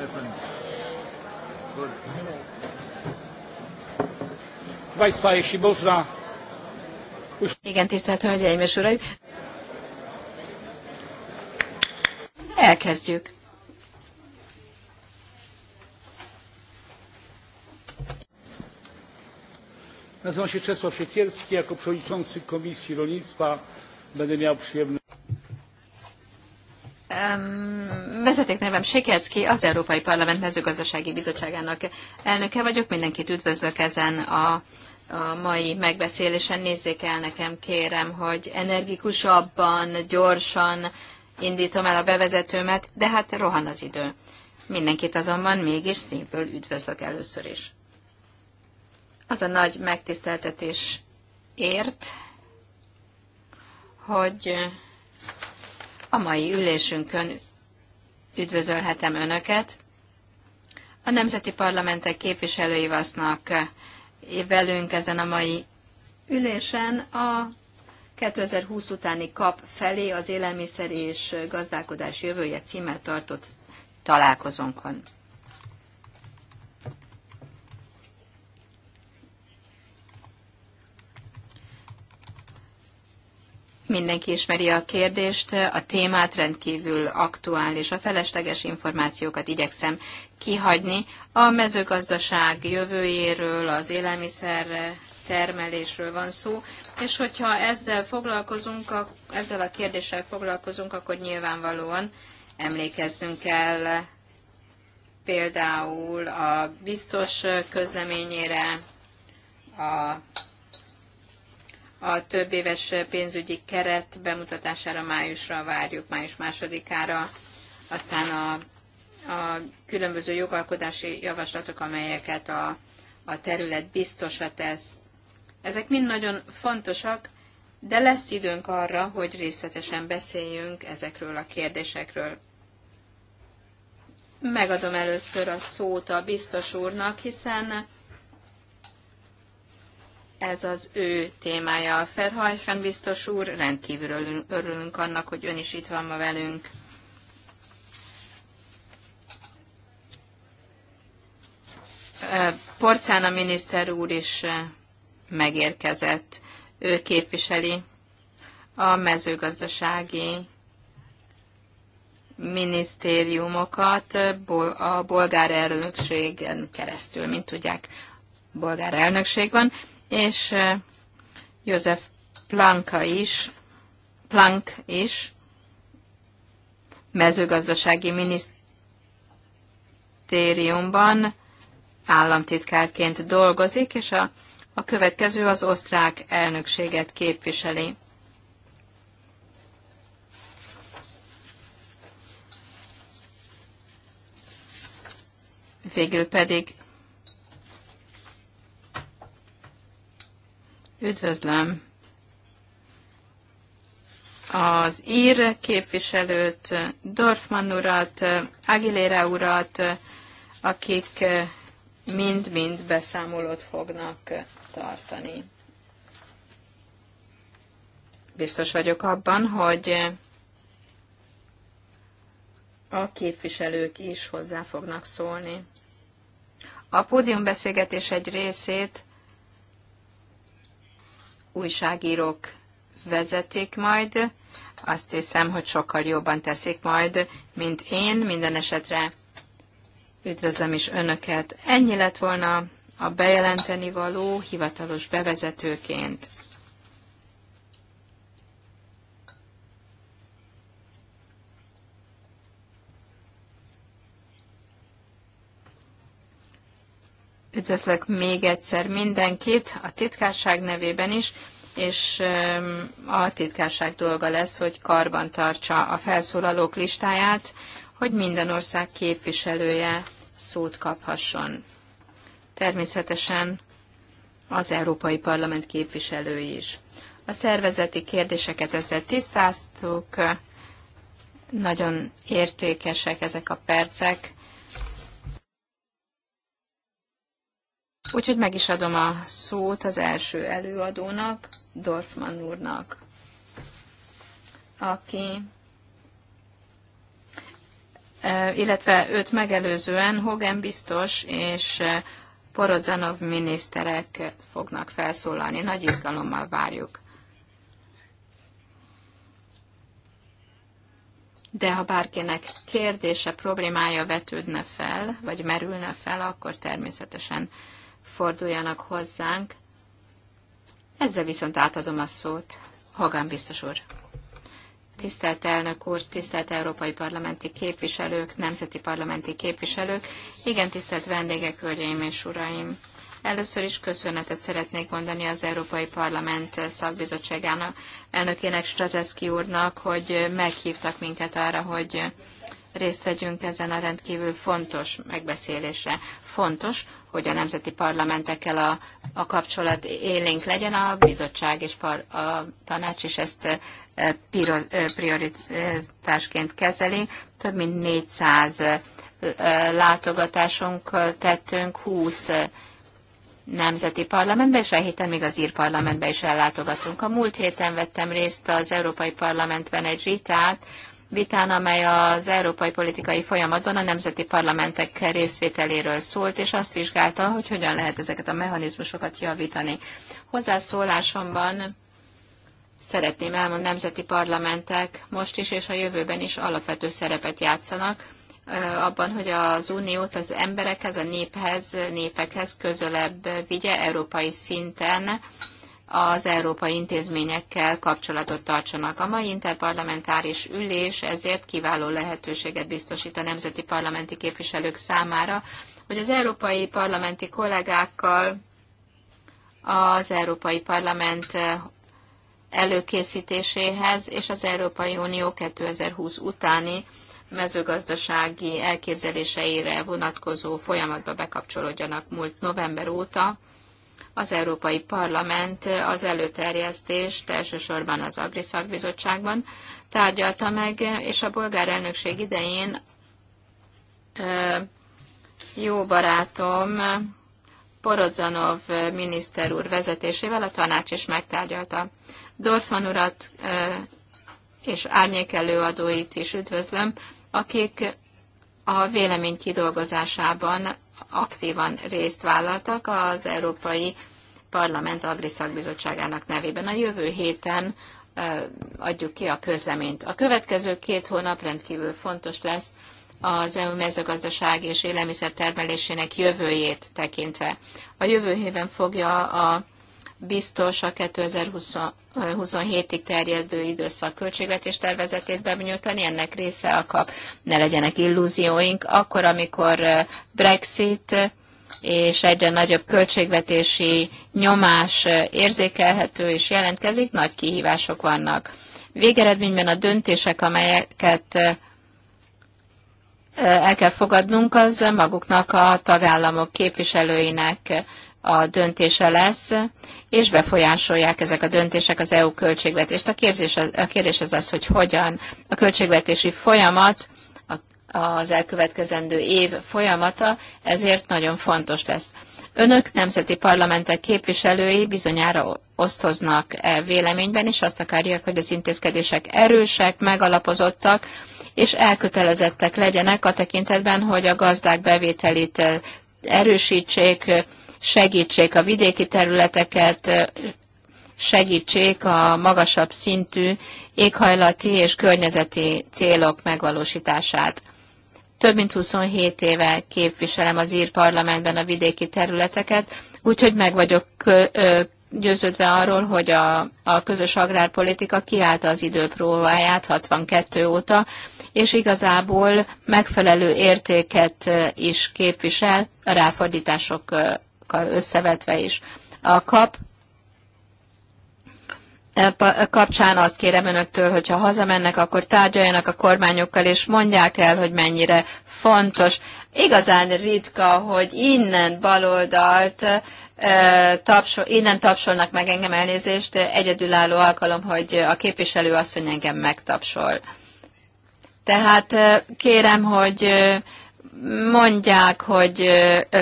my friend. Good. Państwa, jeśli można... Igen, tisztelt Hölgyeim és Uraim! Elkezdjük. Nazywam się Czesław Siekierski. Jako przewodniczący Komisji Rolnictwa będę miał przyjemność nevem Sikerszki, az Európai Parlament mezőgazdasági bizottságának elnöke vagyok. Mindenkit üdvözlök ezen a, a mai megbeszélésen. Nézzék el nekem, kérem, hogy energikusabban, gyorsan indítom el a bevezetőmet, de hát rohan az idő. Mindenkit azonban mégis szívből üdvözlök először is. Az a nagy megtiszteltetés ért, hogy a mai ülésünkön üdvözölhetem Önöket. A nemzeti parlamentek képviselői vasznak eh, velünk ezen a mai ülésen a 2020 utáni kap felé az élelmiszer és gazdálkodás jövője címmel tartott találkozónkon. Mindenki ismeri a kérdést, a témát rendkívül aktuális. A felesleges információkat igyekszem kihagyni. A mezőgazdaság jövőjéről, az élelmiszer termelésről van szó, és hogyha ezzel foglalkozunk, a, ezzel a kérdéssel foglalkozunk, akkor nyilvánvalóan emlékeznünk kell például a biztos közleményére, a a több éves pénzügyi keret bemutatására májusra várjuk, május másodikára. Aztán a, a különböző jogalkodási javaslatok, amelyeket a, a terület biztosra tesz. Ezek mind nagyon fontosak, de lesz időnk arra, hogy részletesen beszéljünk ezekről a kérdésekről. Megadom először a szót a biztos úrnak, hiszen ez az ő témája. Ferhajfen biztos úr, rendkívül örülünk annak, hogy ön is itt van ma velünk. Porcán a miniszter úr is megérkezett. Ő képviseli a mezőgazdasági minisztériumokat a bolgár elnökségen keresztül, mint tudják, bolgár elnökség van és József Planka is, Plank is, mezőgazdasági minisztériumban államtitkárként dolgozik, és a, a következő az osztrák elnökséget képviseli. Végül pedig Üdvözlöm az ír képviselőt, Dorfman urat, Aguilera urat, akik mind-mind beszámolót fognak tartani. Biztos vagyok abban, hogy a képviselők is hozzá fognak szólni. A beszélgetés egy részét újságírók vezetik majd. Azt hiszem, hogy sokkal jobban teszik majd, mint én. Minden esetre üdvözlöm is Önöket. Ennyi lett volna a bejelenteni való hivatalos bevezetőként. Üdvözlök még egyszer mindenkit a titkárság nevében is, és a titkárság dolga lesz, hogy karban tartsa a felszólalók listáját, hogy minden ország képviselője szót kaphasson. Természetesen az Európai Parlament képviselői is. A szervezeti kérdéseket ezzel tisztáztuk, nagyon értékesek ezek a percek, Úgyhogy meg is adom a szót az első előadónak, Dorfman úrnak, aki illetve őt megelőzően Hogan biztos és Porodzanov miniszterek fognak felszólalni. Nagy izgalommal várjuk. De ha bárkinek kérdése, problémája vetődne fel, vagy merülne fel, akkor természetesen forduljanak hozzánk. Ezzel viszont átadom a szót. Hagán biztos úr. Tisztelt elnök úr, tisztelt európai parlamenti képviselők, nemzeti parlamenti képviselők, igen tisztelt vendégek, hölgyeim és uraim. Először is köszönetet szeretnék mondani az Európai Parlament szakbizottságának elnökének, Strateszki úrnak, hogy meghívtak minket arra, hogy részt vegyünk ezen a rendkívül fontos megbeszélésre. Fontos, hogy a nemzeti parlamentekkel a, a kapcsolat élénk legyen, a bizottság és par, a tanács is ezt e, e, prioritásként kezeli. Több mint 400 e, látogatásunk tettünk, 20 nemzeti parlamentbe, és a héten még az ír parlamentbe is ellátogatunk. A múlt héten vettem részt az Európai Parlamentben egy ritát, vitán, amely az európai politikai folyamatban a nemzeti parlamentek részvételéről szólt, és azt vizsgálta, hogy hogyan lehet ezeket a mechanizmusokat javítani. Hozzászólásomban szeretném elmondani, nemzeti parlamentek most is és a jövőben is alapvető szerepet játszanak abban, hogy az uniót az emberekhez, a néphez, népekhez közelebb vigye európai szinten, az európai intézményekkel kapcsolatot tartsanak. A mai interparlamentáris ülés ezért kiváló lehetőséget biztosít a nemzeti parlamenti képviselők számára, hogy az európai parlamenti kollégákkal az európai parlament előkészítéséhez és az Európai Unió 2020 utáni mezőgazdasági elképzeléseire vonatkozó folyamatba bekapcsolódjanak múlt november óta az Európai Parlament az előterjesztést elsősorban az Agriszak Bizottságban tárgyalta meg, és a bolgár elnökség idején jó barátom Porodzanov miniszter úr vezetésével a tanács is megtárgyalta. Dorfan urat és árnyék előadóit is üdvözlöm, akik a vélemény kidolgozásában aktívan részt vállaltak az Európai Parlament Agri Szakbizottságának nevében. A jövő héten adjuk ki a közleményt. A következő két hónap rendkívül fontos lesz az EU mezőgazdaság és élelmiszer termelésének jövőjét tekintve. A jövő héten fogja a biztos a 2027-ig terjedő időszak költségvetés tervezetét benyújtani, ennek része a kap. Ne legyenek illúzióink, akkor, amikor Brexit és egyre nagyobb költségvetési nyomás érzékelhető és jelentkezik, nagy kihívások vannak. Végeredményben a döntések, amelyeket el kell fogadnunk, az maguknak a tagállamok képviselőinek a döntése lesz, és befolyásolják ezek a döntések az EU költségvetést. A, képzés, a kérdés az az, hogy hogyan a költségvetési folyamat az elkövetkezendő év folyamata, ezért nagyon fontos lesz. Önök nemzeti parlamentek képviselői bizonyára osztoznak e véleményben, és azt akarják, hogy az intézkedések erősek, megalapozottak, és elkötelezettek legyenek a tekintetben, hogy a gazdák bevételét e, erősítsék, segítsék a vidéki területeket, segítsék a magasabb szintű éghajlati és környezeti célok megvalósítását. Több mint 27 éve képviselem az ír parlamentben a vidéki területeket, úgyhogy meg vagyok győződve arról, hogy a, a közös agrárpolitika kiállta az időpróbáját 62 óta, és igazából megfelelő értéket is képvisel a ráfordítások másokkal összevetve is. A kap e, e, kapcsán azt kérem önöktől, hogyha hazamennek, akkor tárgyaljanak a kormányokkal, és mondják el, hogy mennyire fontos. Igazán ritka, hogy innen baloldalt e, tapsol, innen tapsolnak meg engem elnézést, egyedülálló alkalom, hogy a képviselő asszony engem megtapsol. Tehát kérem, hogy mondják, hogy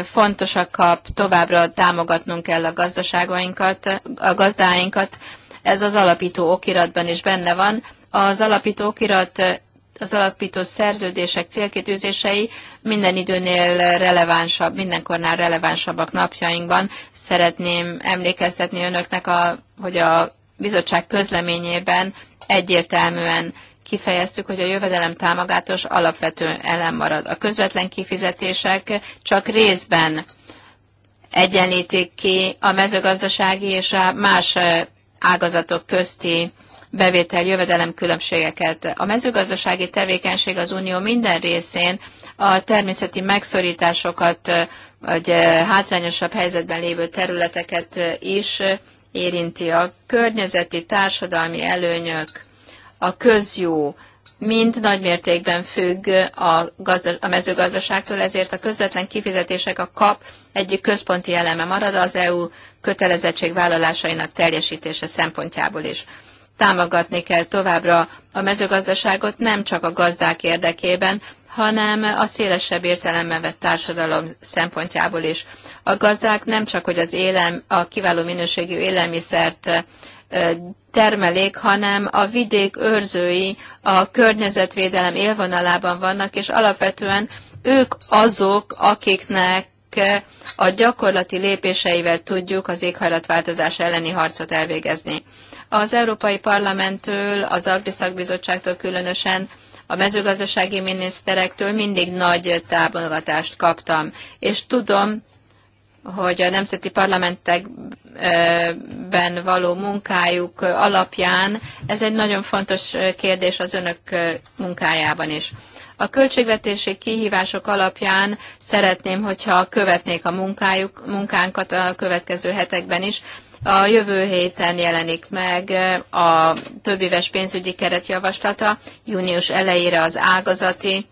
fontosak a továbbra támogatnunk kell a gazdaságainkat, a gazdáinkat. Ez az alapító okiratban is benne van. Az alapító okirat, az alapító szerződések célkitűzései minden időnél relevánsabb, mindenkornál relevánsabbak napjainkban. Szeretném emlékeztetni önöknek, a, hogy a bizottság közleményében egyértelműen kifejeztük, hogy a jövedelem támogatós alapvető elem marad. A közvetlen kifizetések csak részben egyenlítik ki a mezőgazdasági és a más ágazatok közti bevétel jövedelem különbségeket. A mezőgazdasági tevékenység az Unió minden részén a természeti megszorításokat vagy hátrányosabb helyzetben lévő területeket is érinti a környezeti, társadalmi előnyök a közjó mind nagymértékben függ a, gazda, a mezőgazdaságtól, ezért a közvetlen kifizetések a kap egyik központi eleme marad az EU kötelezettségvállalásainak teljesítése szempontjából is. Támogatni kell továbbra a mezőgazdaságot nem csak a gazdák érdekében, hanem a szélesebb értelemben vett társadalom szempontjából is. A gazdák nem csak, hogy az élem, a kiváló minőségű élelmiszert termelék, hanem a vidék őrzői a környezetvédelem élvonalában vannak, és alapvetően ők azok, akiknek a gyakorlati lépéseivel tudjuk az éghajlatváltozás elleni harcot elvégezni. Az Európai Parlamenttől, az Agriszakbizottságtól különösen a mezőgazdasági miniszterektől mindig nagy támogatást kaptam, és tudom, hogy a nemzeti parlamentekben való munkájuk alapján ez egy nagyon fontos kérdés az önök munkájában is. A költségvetési kihívások alapján szeretném, hogyha követnék a munkájuk, munkánkat a következő hetekben is. A jövő héten jelenik meg a többéves pénzügyi keretjavaslata, június elejére az ágazati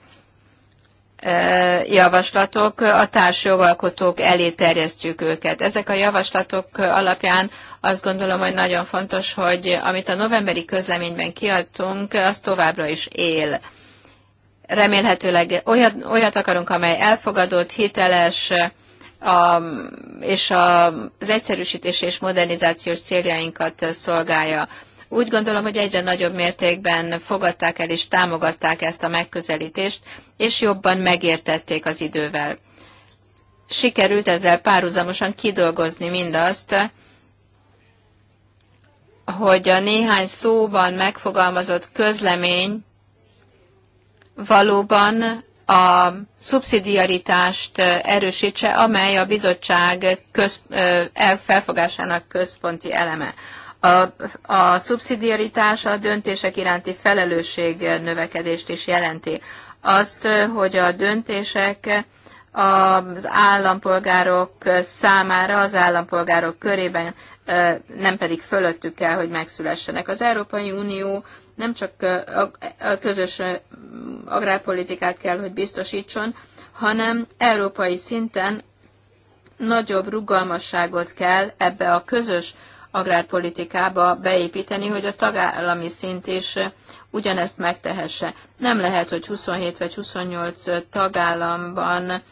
javaslatok, a társjogalkotók elé terjesztjük őket. Ezek a javaslatok alapján azt gondolom, hogy nagyon fontos, hogy amit a novemberi közleményben kiadtunk, az továbbra is él. Remélhetőleg olyat, olyat akarunk, amely elfogadott, hiteles, a, és a, az egyszerűsítés és modernizációs céljainkat szolgálja. Úgy gondolom, hogy egyre nagyobb mértékben fogadták el és támogatták ezt a megközelítést, és jobban megértették az idővel. Sikerült ezzel párhuzamosan kidolgozni mindazt, hogy a néhány szóban megfogalmazott közlemény valóban a szubszidiaritást erősítse, amely a bizottság köz, felfogásának központi eleme. A, a szubszidiaritás a döntések iránti felelősség növekedést is jelenti. Azt, hogy a döntések az állampolgárok számára, az állampolgárok körében, nem pedig fölöttük kell, hogy megszülessenek. Az Európai Unió nem csak a közös agrárpolitikát kell, hogy biztosítson, hanem európai szinten nagyobb rugalmasságot kell ebbe a közös agrárpolitikába beépíteni, hogy a tagállami szint is ugyanezt megtehesse. Nem lehet, hogy 27 vagy 28 tagállamban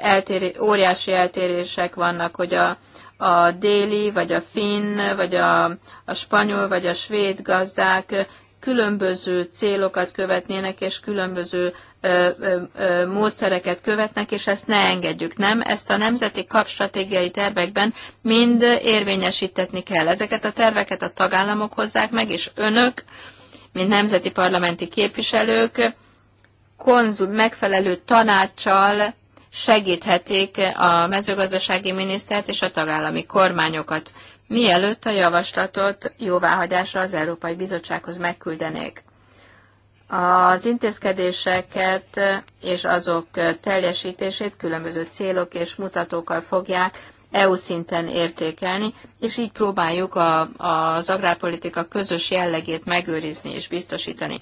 eltéri, óriási eltérések vannak, hogy a, a déli, vagy a finn, vagy a, a spanyol, vagy a svéd gazdák különböző célokat követnének, és különböző módszereket követnek, és ezt ne engedjük. Nem, ezt a nemzeti kapstratégiai tervekben mind érvényesítetni kell. Ezeket a terveket a tagállamok hozzák meg, és önök, mint nemzeti parlamenti képviselők, konzum megfelelő tanácsal segíthetik a mezőgazdasági minisztert és a tagállami kormányokat, mielőtt a javaslatot jóváhagyásra az Európai Bizottsághoz megküldenék. Az intézkedéseket és azok teljesítését különböző célok és mutatókkal fogják EU szinten értékelni, és így próbáljuk a, az agrárpolitika közös jellegét megőrizni és biztosítani.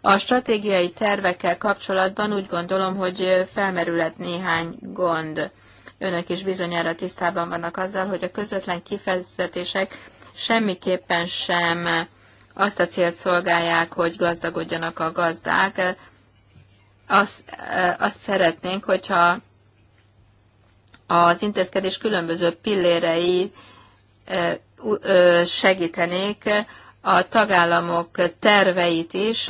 A stratégiai tervekkel kapcsolatban úgy gondolom, hogy felmerülhet néhány gond. Önök is bizonyára tisztában vannak azzal, hogy a közvetlen kifejezetések semmiképpen sem azt a célt szolgálják, hogy gazdagodjanak a gazdák, azt, azt szeretnénk, hogyha az intézkedés különböző pillérei segítenék a tagállamok terveit is,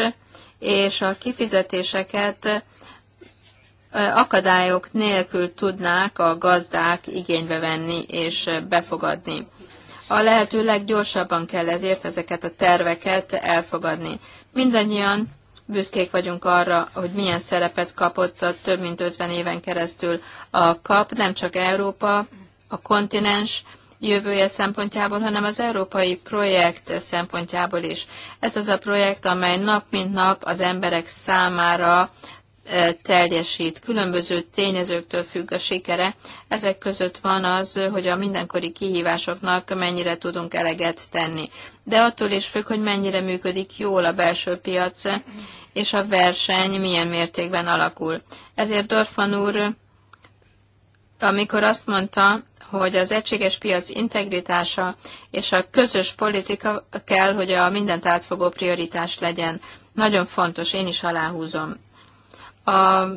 és a kifizetéseket akadályok nélkül tudnák a gazdák igénybe venni és befogadni. A lehető leggyorsabban kell ezért ezeket a terveket elfogadni. Mindannyian büszkék vagyunk arra, hogy milyen szerepet kapott a több mint 50 éven keresztül a kap, nem csak Európa, a kontinens jövője szempontjából, hanem az európai projekt szempontjából is. Ez az a projekt, amely nap mint nap az emberek számára teljesít. Különböző tényezőktől függ a sikere. Ezek között van az, hogy a mindenkori kihívásoknak mennyire tudunk eleget tenni. De attól is függ, hogy mennyire működik jól a belső piac, és a verseny milyen mértékben alakul. Ezért Dorfan úr, amikor azt mondta, hogy az egységes piac integritása és a közös politika kell, hogy a mindent átfogó prioritás legyen. Nagyon fontos, én is aláhúzom. A,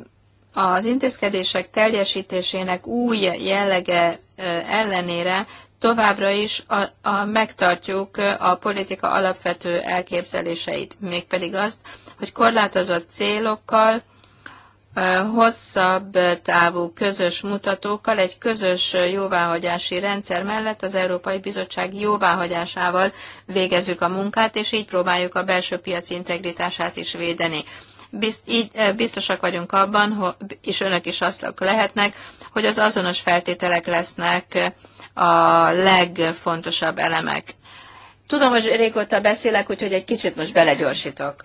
az intézkedések teljesítésének új jellege ellenére továbbra is a, a megtartjuk a politika alapvető elképzeléseit, mégpedig azt, hogy korlátozott célokkal, hosszabb távú közös mutatókkal, egy közös jóváhagyási rendszer mellett az Európai Bizottság jóváhagyásával végezzük a munkát, és így próbáljuk a belső piac integritását is védeni. Bizt, így biztosak vagyunk abban, és önök is azok lehetnek, hogy az azonos feltételek lesznek a legfontosabb elemek. Tudom, hogy régóta beszélek, úgyhogy egy kicsit most belegyorsítok.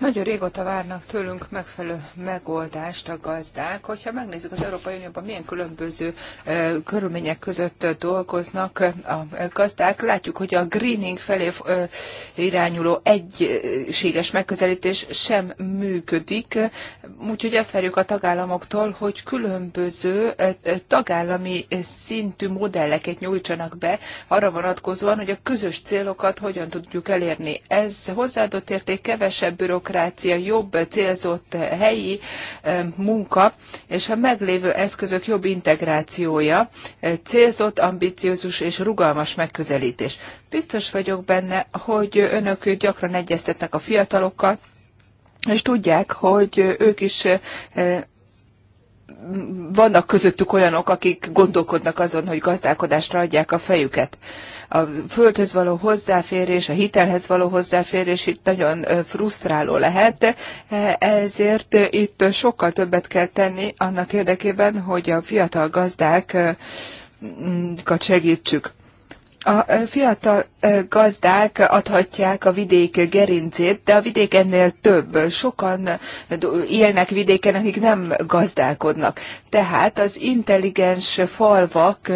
Nagyon régóta várnak tőlünk megfelelő megoldást a gazdák. Hogyha megnézzük az Európai Unióban milyen különböző e, körülmények között dolgoznak a gazdák, látjuk, hogy a greening felé e, irányuló egységes megközelítés sem működik, úgyhogy azt várjuk a tagállamoktól, hogy különböző e, tagállami szintű modelleket nyújtsanak be arra vonatkozóan, hogy a közös célokat hogyan tudjuk elérni. Ez hozzáadott érték, kevesebb bürokrácia, demokrácia, jobb célzott helyi munka és a meglévő eszközök jobb integrációja, célzott, ambiciózus és rugalmas megközelítés. Biztos vagyok benne, hogy önök gyakran egyeztetnek a fiatalokkal, és tudják, hogy ők is vannak közöttük olyanok, akik gondolkodnak azon, hogy gazdálkodásra adják a fejüket a földhöz való hozzáférés, a hitelhez való hozzáférés itt nagyon frusztráló lehet, e, ezért itt sokkal többet kell tenni annak érdekében, hogy a fiatal gazdákat segítsük. A fiatal gazdák adhatják a vidék gerincét, de a vidék ennél több. Sokan élnek vidéken, akik nem gazdálkodnak. Tehát az intelligens falvak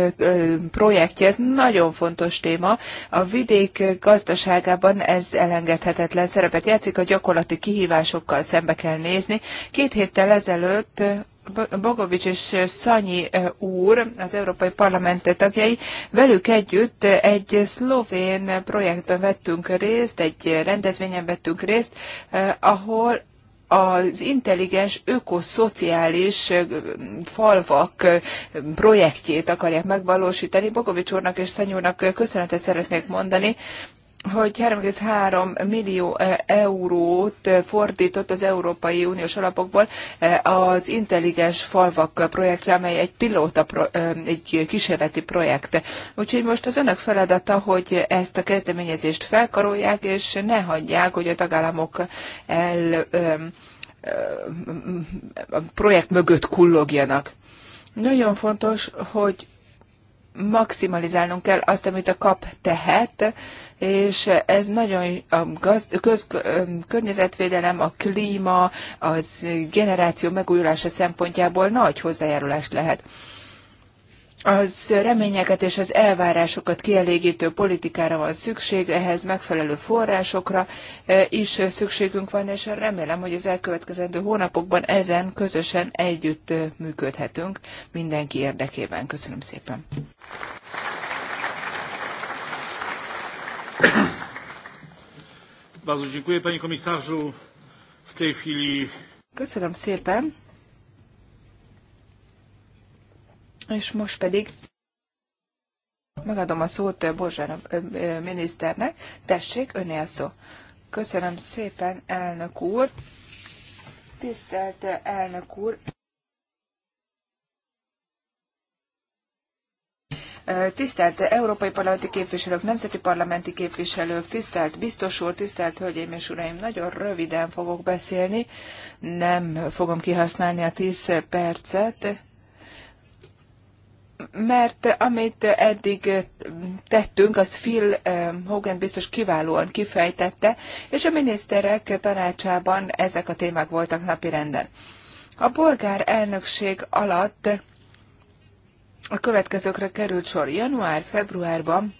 projektje, ez nagyon fontos téma. A vidék gazdaságában ez elengedhetetlen szerepet játszik, a gyakorlati kihívásokkal szembe kell nézni. Két héttel ezelőtt Bogovics és Szanyi e, úr, az Európai Parlament tagjai, velük együtt egy szlovén projektben vettünk részt, egy rendezvényen vettünk részt, e, ahol az intelligens ökoszociális e, falvak projektjét akarják megvalósítani. Bogovics úrnak és úrnak köszönetet szeretnék mondani, hogy 3,3 millió eh, eurót eh, fordított az Európai Uniós alapokból eh, az intelligens falvak projektre, amely egy pilóta, egy kísérleti projekt. Úgyhogy most az önök feladata, hogy ezt a kezdeményezést felkarolják, és ne hagyják, hogy a tagállamok el a projekt mögött kullogjanak. Nagyon fontos, hogy maximalizálnunk kell azt, amit a kap tehet, és ez nagyon a gaz, köz, környezetvédelem, a klíma, az generáció megújulása szempontjából nagy hozzájárulás lehet. Az reményeket és az elvárásokat kielégítő politikára van szükség, ehhez megfelelő forrásokra is szükségünk van, és remélem, hogy az elkövetkezendő hónapokban ezen közösen együtt működhetünk mindenki érdekében. Köszönöm szépen! Bardzo dziękuję, panie komisarzu. W tej chwili... Köszönöm szépen. És most pedig megadom a szót eh, Borzsán eh, eh, miniszternek. Tessék, öné a szó. Köszönöm szépen, elnök úr. Tisztelt elnök úr. Tisztelt Európai Parlamenti Képviselők, Nemzeti Parlamenti Képviselők, tisztelt biztos úr, tisztelt Hölgyeim és Uraim, nagyon röviden fogok beszélni, nem fogom kihasználni a 10 percet, mert amit eddig tettünk, azt Phil eh, Hogan biztos kiválóan kifejtette, és a miniszterek tanácsában ezek a témák voltak napirenden. A bolgár elnökség alatt a következőkre került sor. Január-februárban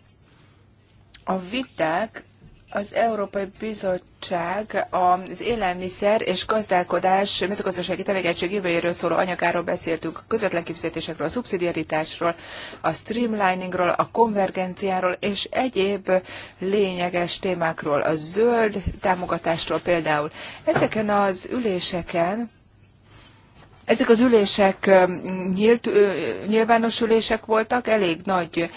a viták az Európai Bizottság az élelmiszer és gazdálkodás mezőgazdasági tevékenység jövőjéről szóló anyagáról beszéltünk, a közvetlen kifizetésekről, a szubszidiaritásról, a streamliningról, a konvergenciáról és egyéb lényeges témákról, a zöld támogatásról például. Ezeken az üléseken ezek az ülések nyílt, nyilvános ülések voltak, elég nagy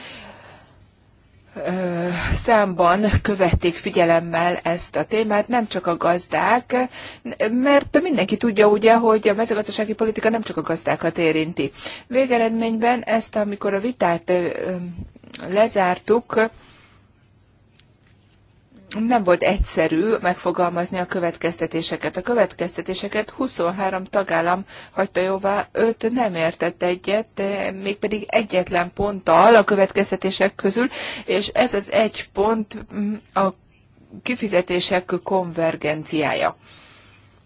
számban követték figyelemmel ezt a témát, nem csak a gazdák, mert mindenki tudja ugye, hogy a mezőgazdasági politika nem csak a gazdákat érinti. Végeredményben ezt, amikor a vitát lezártuk, nem volt egyszerű megfogalmazni a következtetéseket. A következtetéseket 23 tagállam hagyta jóvá, 5 nem értett egyet, mégpedig egyetlen ponttal a következtetések közül, és ez az egy pont mm, a kifizetések konvergenciája.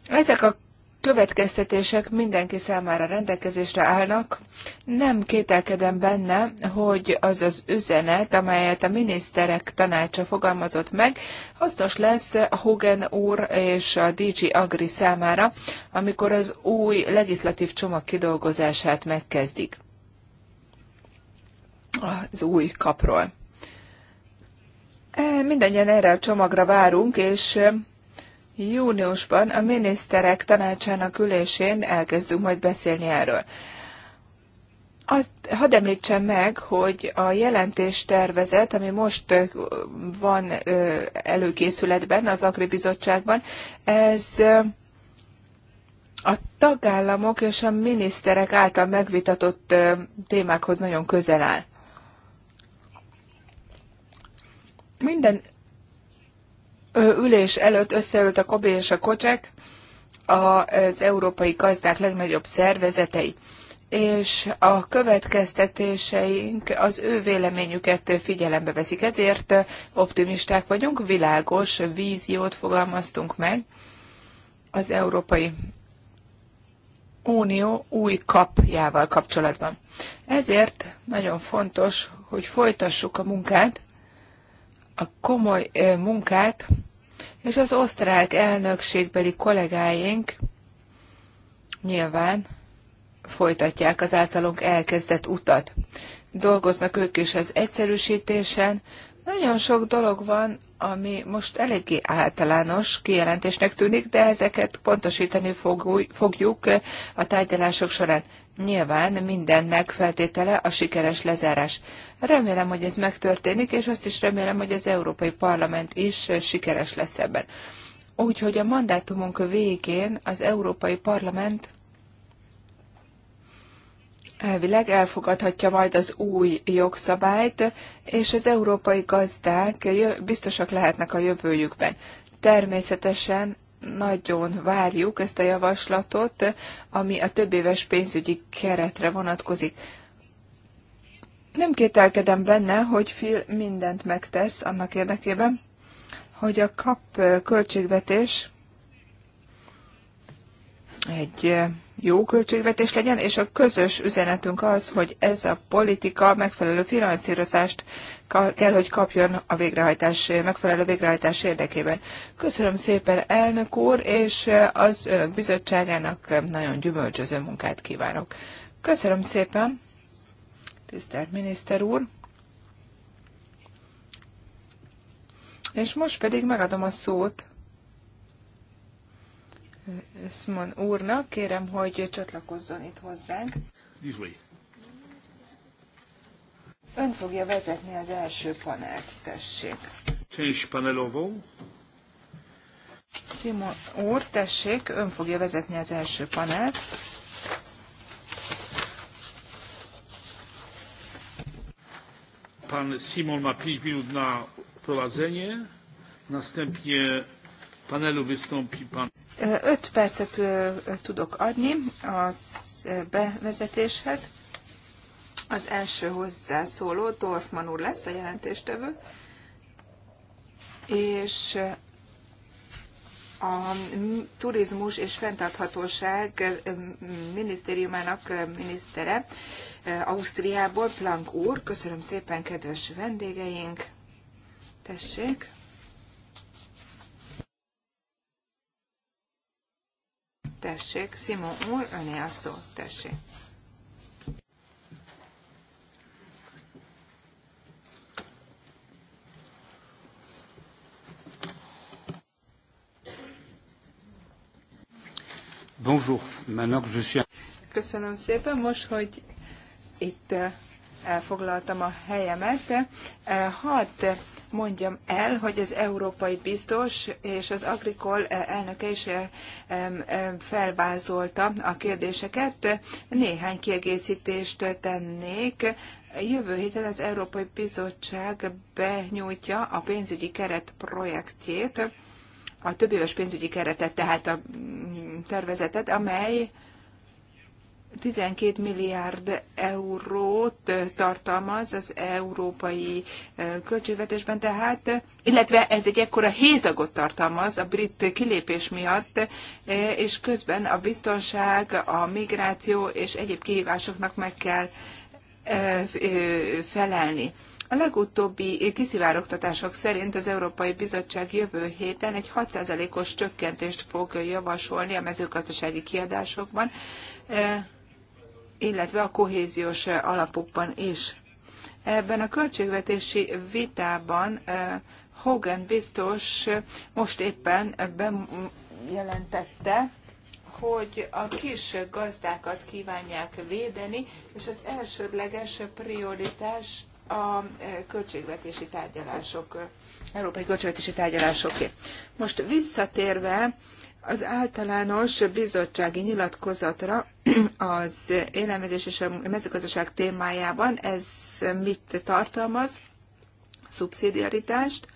Ezek a következtetések mindenki számára rendelkezésre állnak. Nem kételkedem benne, hogy az az üzenet, amelyet a miniszterek tanácsa fogalmazott meg, hasznos lesz Hogan úr és a DG Agri számára, amikor az új legislatív csomag kidolgozását megkezdik. Az új kapról. E, Mindennyian erre a csomagra várunk, és Júniusban a miniszterek tanácsának ülésén elkezdünk majd beszélni erről. Azt hadd említsem meg, hogy a jelentés tervezet, ami most van előkészületben az Agri Bizottságban, ez a tagállamok és a miniszterek által megvitatott témákhoz nagyon közel áll. Minden ülés előtt összeült a Kobe és a Kocsek, az európai gazdák legnagyobb szervezetei és a következtetéseink az ő véleményüket figyelembe veszik. Ezért optimisták vagyunk, világos víziót fogalmaztunk meg az Európai Unió új kapjával kapcsolatban. Ezért nagyon fontos, hogy folytassuk a munkát, a komoly munkát, és az osztrák elnökségbeli kollégáink nyilván folytatják az általunk elkezdett utat. Dolgoznak ők is az egyszerűsítésen. Nagyon sok dolog van, ami most eléggé általános kijelentésnek tűnik, de ezeket pontosítani fogjuk a tárgyalások során. Nyilván mindennek feltétele a sikeres lezárás. Remélem, hogy ez megtörténik, és azt is remélem, hogy az Európai Parlament is sikeres lesz ebben. Úgyhogy a mandátumunk végén az Európai Parlament elvileg elfogadhatja majd az új jogszabályt, és az európai gazdák biztosak lehetnek a jövőjükben. Természetesen nagyon várjuk ezt a javaslatot, ami a többéves pénzügyi keretre vonatkozik. Nem kételkedem benne, hogy Phil mindent megtesz annak érdekében, hogy a kap költségvetés egy jó költségvetés legyen, és a közös üzenetünk az, hogy ez a politika megfelelő finanszírozást kell, hogy kapjon a végrehajtás, megfelelő végrehajtás érdekében. Köszönöm szépen, elnök úr, és az önök bizottságának nagyon gyümölcsöző munkát kívánok. Köszönöm szépen! tisztelt miniszter úr! És most pedig megadom a szót Szmon úrnak. Kérem, hogy csatlakozzon itt hozzánk. Ön fogja vezetni az első panelt, tessék. Część panelovó. Simon úr, tessék, ön fogja vezetni az első panelt. Pan Simon ma minut na prowadzenie, następnie panelu wystąpi pan. E, percet e, tudok adni az e, bevezetéshez. Az első hozzászóló Dorfman úr lesz a jelentéstevő, és a turizmus és fenntarthatóság minisztériumának minisztere Ausztriából, Plank úr. Köszönöm szépen, kedves vendégeink. Tessék. Tessék, Simon úr, öné a szó. Tessék. Bonjour, maintenant que je suis... Köszönöm szépen, most, hogy itt eh, elfoglaltam a helyemet, hát mondjam el, hogy az európai biztos és az Agrikol eh, elnöke is felvázolta a kérdéseket. Néhány kiegészítést tennék. Jövő héten az Európai Bizottság benyújtja a pénzügyi keret projektjét a több éves pénzügyi keretet, tehát a mm, tervezetet, amely 12 milliárd eurót tartalmaz az európai költségvetésben, tehát, illetve ez egy ekkora hézagot tartalmaz a brit kilépés miatt, és közben a biztonság, a migráció és egyéb kihívásoknak meg kell felelni. A legutóbbi kiszivárogtatások szerint az Európai Bizottság jövő héten egy 6%-os csökkentést fog javasolni a mezőgazdasági kiadásokban, e, illetve a kohéziós alapokban is. Ebben a költségvetési vitában e, Hogan biztos most éppen bejelentette, hogy a kis gazdákat kívánják védeni, és az elsődleges prioritás a e, költségvetési tárgyalások, európai költségvetési tárgyalásoké. Most visszatérve az általános bizottsági nyilatkozatra az élelmezés és a mezőgazdaság témájában, ez mit tartalmaz? Szubszidiaritást,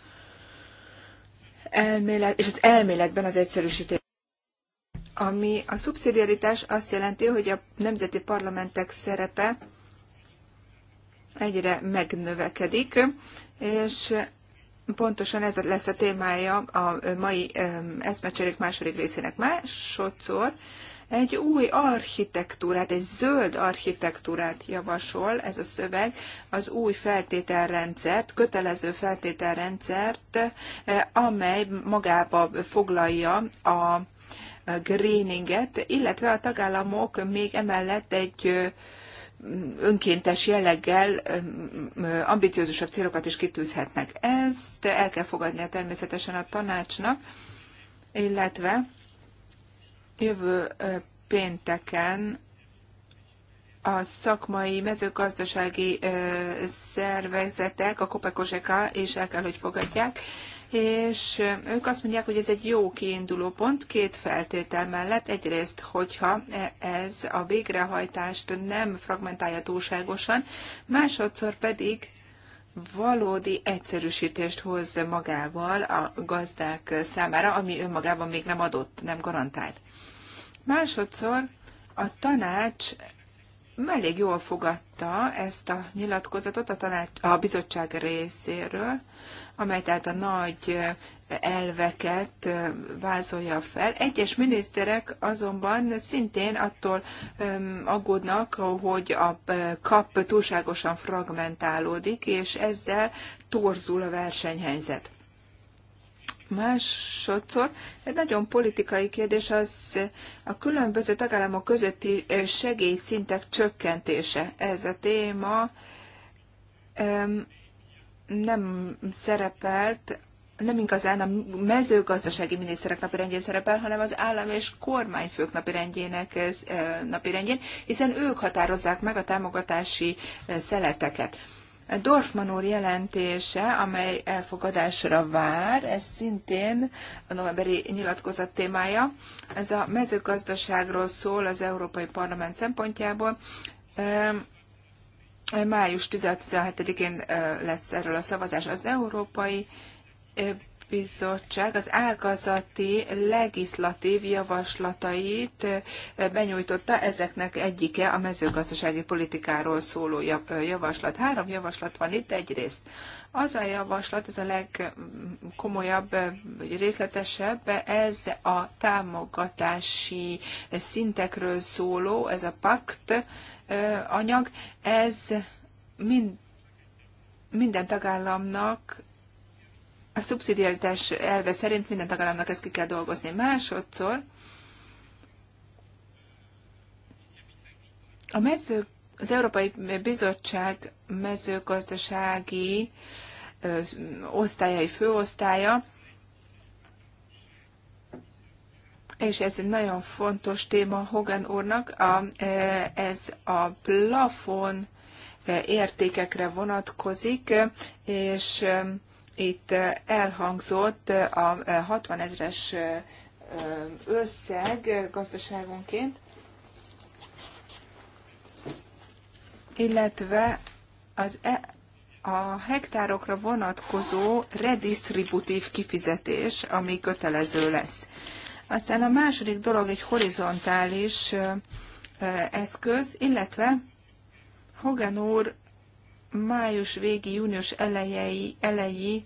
elmélet, és az elméletben az egyszerűsítés. Ami a szubszidiaritás azt jelenti, hogy a nemzeti parlamentek szerepe egyre megnövekedik, és pontosan ez lesz a témája a mai eszmecserék második részének. Másodszor egy új architektúrát, egy zöld architektúrát javasol ez a szöveg, az új feltételrendszert, kötelező feltételrendszert, eh, amely magába foglalja a greeninget, illetve a tagállamok még emellett egy eh, önkéntes jelleggel ambiciózusabb célokat is kitűzhetnek. Ezt el kell fogadnia természetesen a tanácsnak, illetve jövő pénteken a szakmai mezőgazdasági szervezetek, a Kopekoseka is el kell, hogy fogadják és ők azt mondják, hogy ez egy jó kiinduló pont két feltétel mellett. Egyrészt, hogyha e, ez a végrehajtást nem fragmentálja túlságosan, másodszor pedig valódi egyszerűsítést hoz magával a gazdák számára, ami önmagában még nem adott, nem garantált. Másodszor a tanács elég jól fogadta ezt a nyilatkozatot a, tanács, a bizottság részéről, amely tehát a nagy elveket vázolja fel. Egyes miniszterek azonban szintén attól aggódnak, hogy a kap túlságosan fragmentálódik, és ezzel torzul a versenyhelyzet. Másodszor egy nagyon politikai kérdés az a különböző tagállamok közötti segélyszintek csökkentése. Ez a téma nem szerepelt nem igazán a mezőgazdasági miniszterek rendjén szerepel, hanem az állam és kormányfők napirendjének napirendjén, hiszen ők határozzák meg a támogatási szeleteket. Dorfman úr jelentése, amely elfogadásra vár, ez szintén a novemberi nyilatkozat témája. Ez a mezőgazdaságról szól az Európai Parlament szempontjából. Május 17-én lesz erről a szavazás. Az Európai bizottság az ágazati legislatív javaslatait benyújtotta, ezeknek egyike a mezőgazdasági politikáról szóló javaslat. Három javaslat van itt egyrészt. Az a javaslat, ez a legkomolyabb, vagy részletesebb, ez a támogatási szintekről szóló, ez a pakt anyag, ez mind, minden tagállamnak a szubszidiaritás elve szerint minden tagállamnak ezt ki kell dolgozni. Másodszor a mező, az Európai Bizottság mezőgazdasági osztályai főosztálya, és ez egy nagyon fontos téma Hogan úrnak, a, ez a plafon értékekre vonatkozik, és itt elhangzott a 60 ezres összeg gazdaságonként, illetve az e, a hektárokra vonatkozó redistributív kifizetés, ami kötelező lesz. Aztán a második dolog egy horizontális eszköz, illetve Hogan úr május végi, június elejei, elejé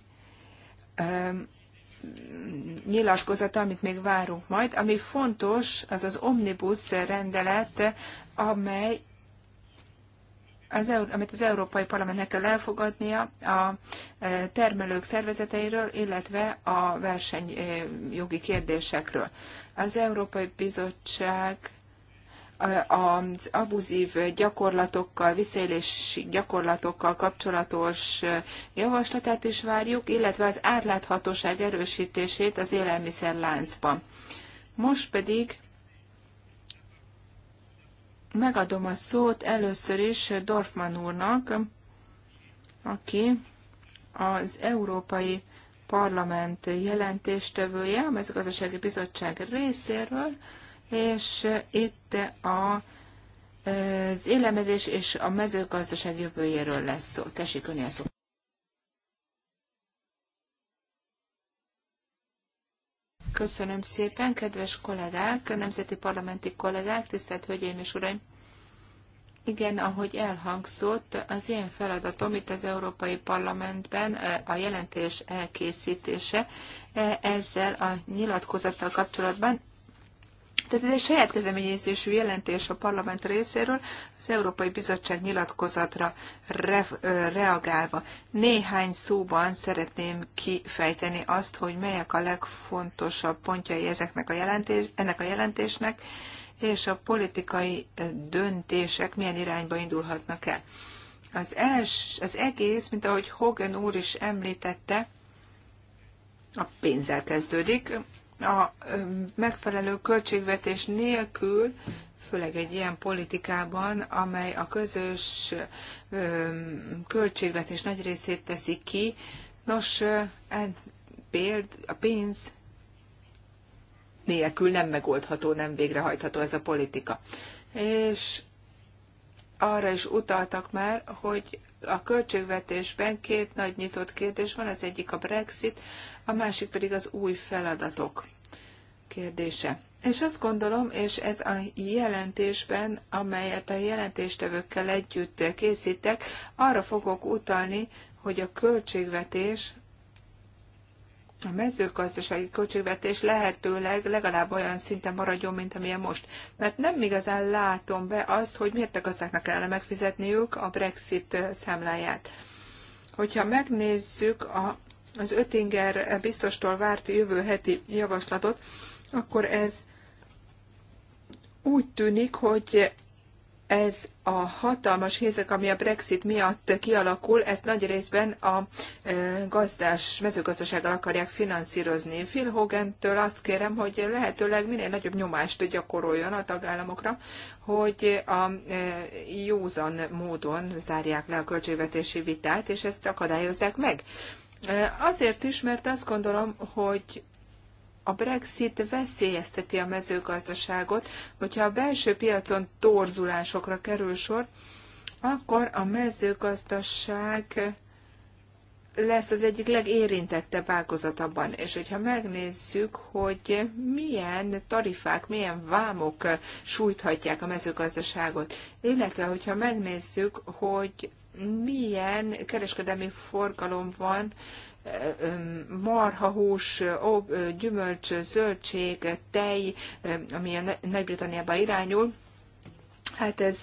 nyilatkozata, amit még várunk majd. Ami fontos, az az omnibus rendelet, amely az, amit az Európai Parlamentnek kell elfogadnia a e, termelők szervezeteiről, illetve a versenyjogi e, kérdésekről. Az Európai Bizottság az abuzív gyakorlatokkal, visszaélési gyakorlatokkal kapcsolatos javaslatát is várjuk, illetve az átláthatóság erősítését az élelmiszerláncban. Most pedig megadom a szót először is Dorfman úrnak, aki az Európai Parlament jelentéstevője, a mezőgazdasági bizottság részéről, és itt a, az élelmezés és a mezőgazdaság jövőjéről lesz szó. Tessék, önél szó. Köszönöm szépen, kedves kollégák, nemzeti parlamenti kollégák, tisztelt Hölgyeim és Uraim! Igen, ahogy elhangzott, az én feladatom itt az Európai Parlamentben a jelentés elkészítése ezzel a nyilatkozattal kapcsolatban. Tehát ez egy saját kezeményezésű jelentés a parlament részéről az Európai Bizottság nyilatkozatra re- reagálva. Néhány szóban szeretném kifejteni azt, hogy melyek a legfontosabb pontjai ezeknek a jelentés, ennek a jelentésnek, és a politikai döntések milyen irányba indulhatnak el. Az, els, az egész, mint ahogy Hogan úr is említette, a pénzzel kezdődik a megfelelő költségvetés nélkül, főleg egy ilyen politikában, amely a közös költségvetés nagy részét teszi ki, nos, e, a pénz nélkül nem megoldható, nem végrehajtható ez a politika. És arra is utaltak már, hogy a költségvetésben két nagy nyitott kérdés van, az egyik a Brexit, a másik pedig az új feladatok kérdése. És azt gondolom, és ez a jelentésben, amelyet a jelentéstevőkkel együtt készítek, arra fogok utalni, hogy a költségvetés a mezőgazdasági költségvetés lehetőleg legalább olyan szinten maradjon, mint amilyen most. Mert nem igazán látom be azt, hogy miért a gazdáknak kellene megfizetniük a Brexit számláját. Hogyha megnézzük a, az Ötinger biztostól várt jövő heti javaslatot, akkor ez úgy tűnik, hogy ez a hatalmas hézek, ami a Brexit miatt kialakul, ezt nagy részben a e, gazdás, mezőgazdasággal akarják finanszírozni. Phil Hogan-től azt kérem, hogy lehetőleg minél nagyobb nyomást gyakoroljon a tagállamokra, hogy a e, józan módon zárják le a költségvetési vitát, és ezt akadályozzák meg. E, azért is, mert azt gondolom, hogy a Brexit veszélyezteti a mezőgazdaságot, hogyha a belső piacon torzulásokra kerül sor, akkor a mezőgazdaság lesz az egyik legérintettebb ágazatabban. És hogyha megnézzük, hogy milyen tarifák, milyen vámok sújthatják a mezőgazdaságot, illetve hogyha megnézzük, hogy milyen kereskedelmi forgalom van marha hús, gyümölcs, zöldség, tej, ami a Nagy-Britanniába irányul, hát ez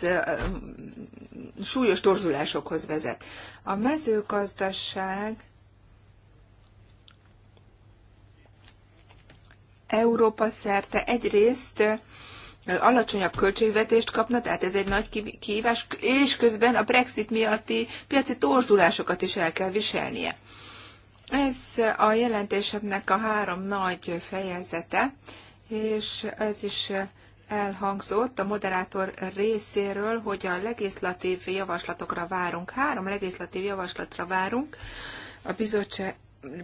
súlyos torzulásokhoz vezet. A mezőgazdaság Európa szerte egyrészt alacsonyabb költségvetést kapna, tehát ez egy nagy kihívás, és közben a Brexit miatti piaci torzulásokat is el kell viselnie. Ez a jelentésemnek a három nagy fejezete, és ez is elhangzott a moderátor részéről, hogy a legislatív javaslatokra várunk. Három legislatív javaslatra várunk a bizottság,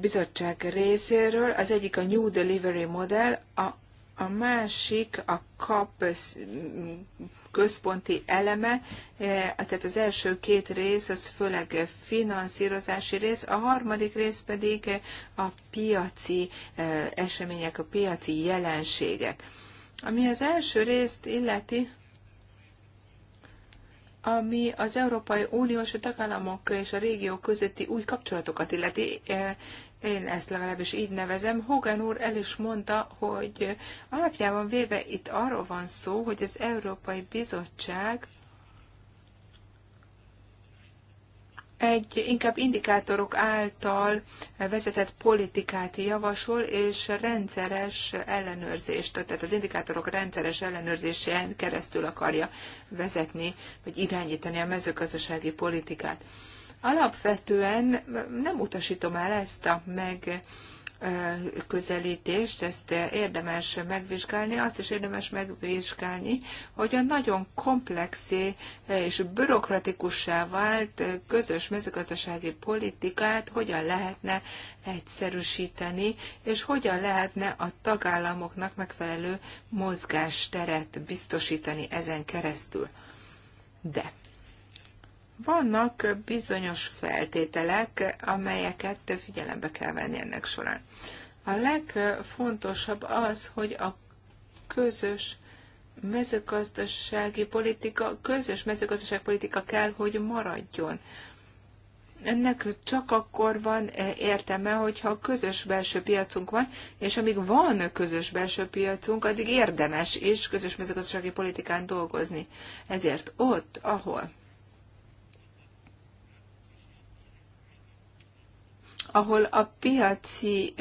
bizottság részéről. Az egyik a New Delivery Model, a a másik a kap központi eleme, e, tehát az első két rész, az főleg finanszírozási rész, a harmadik rész pedig a piaci e, események, a piaci jelenségek. Ami az első részt illeti, ami az Európai Uniós tagállamok és a régió közötti új kapcsolatokat illeti. E, én ezt legalábbis így nevezem, Hogan úr el is mondta, hogy alapjában véve itt arról van szó, hogy az Európai Bizottság egy inkább indikátorok által vezetett politikát javasol, és rendszeres ellenőrzést, tehát az indikátorok rendszeres ellenőrzésén keresztül akarja vezetni, vagy irányítani a mezőgazdasági politikát. Alapvetően nem utasítom el ezt a meg közelítést, ezt érdemes megvizsgálni, azt is érdemes megvizsgálni, hogy a nagyon komplexé és bürokratikussá vált közös mezőgazdasági politikát hogyan lehetne egyszerűsíteni, és hogyan lehetne a tagállamoknak megfelelő mozgásteret biztosítani ezen keresztül. De vannak bizonyos feltételek, amelyeket figyelembe kell venni ennek során. A legfontosabb az, hogy a közös mezőgazdasági politika, közös mezőgazdasági politika kell, hogy maradjon. Ennek csak akkor van e, értelme, hogyha közös belső piacunk van, és amíg van közös belső piacunk, addig érdemes is közös mezőgazdasági politikán dolgozni. Ezért ott, ahol ahol a piaci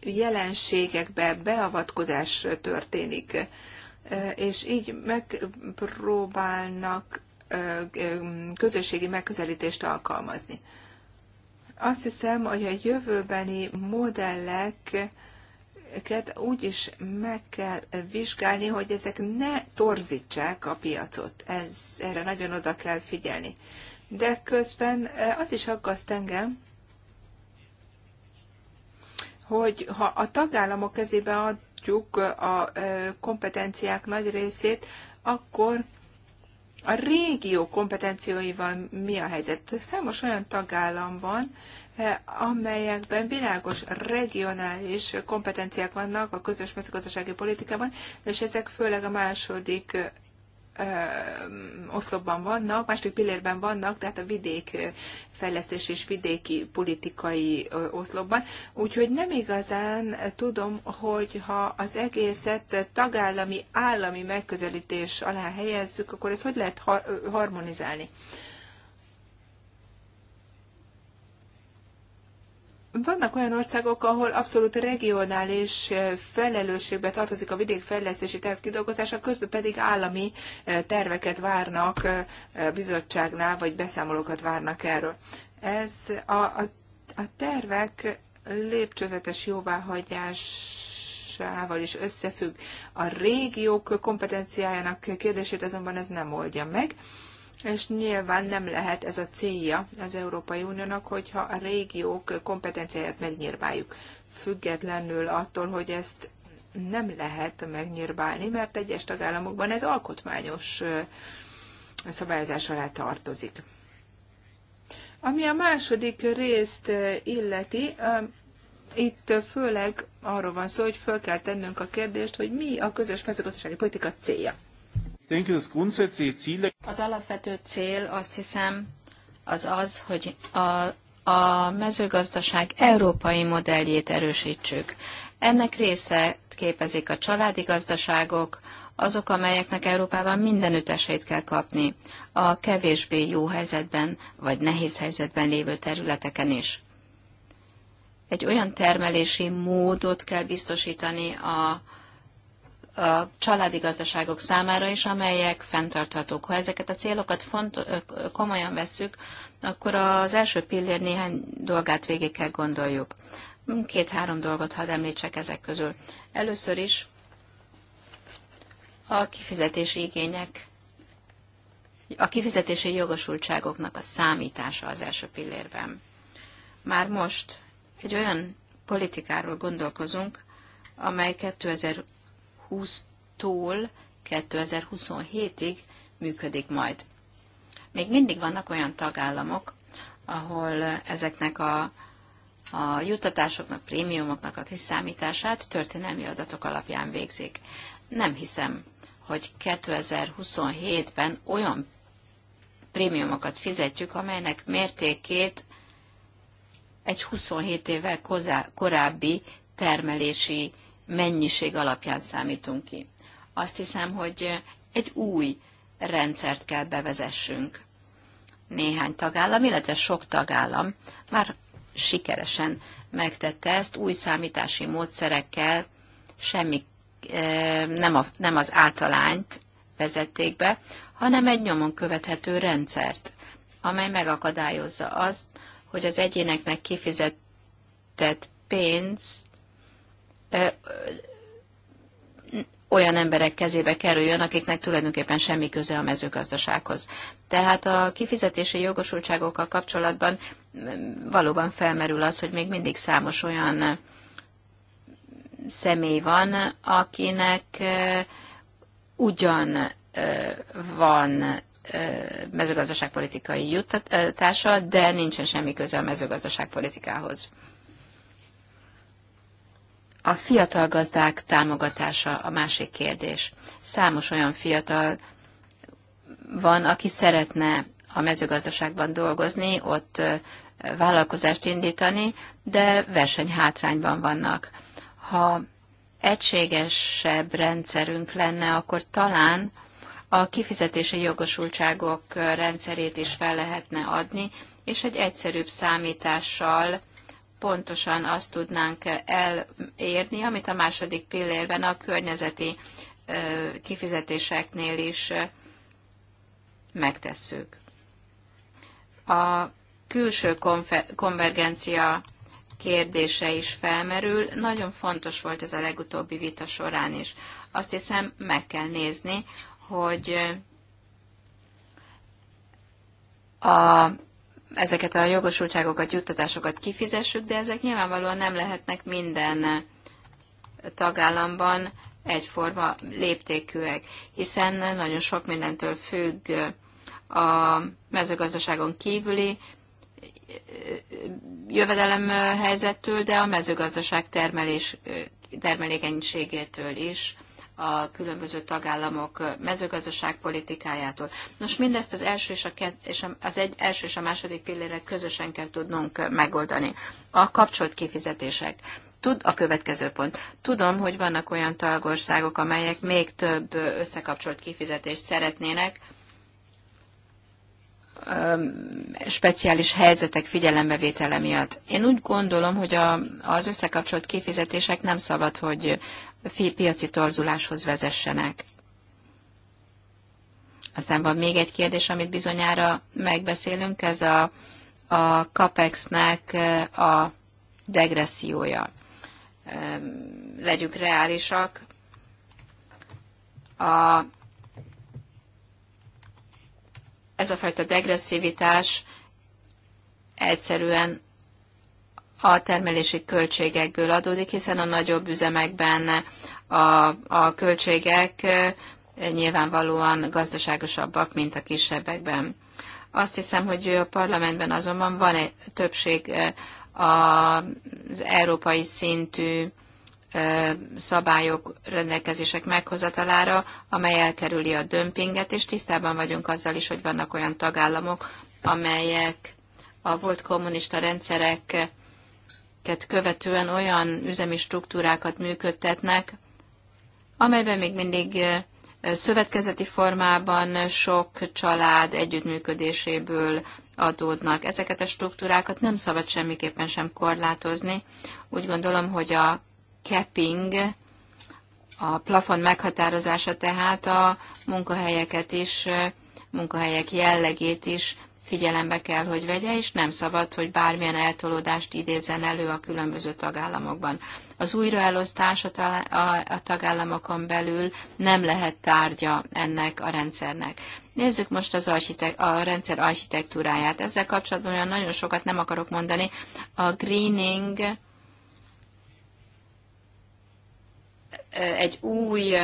jelenségekbe beavatkozás történik, és így megpróbálnak közösségi megközelítést alkalmazni. Azt hiszem, hogy a jövőbeni modellek úgy is meg kell vizsgálni, hogy ezek ne torzítsák a piacot. Ez, erre nagyon oda kell figyelni. De közben az is aggaszt engem, hogy ha a tagállamok kezébe adjuk a kompetenciák nagy részét, akkor a régió kompetencióival mi a helyzet? Számos olyan tagállam van, amelyekben világos regionális kompetenciák vannak a közös mezőgazdasági politikában, és ezek főleg a második oszlopban vannak, második pillérben vannak, tehát a vidék fejlesztés és vidéki politikai oszlopban. Úgyhogy nem igazán tudom, hogy ha az egészet tagállami, állami megközelítés alá helyezzük, akkor ez hogy lehet harmonizálni. Vannak olyan országok, ahol abszolút regionális eh, felelősségbe tartozik a vidékfejlesztési terv kidolgozása, közben pedig állami eh, terveket várnak eh, bizottságnál, vagy beszámolókat várnak erről. Ez a, a, a tervek lépcsőzetes jóváhagyás is összefügg. A régiók kompetenciájának kérdését azonban ez nem oldja meg és nyilván nem lehet ez a célja az Európai Uniónak, hogyha a régiók kompetenciáját megnyírbáljuk, függetlenül attól, hogy ezt nem lehet megnyírbálni, mert egyes tagállamokban ez alkotmányos szabályozás alá tartozik. Ami a második részt illeti, itt főleg arról van szó, hogy föl kell tennünk a kérdést, hogy mi a közös mezőgazdasági politika célja. Az alapvető cél azt hiszem az az, hogy a, a mezőgazdaság európai modelljét erősítsük. Ennek része képezik a családi gazdaságok, azok, amelyeknek Európában minden esélyt kell kapni, a kevésbé jó helyzetben vagy nehéz helyzetben lévő területeken is. Egy olyan termelési módot kell biztosítani a, a családi gazdaságok számára is, amelyek fenntarthatók. Ha ezeket a célokat font, komolyan vesszük, akkor az első pillér néhány dolgát végig kell gondoljuk. Két-három dolgot hadd említsek ezek közül. Először is a kifizetési igények, a kifizetési jogosultságoknak a számítása az első pillérben. Már most egy olyan politikáról gondolkozunk, amely 2000 2020-tól 2027-ig működik majd. Még mindig vannak olyan tagállamok, ahol ezeknek a, a juttatásoknak, prémiumoknak a kiszámítását történelmi adatok alapján végzik. Nem hiszem, hogy 2027-ben olyan prémiumokat fizetjük, amelynek mértékét egy 27 évvel korábbi termelési mennyiség alapján számítunk ki. Azt hiszem, hogy egy új rendszert kell bevezessünk. Néhány tagállam, illetve sok tagállam már sikeresen megtette ezt új számítási módszerekkel, semmi eh, nem, a, nem az általányt vezették be, hanem egy nyomon követhető rendszert, amely megakadályozza azt, hogy az egyéneknek kifizetett pénz olyan emberek kezébe kerüljön, akiknek tulajdonképpen semmi köze a mezőgazdasághoz. Tehát a kifizetési jogosultságokkal kapcsolatban valóban felmerül az, hogy még mindig számos olyan személy van, akinek ugyan van mezőgazdaságpolitikai juttatása, de nincsen semmi köze a mezőgazdaságpolitikához. A fiatal gazdák támogatása a másik kérdés. Számos olyan fiatal van, aki szeretne a mezőgazdaságban dolgozni, ott vállalkozást indítani, de versenyhátrányban vannak. Ha egységesebb rendszerünk lenne, akkor talán a kifizetési jogosultságok rendszerét is fel lehetne adni, és egy egyszerűbb számítással pontosan azt tudnánk elérni, amit a második pillérben a környezeti kifizetéseknél is megtesszük. A külső konvergencia kérdése is felmerül. Nagyon fontos volt ez a legutóbbi vita során is. Azt hiszem, meg kell nézni, hogy a ezeket a jogosultságokat, juttatásokat kifizessük, de ezek nyilvánvalóan nem lehetnek minden tagállamban egyforma léptékűek, hiszen nagyon sok mindentől függ a mezőgazdaságon kívüli eh, jövedelem helyzettől, de a mezőgazdaság termelés, eh, termelékenységétől is, a különböző tagállamok mezőgazdaságpolitikájától. Nos, mindezt az első és, a kett, és az egy, első és a második pillére közösen kell tudnunk megoldani. A kapcsolt kifizetések. Tud, a következő pont. Tudom, hogy vannak olyan tagországok, amelyek még több összekapcsolt kifizetést szeretnének, speciális helyzetek figyelembevétele miatt. Én úgy gondolom, hogy a, az összekapcsolt kifizetések nem szabad, hogy piaci torzuláshoz vezessenek. Aztán van még egy kérdés, amit bizonyára megbeszélünk, ez a, a CAPEX-nek a degressziója. Legyünk reálisak. A ez a fajta degresszivitás egyszerűen a termelési költségekből adódik, hiszen a nagyobb üzemekben a, a költségek eh, nyilvánvalóan gazdaságosabbak, mint a kisebbekben. Azt hiszem, hogy a parlamentben azonban van egy többség eh, az európai szintű szabályok, rendelkezések meghozatalára, amely elkerüli a dömpinget, és tisztában vagyunk azzal is, hogy vannak olyan tagállamok, amelyek a volt kommunista rendszereket követően olyan üzemi struktúrákat működtetnek, amelyben még mindig szövetkezeti formában sok család együttműködéséből adódnak. Ezeket a struktúrákat nem szabad semmiképpen sem korlátozni. Úgy gondolom, hogy a capping, a plafon meghatározása tehát a munkahelyeket is, munkahelyek jellegét is figyelembe kell, hogy vegye, és nem szabad, hogy bármilyen eltolódást idézen elő a különböző tagállamokban. Az újraelosztás a, a, a tagállamokon belül nem lehet tárgya ennek a rendszernek. Nézzük most az architek- a rendszer architektúráját. Ezzel kapcsolatban olyan nagyon sokat nem akarok mondani. A greening egy új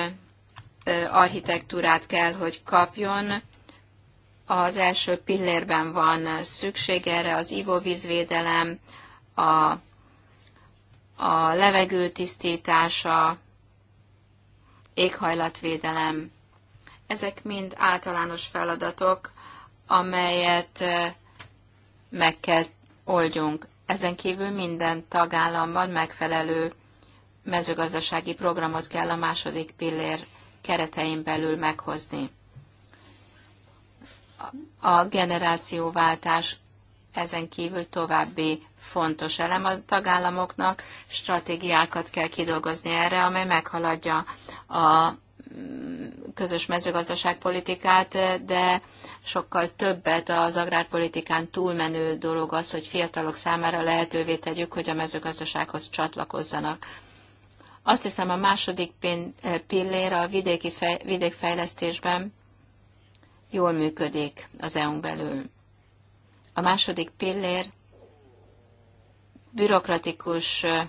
architektúrát kell, hogy kapjon. Az első pillérben van szükség erre, az ivóvízvédelem, a, a levegő tisztítása, éghajlatvédelem. Ezek mind általános feladatok, amelyet meg kell oldjunk. Ezen kívül minden tagállamban megfelelő mezőgazdasági programot kell a második pillér keretein belül meghozni. A generációváltás ezen kívül további fontos elem a tagállamoknak, stratégiákat kell kidolgozni erre, amely meghaladja a mm, közös mezőgazdaságpolitikát, de sokkal többet az agrárpolitikán túlmenő dolog az, hogy fiatalok számára lehetővé tegyük, hogy a mezőgazdasághoz csatlakozzanak. Azt hiszem a második eh, pillér a vidéki fej, vidékfejlesztésben jól működik az EU-n belül. A második pillér bürokratikus eh,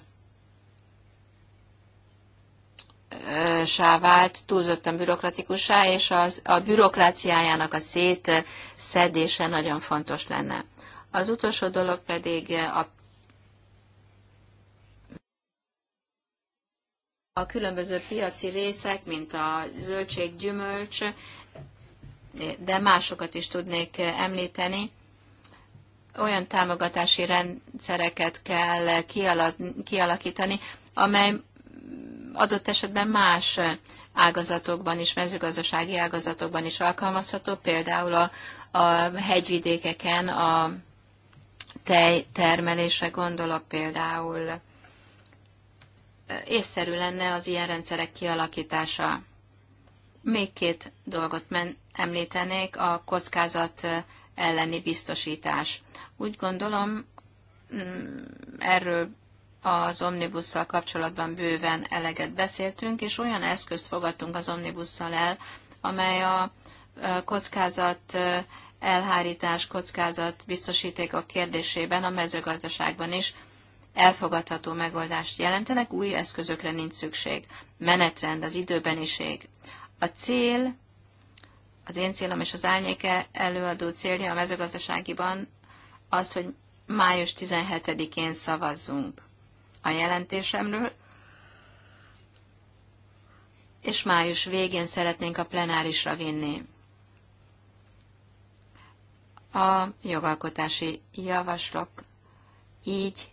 eh, sá vált, túlzottan bürokratikusá és az, a bürokráciájának a szétszedése nagyon fontos lenne. Az utolsó dolog pedig a a különböző piaci részek, mint a zöldség, gyümölcs, de másokat is tudnék említeni. Olyan támogatási rendszereket kell kialakítani, amely adott esetben más ágazatokban is, mezőgazdasági ágazatokban is alkalmazható, például a, a hegyvidékeken a tejtermelésre gondolok például észszerű lenne az ilyen rendszerek kialakítása. Még két dolgot men- említenék, a kockázat elleni biztosítás. Úgy gondolom, mm, erről az omnibusszal kapcsolatban bőven eleget beszéltünk, és olyan eszközt fogadtunk az omnibusszal el, amely a kockázat elhárítás, kockázat a kérdésében a mezőgazdaságban is elfogadható megoldást jelentenek, új eszközökre nincs szükség. Menetrend, az időbeniség. A cél, az én célom és az árnyéke előadó célja a mezőgazdaságiban az, hogy május 17-én szavazzunk a jelentésemről, és május végén szeretnénk a plenárisra vinni. A jogalkotási javaslok így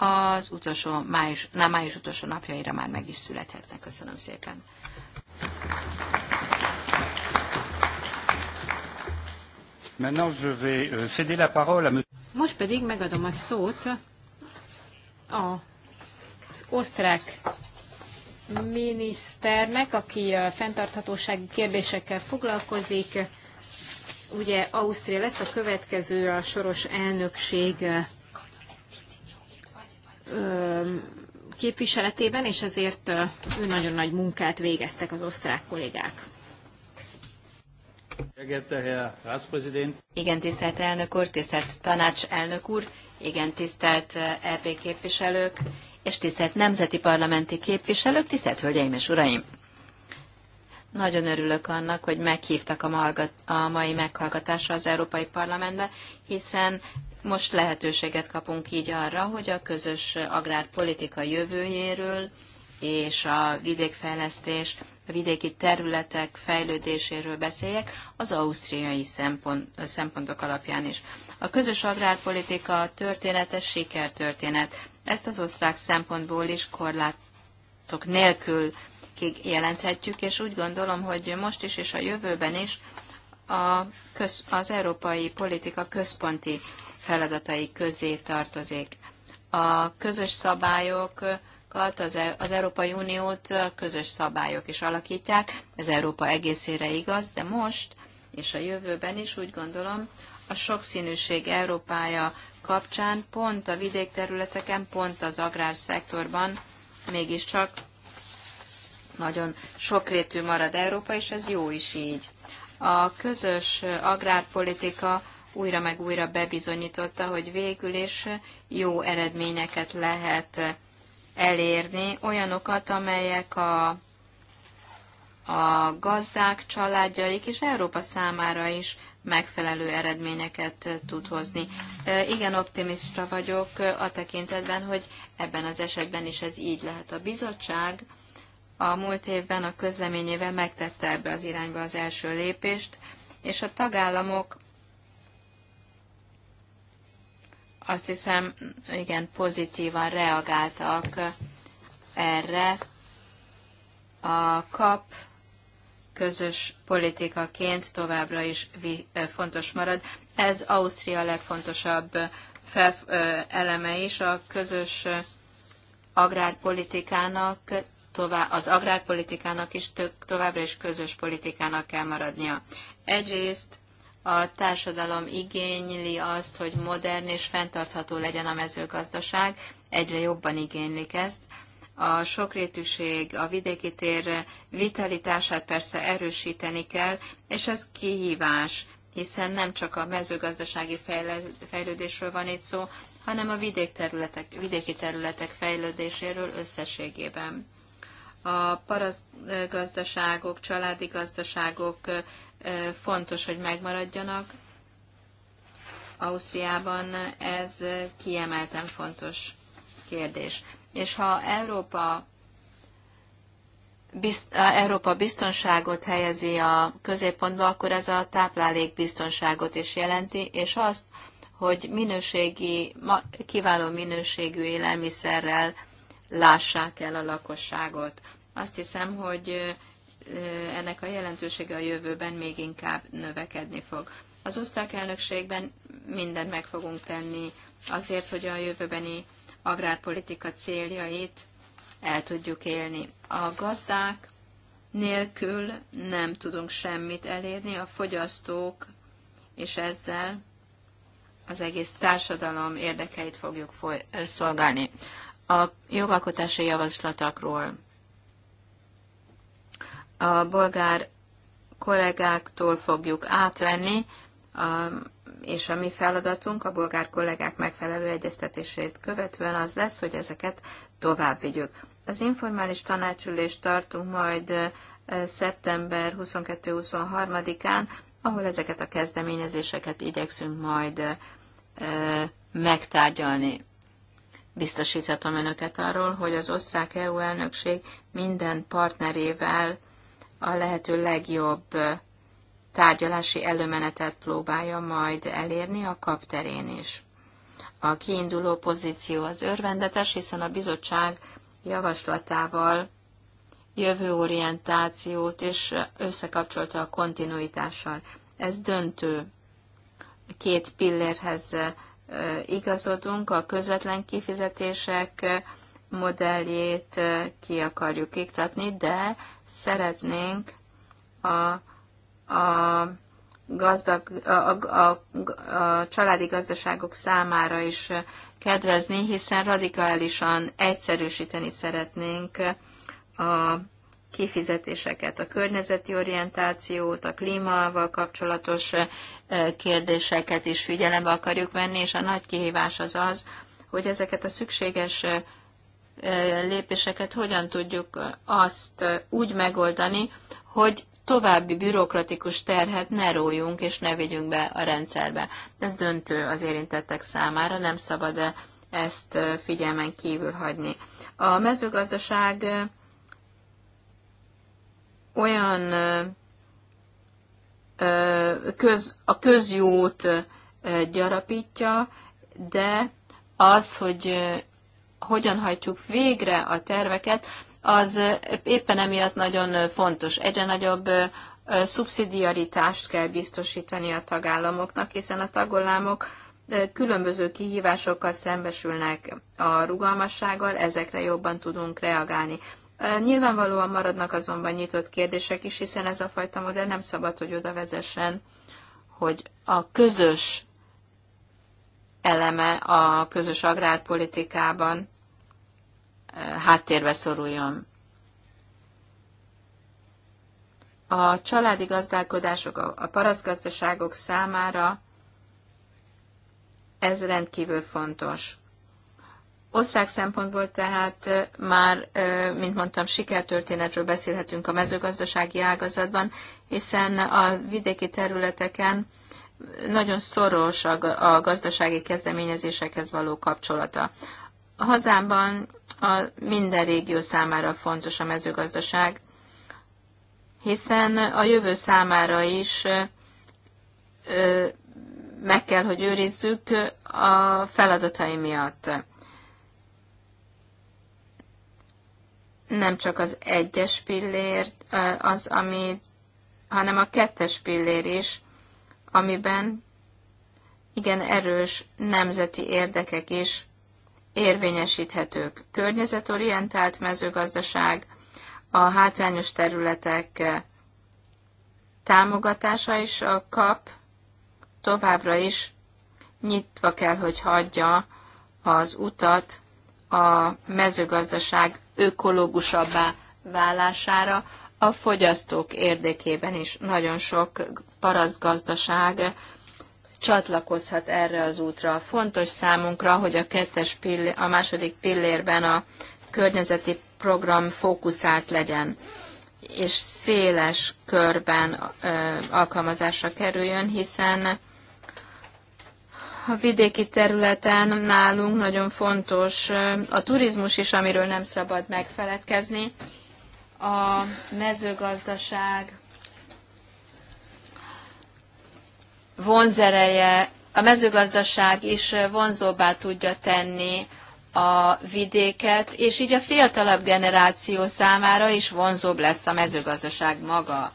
az utolsó május, na, május utolsó napjaira már meg is születhetnek. Köszönöm szépen. Euh, Most pedig megadom a szót az osztrák miniszternek, aki a fenntarthatósági kérdésekkel foglalkozik. Ugye Ausztria lesz a következő a soros elnökség képviseletében, és ezért ő nagyon nagy munkát végeztek az osztrák kollégák. Igen, tisztelt elnök úr, tisztelt tanács elnök úr, igen, tisztelt EP képviselők, és tisztelt nemzeti parlamenti képviselők, tisztelt hölgyeim és uraim! Nagyon örülök annak, hogy meghívtak a, a mai meghallgatásra az Európai Parlamentbe, hiszen most lehetőséget kapunk így arra, hogy a közös agrárpolitika jövőjéről és a vidékfejlesztés, a vidéki területek fejlődéséről beszéljek, az ausztriai szempont, szempontok alapján is. A közös agrárpolitika története sikertörténet. Ezt az osztrák szempontból is korlátok nélkül jelenthetjük, és úgy gondolom, hogy most is és a jövőben is a köz, az európai politika központi feladatai közé tartozik. A közös szabályok az, e- az Európai Uniót közös szabályok is alakítják, ez Európa egészére igaz, de most és a jövőben is úgy gondolom, a sokszínűség Európája kapcsán pont a vidékterületeken, pont az agrárszektorban mégiscsak nagyon sokrétű marad Európa, és ez jó is így. A közös agrárpolitika újra meg újra bebizonyította, hogy végül is jó eredményeket lehet elérni, olyanokat, amelyek a, a gazdák, családjaik és Európa számára is megfelelő eredményeket tud hozni. Igen, optimista vagyok a tekintetben, hogy ebben az esetben is ez így lehet. A bizottság a múlt évben a közleményével megtette ebbe az irányba az első lépést, és a tagállamok Azt hiszem, igen, pozitívan reagáltak erre a kap közös politikaként továbbra is fontos marad. Ez Ausztria legfontosabb eleme is a közös agrárpolitikának, tovább, az agrárpolitikának is tök, továbbra is közös politikának kell maradnia. Egyrészt a társadalom igényli azt, hogy modern és fenntartható legyen a mezőgazdaság, egyre jobban igénylik ezt. A sokrétűség, a vidéki tér vitalitását persze erősíteni kell, és ez kihívás, hiszen nem csak a mezőgazdasági fejlődésről van itt szó, hanem a vidék területek, vidéki területek fejlődéséről összességében. A paraszgazdaságok, családi gazdaságok fontos, hogy megmaradjanak. Ausztriában ez kiemelten fontos kérdés. És ha Európa, bizt, Európa biztonságot helyezi a középpontba, akkor ez a táplálék biztonságot is jelenti, és azt, hogy minőségi, kiváló minőségű élelmiszerrel lássák el a lakosságot. Azt hiszem, hogy ennek a jelentősége a jövőben még inkább növekedni fog. Az osztrák elnökségben mindent meg fogunk tenni azért, hogy a jövőbeni agrárpolitika céljait el tudjuk élni. A gazdák nélkül nem tudunk semmit elérni, a fogyasztók és ezzel az egész társadalom érdekeit fogjuk szolgálni. A jogalkotási javaslatokról a bolgár kollégáktól fogjuk átvenni, a, és a mi feladatunk a bolgár kollégák megfelelő egyeztetését követően az lesz, hogy ezeket tovább vigyük. Az informális tanácsülést tartunk majd szeptember 22-23-án, ahol ezeket a kezdeményezéseket igyekszünk majd megtárgyalni. Biztosíthatom önöket arról, hogy az osztrák EU elnökség minden partnerével a lehető legjobb tárgyalási előmenetet próbálja majd elérni a kapterén is. A kiinduló pozíció az örvendetes, hiszen a bizottság javaslatával jövőorientációt és összekapcsolta a kontinuitással. Ez döntő. Két pillérhez igazodunk, a közvetlen kifizetések modelljét ki akarjuk iktatni, de szeretnénk a, a, gazdag, a, a, a családi gazdaságok számára is kedvezni, hiszen radikálisan egyszerűsíteni szeretnénk a kifizetéseket, a környezeti orientációt, a klímával kapcsolatos kérdéseket is figyelembe akarjuk venni, és a nagy kihívás az az, hogy ezeket a szükséges lépéseket hogyan tudjuk azt úgy megoldani, hogy további bürokratikus terhet ne rójunk és ne vigyünk be a rendszerbe. Ez döntő az érintettek számára, nem szabad -e ezt figyelmen kívül hagyni. A mezőgazdaság olyan köz, a közjót gyarapítja, de az, hogy hogyan hajtjuk végre a terveket, az éppen emiatt nagyon fontos. Egyre nagyobb szubszidiaritást kell biztosítani a tagállamoknak, hiszen a tagállamok különböző kihívásokkal szembesülnek a rugalmassággal, ezekre jobban tudunk reagálni. Nyilvánvalóan maradnak azonban nyitott kérdések is, hiszen ez a fajta modell nem szabad, hogy oda vezessen, hogy a közös eleme a közös agrárpolitikában eh, háttérbe szoruljon. A családi gazdálkodások, a parasztgazdaságok számára ez rendkívül fontos. Osztrák szempontból tehát eh, már, eh, mint mondtam, sikertörténetről beszélhetünk a mezőgazdasági ágazatban, hiszen a vidéki területeken nagyon szoros a gazdasági kezdeményezésekhez való kapcsolata. A hazámban a minden régió számára fontos a mezőgazdaság, hiszen a jövő számára is meg kell, hogy őrizzük a feladatai miatt. Nem csak az egyes pillér az, ami, hanem a kettes pillér is, amiben igen erős nemzeti érdekek is érvényesíthetők. Környezetorientált mezőgazdaság, a hátrányos területek támogatása is a kap továbbra is nyitva kell, hogy hagyja az utat a mezőgazdaság ökológusabbá válására, a fogyasztók érdekében is nagyon sok parasztgazdaság csatlakozhat erre az útra. Fontos számunkra, hogy a, kettes pillé, a második pillérben a környezeti program fókuszált legyen, és széles körben ö, alkalmazásra kerüljön, hiszen a vidéki területen nálunk nagyon fontos a turizmus is, amiről nem szabad megfeledkezni, a mezőgazdaság, vonzereje, a mezőgazdaság is vonzóbbá tudja tenni a vidéket, és így a fiatalabb generáció számára is vonzóbb lesz a mezőgazdaság maga.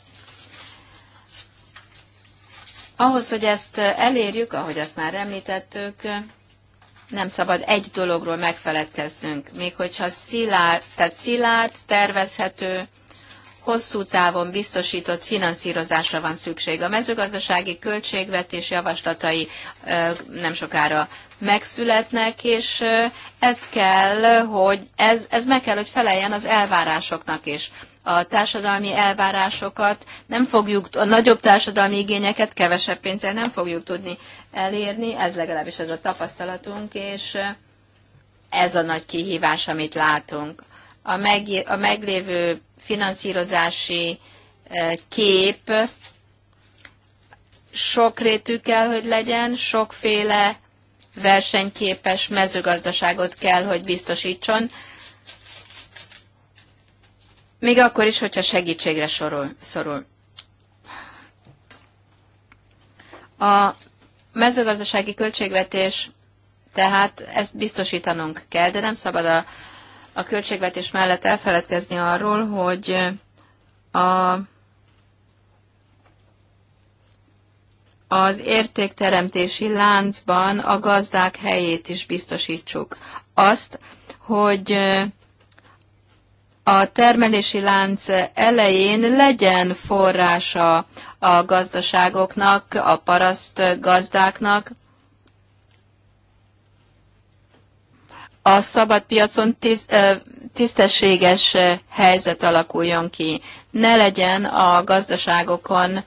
Ahhoz, hogy ezt elérjük, ahogy azt már említettük, nem szabad egy dologról megfeledkeznünk, még hogyha szilárd, tehát szilárd, tervezhető, hosszú távon biztosított finanszírozásra van szükség. A mezőgazdasági költségvetés javaslatai nem sokára megszületnek, és ez kell, hogy ez, ez meg kell, hogy feleljen az elvárásoknak is. A társadalmi elvárásokat nem fogjuk, a nagyobb társadalmi igényeket kevesebb pénzzel nem fogjuk tudni elérni, ez legalábbis ez a tapasztalatunk, és ez a nagy kihívás, amit látunk. A, meg, a meglévő finanszírozási kép sokrétű kell, hogy legyen, sokféle versenyképes mezőgazdaságot kell, hogy biztosítson, még akkor is, hogyha segítségre sorol, szorul. A mezőgazdasági költségvetés, tehát ezt biztosítanunk kell, de nem szabad a, a költségvetés mellett elfeledkezni arról, hogy a, az értékteremtési láncban a gazdák helyét is biztosítsuk. Azt, hogy a termelési lánc elején legyen forrása a gazdaságoknak, a paraszt gazdáknak, a szabad piacon tisztességes helyzet alakuljon ki. Ne legyen a gazdaságokon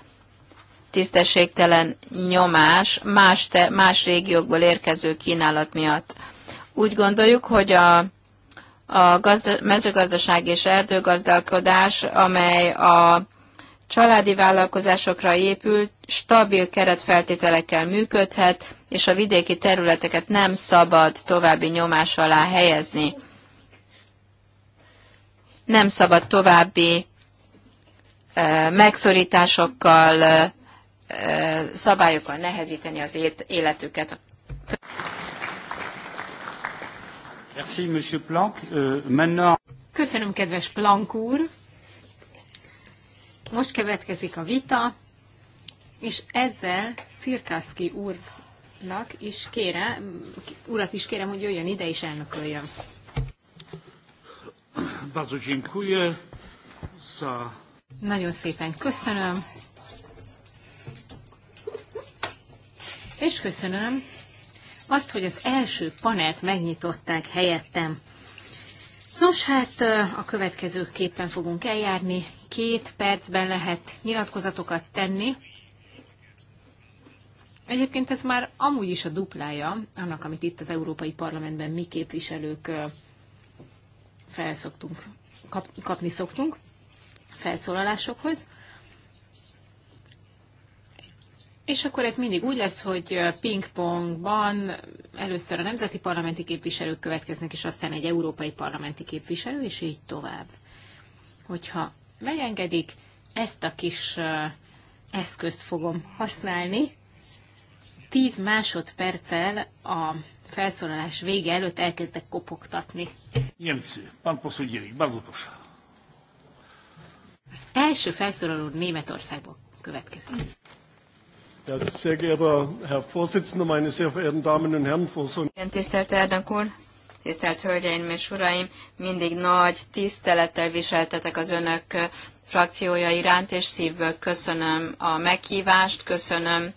tisztességtelen nyomás más, te, más régiókból érkező kínálat miatt. Úgy gondoljuk, hogy a, a gazda, mezőgazdaság és erdőgazdálkodás, amely a családi vállalkozásokra épült, stabil keretfeltételekkel működhet, és a vidéki területeket nem szabad további nyomás alá helyezni. Nem szabad további megszorításokkal, szabályokkal nehezíteni az életüket. Euh, Köszönöm, kedves Planck úr! Most következik a vita, és ezzel Cirkaszki úr uraknak és kérem, urat is kérem, hogy jöjjön ide és elnököljön. Nagyon szépen köszönöm. És köszönöm azt, hogy az első panelt megnyitották helyettem. Nos, hát a következőképpen fogunk eljárni. Két percben lehet nyilatkozatokat tenni, Egyébként ez már amúgy is a duplája annak, amit itt az Európai Parlamentben mi képviselők felszoktunk, kap, kapni szoktunk felszólalásokhoz. És akkor ez mindig úgy lesz, hogy pingpongban először a nemzeti parlamenti képviselők következnek, és aztán egy európai parlamenti képviselő, és így tovább. Hogyha megengedik, ezt a kis eszközt fogom használni, tíz másodperccel a felszólalás vége előtt elkezdek kopogtatni. Niemcy, pan poseł Gierig, bardzo proszę. Az első felszólaló Németországból következik. Ja, sehr geehrter Herr Vorsitzender, meine sehr verehrten Damen und Herren, Frau Sonja. Vorsitzender. Tisztelt Erdnök úr, tisztelt hölgyeim és uraim, mindig nagy tisztelettel viseltetek az önök frakciója iránt, és szívből köszönöm a meghívást, köszönöm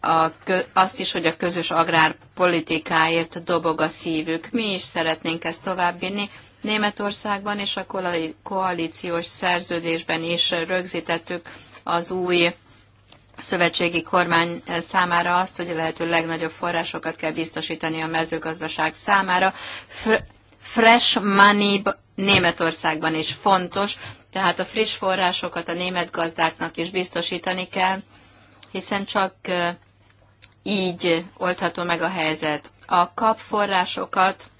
a, azt is, hogy a közös agrárpolitikáért dobog a szívük. Mi is szeretnénk ezt továbbvinni. Németországban és a koalíciós szerződésben is rögzítettük az új szövetségi kormány számára azt, hogy a lehető legnagyobb forrásokat kell biztosítani a mezőgazdaság számára. Fresh money Németországban is fontos, tehát a friss forrásokat a német gazdáknak is biztosítani kell, hiszen csak így oldható meg a helyzet. A kap forrásokat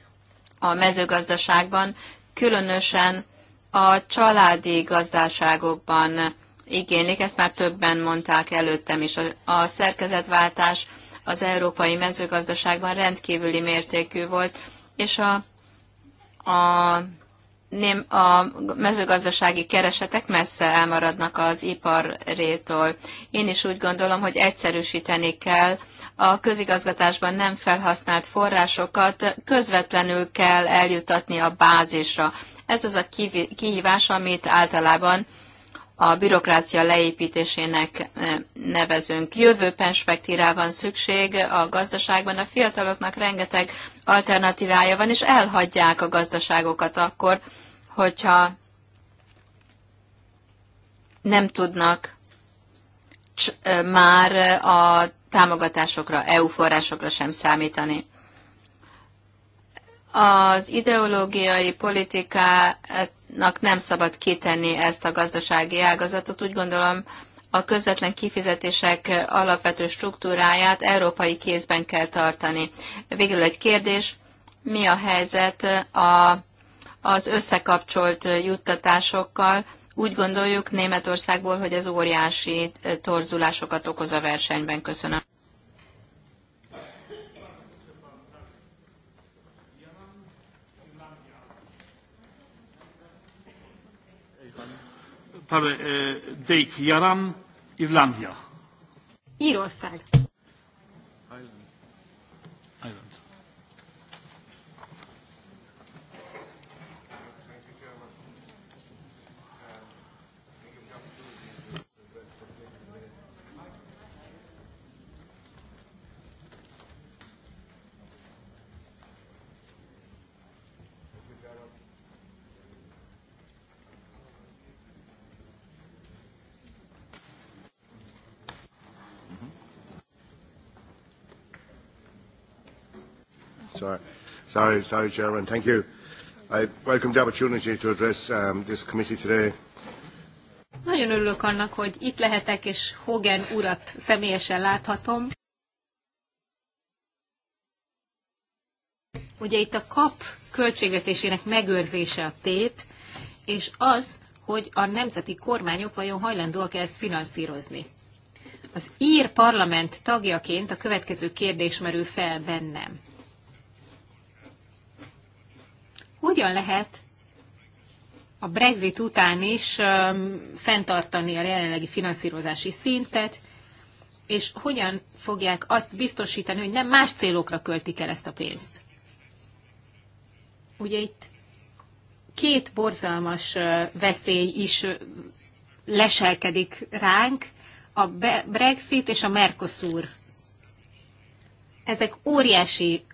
a mezőgazdaságban, különösen a családi gazdaságokban igénylik, ezt már többen mondták előttem is. A szerkezetváltás az európai mezőgazdaságban rendkívüli mértékű volt, és a, a nem, a mezőgazdasági keresetek messze elmaradnak az iparétól. Én is úgy gondolom, hogy egyszerűsíteni kell a közigazgatásban nem felhasznált forrásokat közvetlenül kell eljutatni a bázisra. Ez az a kihívás, amit általában a bürokrácia leépítésének e, nevezünk. Jövő perspektírá van szükség a gazdaságban. A fiataloknak rengeteg alternatívája van, és elhagyják a gazdaságokat akkor, hogyha nem tudnak e, már a támogatásokra, EU forrásokra sem számítani. Az ideológiai politikának nem szabad kitenni ezt a gazdasági ágazatot. Úgy gondolom, a közvetlen kifizetések alapvető struktúráját európai kézben kell tartani. Végül egy kérdés, mi a helyzet a, az összekapcsolt juttatásokkal, úgy gondoljuk Németországból, hogy ez óriási eh, torzulásokat okoz a versenyben. Köszönöm. Eh, Dejk Jaran, Irlandia. Írország. Sorry, sorry, sorry Chairman. Thank you. I welcome the opportunity to address um, this committee today. Nagyon örülök annak, hogy itt lehetek, és Hogan urat személyesen láthatom. Ugye itt a kap költségvetésének megőrzése a tét, és az, hogy a nemzeti kormányok vajon hajlandóak ezt finanszírozni. Az ír parlament tagjaként a következő kérdés merül fel bennem. hogyan lehet a Brexit után is um, fenntartani a jelenlegi finanszírozási szintet, és hogyan fogják azt biztosítani, hogy nem más célokra költik el ezt a pénzt. Ugye itt két borzalmas veszély is leselkedik ránk, a Brexit és a Mercosur. Ezek óriási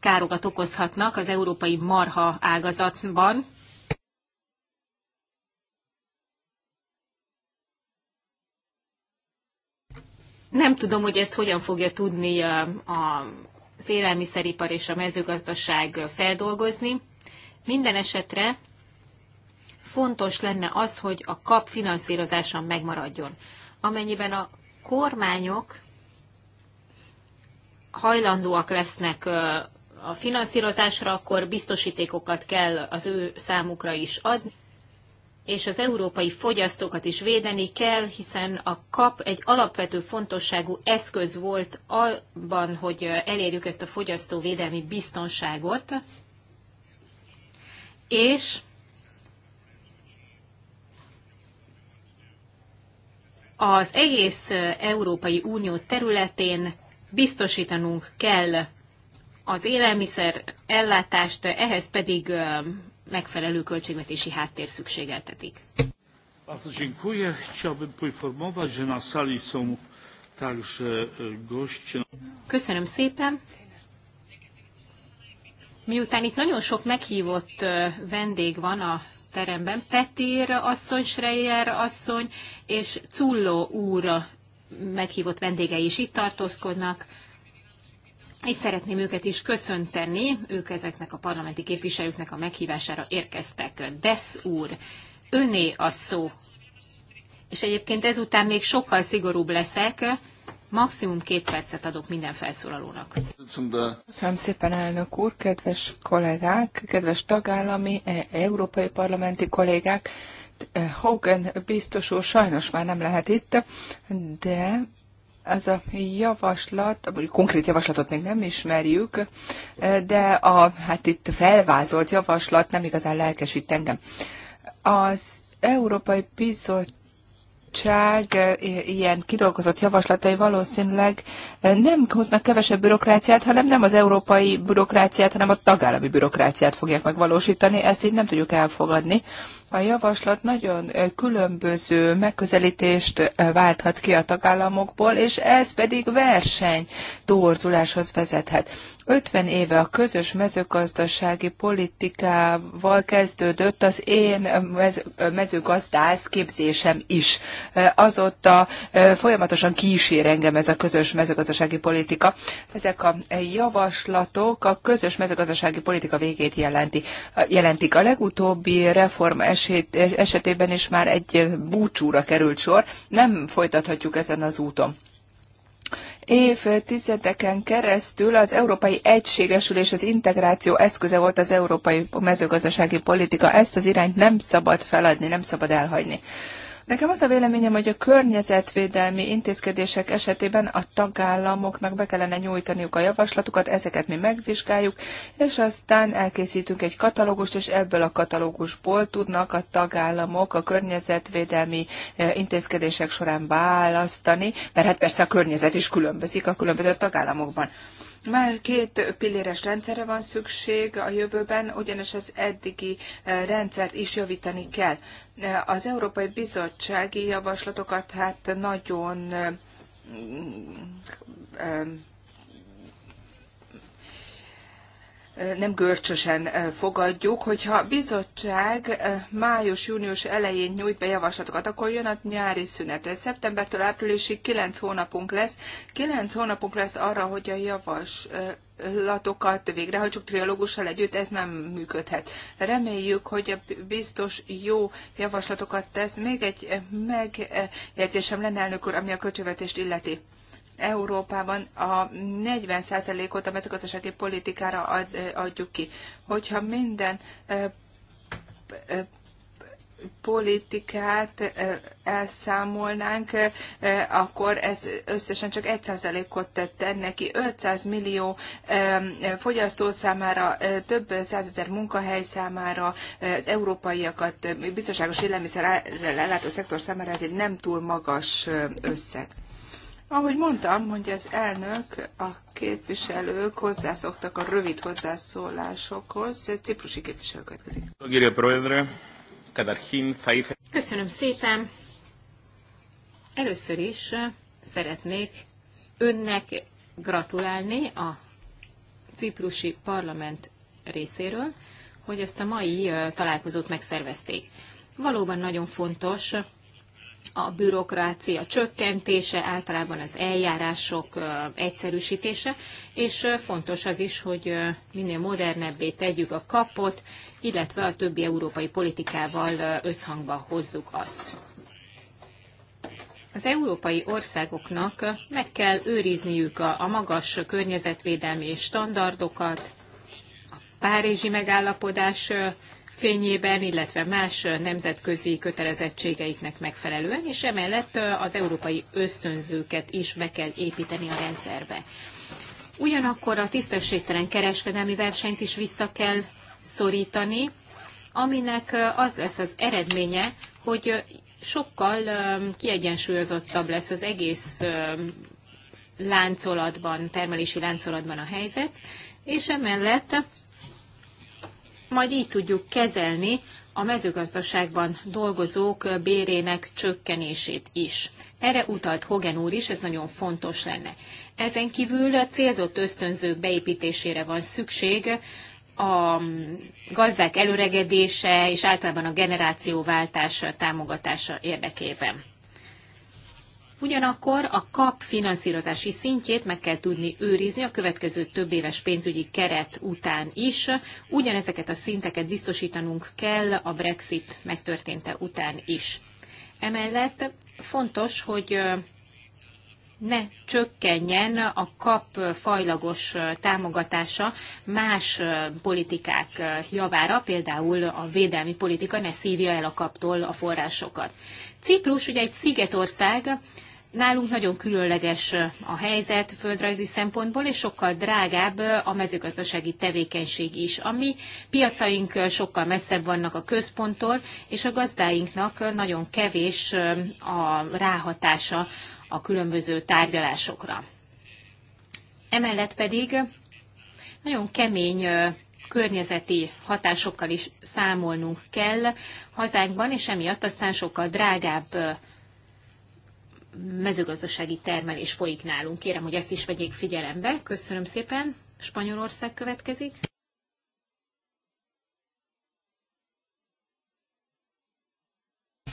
károkat okozhatnak az európai marha ágazatban. Nem tudom, hogy ezt hogyan fogja tudni az élelmiszeripar és a mezőgazdaság feldolgozni. Minden esetre fontos lenne az, hogy a kap finanszírozáson megmaradjon. Amennyiben a kormányok hajlandóak lesznek a finanszírozásra, akkor biztosítékokat kell az ő számukra is adni, és az európai fogyasztókat is védeni kell, hiszen a kap egy alapvető fontosságú eszköz volt abban, hogy elérjük ezt a fogyasztóvédelmi biztonságot, és az egész Európai Unió területén biztosítanunk kell az élelmiszer ellátást, ehhez pedig megfelelő költségvetési háttér szükségeltetik. Bardzo dziękuję. Chciałbym poinformować, że na sali są także e, goście. Köszönöm szépen. Miután itt nagyon sok meghívott vendég van a teremben, Petír asszony, Schreier asszony és Cullo úr meghívott vendégei is itt tartózkodnak, és szeretném őket is köszönteni, ők ezeknek a parlamenti képviselőknek a meghívására érkeztek. Desz úr, öné a szó. És egyébként ezután még sokkal szigorúbb leszek, maximum két percet adok minden felszólalónak. Köszönöm szépen, elnök úr, kedves kollégák, kedves tagállami, e, európai parlamenti kollégák. Eh, Hogan biztos úr sajnos már nem lehet itt, de ez a javaslat, vagy konkrét javaslatot még nem ismerjük, eh, de a hát itt felvázolt javaslat nem igazán lelkesít engem. Az Európai Bizottság bizottság eh, ilyen kidolgozott javaslatai valószínűleg nem hoznak kevesebb bürokráciát, hanem nem az európai bürokráciát, hanem a tagállami bürokráciát fogják megvalósítani. Ezt így nem tudjuk elfogadni. A javaslat nagyon eh, különböző megközelítést eh, válthat ki a tagállamokból, és ez pedig verseny torzuláshoz vezethet. 50 éve a közös mezőgazdasági politikával kezdődött az én eh, mezőgazdász képzésem is. Azóta folyamatosan kísér engem ez a közös mezőgazdasági politika. Ezek a javaslatok a közös mezőgazdasági politika végét jelenti. jelentik. A legutóbbi reform esetében is már egy búcsúra került sor, nem folytathatjuk ezen az úton évtizedeken keresztül az Európai Egységesülés az integráció eszköze volt az európai mezőgazdasági politika. Ezt az irányt nem szabad feladni, nem szabad elhagyni. Nekem az a véleményem, hogy a környezetvédelmi intézkedések esetében a tagállamoknak be kellene nyújtaniuk a javaslatukat, ezeket mi megvizsgáljuk, és aztán elkészítünk egy katalógust, és ebből a katalógusból tudnak a tagállamok a környezetvédelmi eh, intézkedések során választani, mert hát persze a környezet is különbözik a különböző tagállamokban. Már két pilléres rendszerre van szükség a jövőben, ugyanis az eddigi eh, rendszert is javítani kell. Eh, az Európai Bizottsági javaslatokat hát nagyon eh, mm, nem görcsösen fogadjuk, hogyha a bizottság május-június elején nyújt be javaslatokat, akkor jön a nyári szünet. Ez szeptembertől áprilisig 9 hónapunk lesz. 9 hónapunk lesz arra, hogy a javaslatokat végrehajtsuk triológussal együtt, ez nem működhet. Reméljük, hogy a biztos jó javaslatokat tesz. Még egy megjegyzésem lenne, elnök úr, ami a költségvetést illeti Európában a 40%-ot a mezőgazdasági politikára adjuk ki. Hogyha minden politikát elszámolnánk, akkor ez összesen csak 1%-ot tenne ki. 500 millió fogyasztó számára, több százezer munkahely számára, az európaiakat biztonságos élelmiszer ellátó szektor számára ez egy nem túl magas összeg. Ahogy mondtam, mondja az elnök, a képviselők hozzászoktak a rövid hozzászólásokhoz. Ciprusi képviselő következik. Köszönöm szépen. Először is szeretnék önnek gratulálni a ciprusi parlament részéről, hogy ezt a mai találkozót megszervezték. Valóban nagyon fontos a bürokrácia csökkentése, általában az eljárások egyszerűsítése, és fontos az is, hogy minél modernebbé tegyük a kapot, illetve a többi európai politikával összhangba hozzuk azt. Az európai országoknak meg kell őrizniük a magas környezetvédelmi standardokat, a Párizsi megállapodás fényében, illetve más nemzetközi kötelezettségeiknek megfelelően, és emellett az európai ösztönzőket is be kell építeni a rendszerbe. Ugyanakkor a tisztességtelen kereskedelmi versenyt is vissza kell szorítani, aminek az lesz az eredménye, hogy sokkal um, kiegyensúlyozottabb lesz az egész um, láncolatban, termelési láncolatban a helyzet, és emellett majd így tudjuk kezelni a mezőgazdaságban dolgozók bérének csökkenését is. Erre utalt Hogan úr is, ez nagyon fontos lenne. Ezen kívül a célzott ösztönzők beépítésére van szükség, a gazdák előregedése és általában a generációváltás támogatása érdekében. Ugyanakkor a kap finanszírozási szintjét meg kell tudni őrizni a következő több éves pénzügyi keret után is. Ugyanezeket a szinteket biztosítanunk kell a Brexit megtörténte után is. Emellett fontos, hogy ne csökkenjen a kap fajlagos támogatása más politikák javára, például a védelmi politika ne szívja el a kaptól a forrásokat. Ciprus ugye egy szigetország, Nálunk nagyon különleges a helyzet földrajzi szempontból, és sokkal drágább a mezőgazdasági tevékenység is. A mi piacaink sokkal messzebb vannak a központtól, és a gazdáinknak nagyon kevés a ráhatása a különböző tárgyalásokra. Emellett pedig nagyon kemény környezeti hatásokkal is számolnunk kell hazánkban, és emiatt aztán sokkal drágább mezőgazdasági termelés folyik nálunk. Kérem, hogy ezt is vegyék figyelembe. Köszönöm szépen. Spanyolország következik.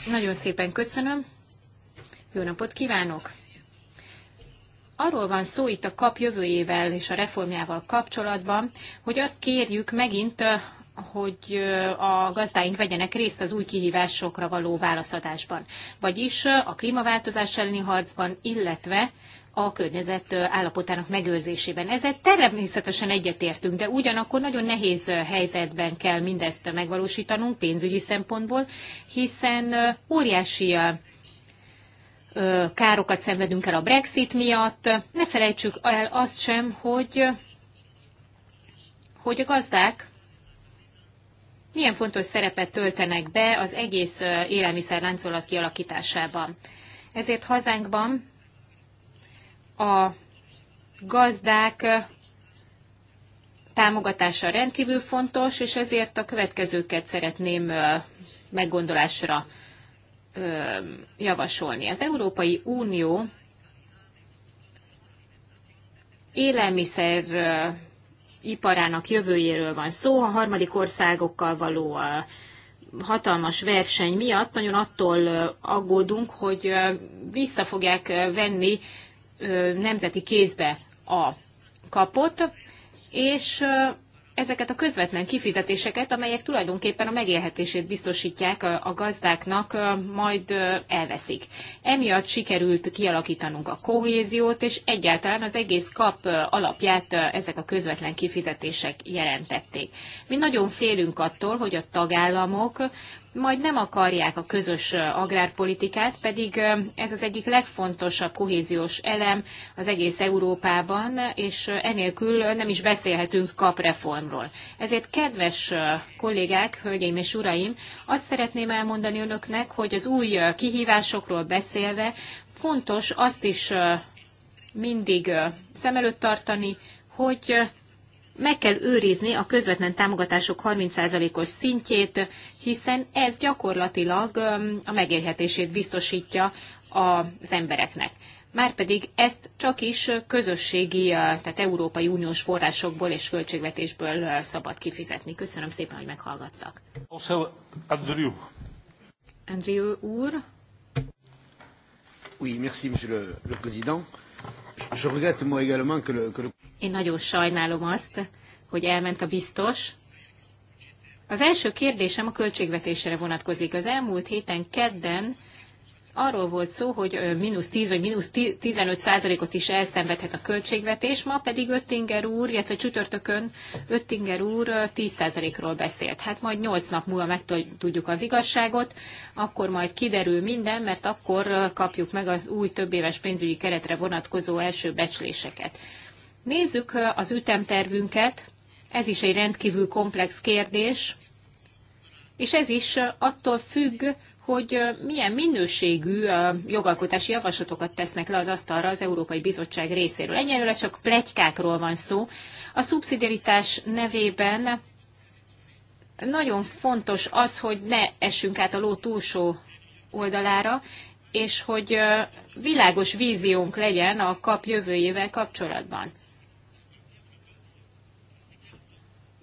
Nagyon szépen köszönöm. Jó napot kívánok! Arról van szó itt a kap jövőjével és a reformjával kapcsolatban, hogy azt kérjük megint hogy a gazdáink vegyenek részt az új kihívásokra való válaszadásban, vagyis a klímaváltozás elleni harcban, illetve a környezet állapotának megőrzésében. Ezzel természetesen egyetértünk, de ugyanakkor nagyon nehéz helyzetben kell mindezt megvalósítanunk pénzügyi szempontból, hiszen óriási károkat szenvedünk el a Brexit miatt. Ne felejtsük el azt sem, hogy, hogy a gazdák milyen fontos szerepet töltenek be az egész élelmiszerláncolat kialakításában. Ezért hazánkban a gazdák támogatása rendkívül fontos, és ezért a következőket szeretném meggondolásra javasolni. Az Európai Unió élelmiszer iparának jövőjéről van szó, a harmadik országokkal való a hatalmas verseny miatt nagyon attól aggódunk, hogy vissza fogják venni nemzeti kézbe a kapot, és ezeket a közvetlen kifizetéseket, amelyek tulajdonképpen a megélhetését biztosítják a gazdáknak, majd elveszik. Emiatt sikerült kialakítanunk a kohéziót, és egyáltalán az egész kap alapját ezek a közvetlen kifizetések jelentették. Mi nagyon félünk attól, hogy a tagállamok majd nem akarják a közös agrárpolitikát, pedig ez az egyik legfontosabb kohéziós elem az egész Európában, és enélkül nem is beszélhetünk kapreformról. Ezért kedves kollégák, hölgyeim és uraim, azt szeretném elmondani önöknek, hogy az új kihívásokról beszélve fontos azt is mindig szem előtt tartani, hogy meg kell őrizni a közvetlen támogatások 30%-os szintjét, hiszen ez gyakorlatilag a megélhetését biztosítja az embereknek. Márpedig ezt csak is közösségi, tehát Európai Uniós forrásokból és költségvetésből szabad kifizetni. Köszönöm szépen, hogy meghallgattak. Andrew. Andrew úr. Oui, merci, monsieur le, le président. Én nagyon sajnálom azt, hogy elment a biztos. Az első kérdésem a költségvetésre vonatkozik. Az elmúlt héten kedden arról volt szó, hogy mínusz 10 vagy mínusz 15 százalékot is elszenvedhet a költségvetés, ma pedig Öttinger úr, illetve csütörtökön Öttinger úr 10 százalékról beszélt. Hát majd 8 nap múlva megtudjuk az igazságot, akkor majd kiderül minden, mert akkor kapjuk meg az új többéves pénzügyi keretre vonatkozó első becsléseket. Nézzük az ütemtervünket, ez is egy rendkívül komplex kérdés, és ez is attól függ, hogy milyen minőségű jogalkotási javaslatokat tesznek le az asztalra az Európai Bizottság részéről. Ennyire csak plegykákról van szó. A szubszidiaritás nevében nagyon fontos az, hogy ne essünk át a ló túlsó oldalára, és hogy világos víziónk legyen a kap jövőjével kapcsolatban.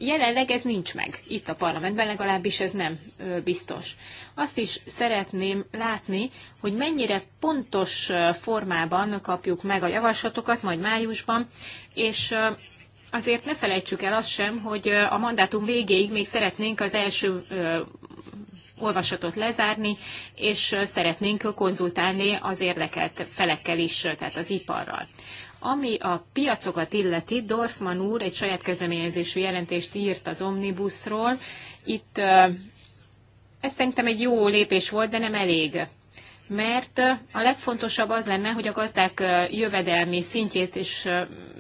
Jelenleg ez nincs meg. Itt a parlamentben legalábbis ez nem biztos. Azt is szeretném látni, hogy mennyire pontos formában kapjuk meg a javaslatokat majd májusban, és azért ne felejtsük el azt sem, hogy a mandátum végéig még szeretnénk az első olvasatot lezárni, és szeretnénk konzultálni az érdekelt felekkel is, tehát az iparral. Ami a piacokat illeti, Dorfman úr egy saját kezdeményezésű jelentést írt az Omnibusról. Itt ez szerintem egy jó lépés volt, de nem elég mert a legfontosabb az lenne, hogy a gazdák jövedelmi szintjét is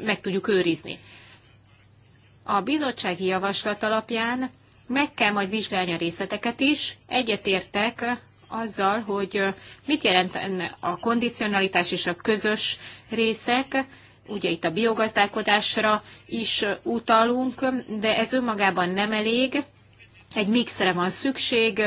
meg tudjuk őrizni. A bizottsági javaslat alapján meg kell majd vizsgálni a részleteket is. Egyetértek azzal, hogy mit jelentene a kondicionalitás és a közös részek, ugye itt a biogazdálkodásra is utalunk, de ez önmagában nem elég. Egy mixre van szükség,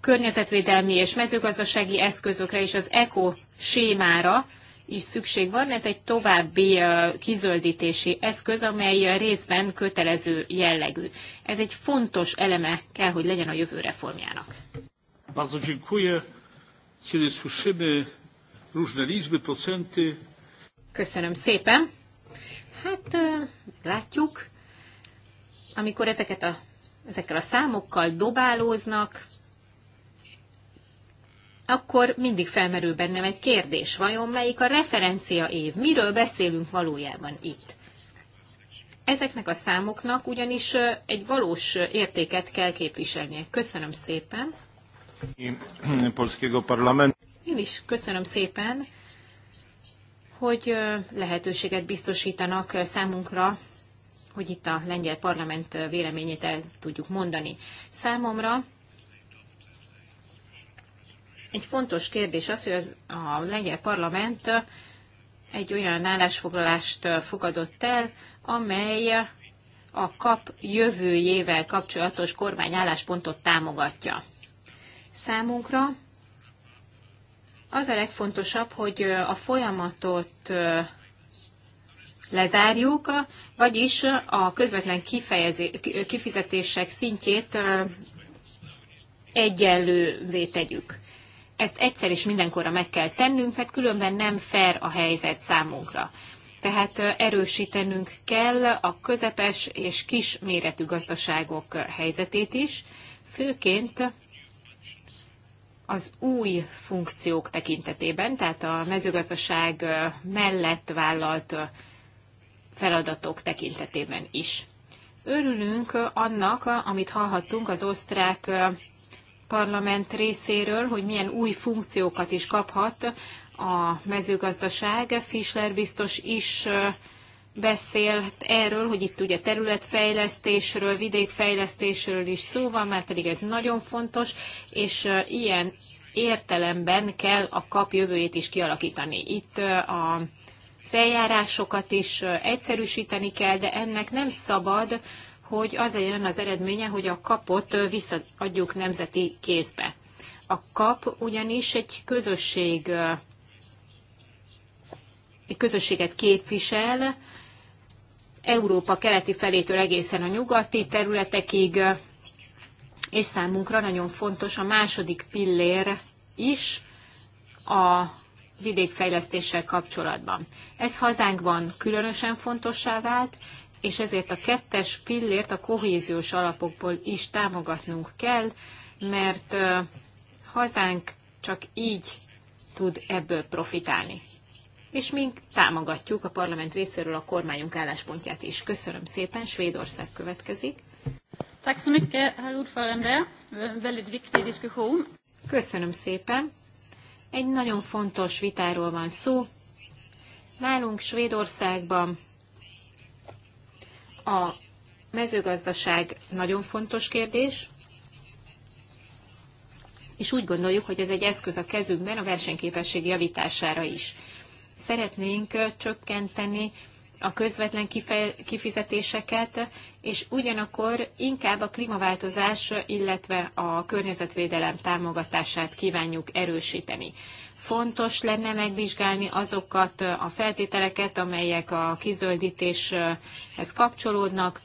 környezetvédelmi és mezőgazdasági eszközökre és az eko-sémára is szükség van. Ez egy további kizöldítési eszköz, amely részben kötelező jellegű. Ez egy fontos eleme kell, hogy legyen a jövő reformjának. Bardzo dziękuję. Kiedy słyszymy różne liczby, procenty. Köszönöm szépen. Hát e, látjuk, amikor ezeket a, ezekkel a számokkal dobálóznak, akkor mindig felmerül bennem egy kérdés, vajon melyik a referencia év, miről beszélünk valójában itt. Ezeknek a számoknak ugyanis e, egy valós e, értéket kell képviselnie. Köszönöm szépen! Én is köszönöm szépen, hogy lehetőséget biztosítanak számunkra, hogy itt a lengyel parlament véleményét el tudjuk mondani. Számomra egy fontos kérdés az, hogy az, a lengyel parlament egy olyan állásfoglalást fogadott el, amely a kap jövőjével kapcsolatos kormány álláspontot támogatja számunkra. Az a legfontosabb, hogy a folyamatot lezárjuk, vagyis a közvetlen kifizetések szintjét egyenlővé tegyük. Ezt egyszer és mindenkorra meg kell tennünk, mert különben nem fair a helyzet számunkra. Tehát erősítenünk kell a közepes és kis méretű gazdaságok helyzetét is, főként az új funkciók tekintetében, tehát a mezőgazdaság mellett vállalt feladatok tekintetében is. Örülünk annak, amit hallhattunk az osztrák parlament részéről, hogy milyen új funkciókat is kaphat a mezőgazdaság. Fischler biztos is beszél erről, hogy itt ugye területfejlesztésről, vidékfejlesztésről is szó van, már pedig ez nagyon fontos, és ilyen értelemben kell a kap jövőjét is kialakítani. Itt a az eljárásokat is egyszerűsíteni kell, de ennek nem szabad, hogy az jön az eredménye, hogy a kapot visszaadjuk nemzeti kézbe. A kap ugyanis egy közösség egy közösséget képvisel, Európa keleti felétől egészen a nyugati területekig, és számunkra nagyon fontos a második pillér is a vidékfejlesztéssel kapcsolatban. Ez hazánkban különösen fontossá vált, és ezért a kettes pillért a kohéziós alapokból is támogatnunk kell, mert hazánk csak így tud ebből profitálni és mi támogatjuk a parlament részéről a kormányunk álláspontját is. Köszönöm szépen, Svédország következik. Köszönöm szépen. Egy nagyon fontos vitáról van szó. Nálunk Svédországban a mezőgazdaság nagyon fontos kérdés, és úgy gondoljuk, hogy ez egy eszköz a kezünkben a versenyképesség javítására is szeretnénk csökkenteni a közvetlen kifizetéseket, és ugyanakkor inkább a klímaváltozás, illetve a környezetvédelem támogatását kívánjuk erősíteni. Fontos lenne megvizsgálni azokat a feltételeket, amelyek a kizöldítéshez kapcsolódnak,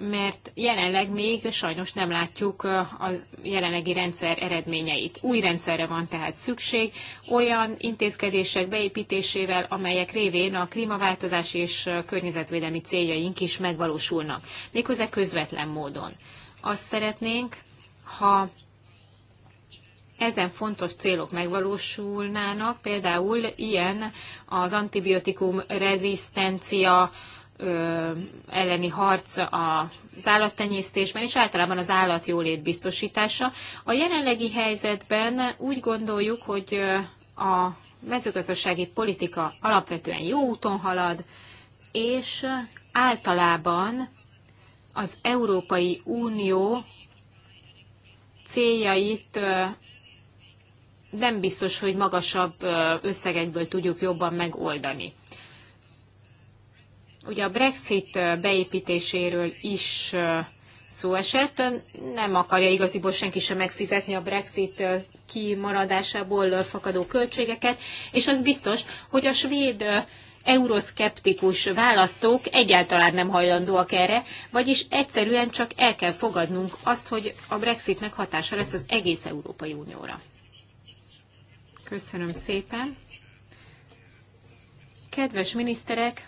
mert jelenleg még sajnos nem látjuk a jelenlegi rendszer eredményeit. Új rendszerre van tehát szükség, olyan intézkedések beépítésével, amelyek révén a klímaváltozás és környezetvédelmi céljaink is megvalósulnak, méghozzá közvetlen módon. Azt szeretnénk, ha ezen fontos célok megvalósulnának, például ilyen az antibiotikum rezisztencia elleni harc az állattenyésztésben, és általában az állatjólét biztosítása. A jelenlegi helyzetben úgy gondoljuk, hogy a mezőgazdasági politika alapvetően jó úton halad, és általában az Európai Unió céljait nem biztos, hogy magasabb összegekből tudjuk jobban megoldani. Ugye a Brexit beépítéséről is szó esett, nem akarja igaziból senki sem megfizetni a Brexit kimaradásából fakadó költségeket, és az biztos, hogy a svéd euroszkeptikus választók egyáltalán nem hajlandóak erre, vagyis egyszerűen csak el kell fogadnunk azt, hogy a Brexitnek hatása lesz az egész Európai Unióra. Köszönöm szépen. Kedves miniszterek,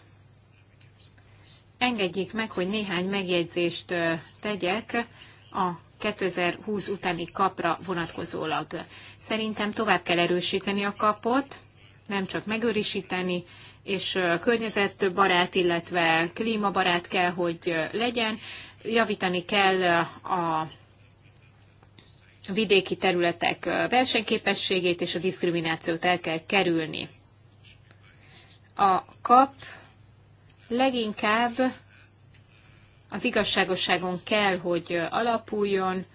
engedjék meg, hogy néhány megjegyzést tegyek a 2020 utáni kapra vonatkozólag. Szerintem tovább kell erősíteni a kapot, nem csak megőrisíteni, és környezetbarát, illetve klímabarát kell, hogy legyen. Javítani kell a vidéki területek versenyképességét, és a diszkriminációt el kell kerülni. A kap leginkább az igazságosságon kell, hogy alapuljon,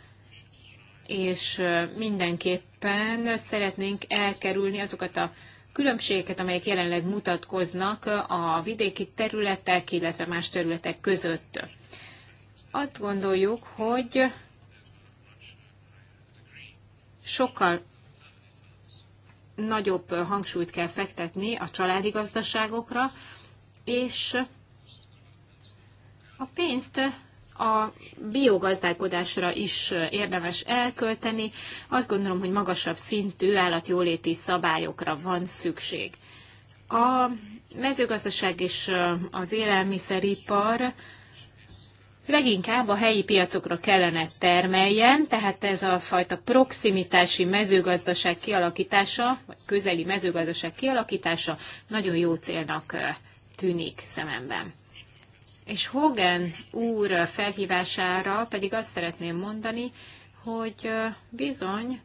és mindenképpen szeretnénk elkerülni azokat a különbségeket, amelyek jelenleg mutatkoznak a vidéki területek, illetve más területek között. Azt gondoljuk, hogy sokkal nagyobb hangsúlyt kell fektetni a családi gazdaságokra, és a pénzt a biogazdálkodásra is érdemes elkölteni. Azt gondolom, hogy magasabb szintű állatjóléti szabályokra van szükség. A mezőgazdaság és az élelmiszeripar leginkább a helyi piacokra kellene termeljen, tehát ez a fajta proximitási mezőgazdaság kialakítása, vagy közeli mezőgazdaság kialakítása nagyon jó célnak tűnik szememben. És Hogan úr felhívására pedig azt szeretném mondani, hogy bizony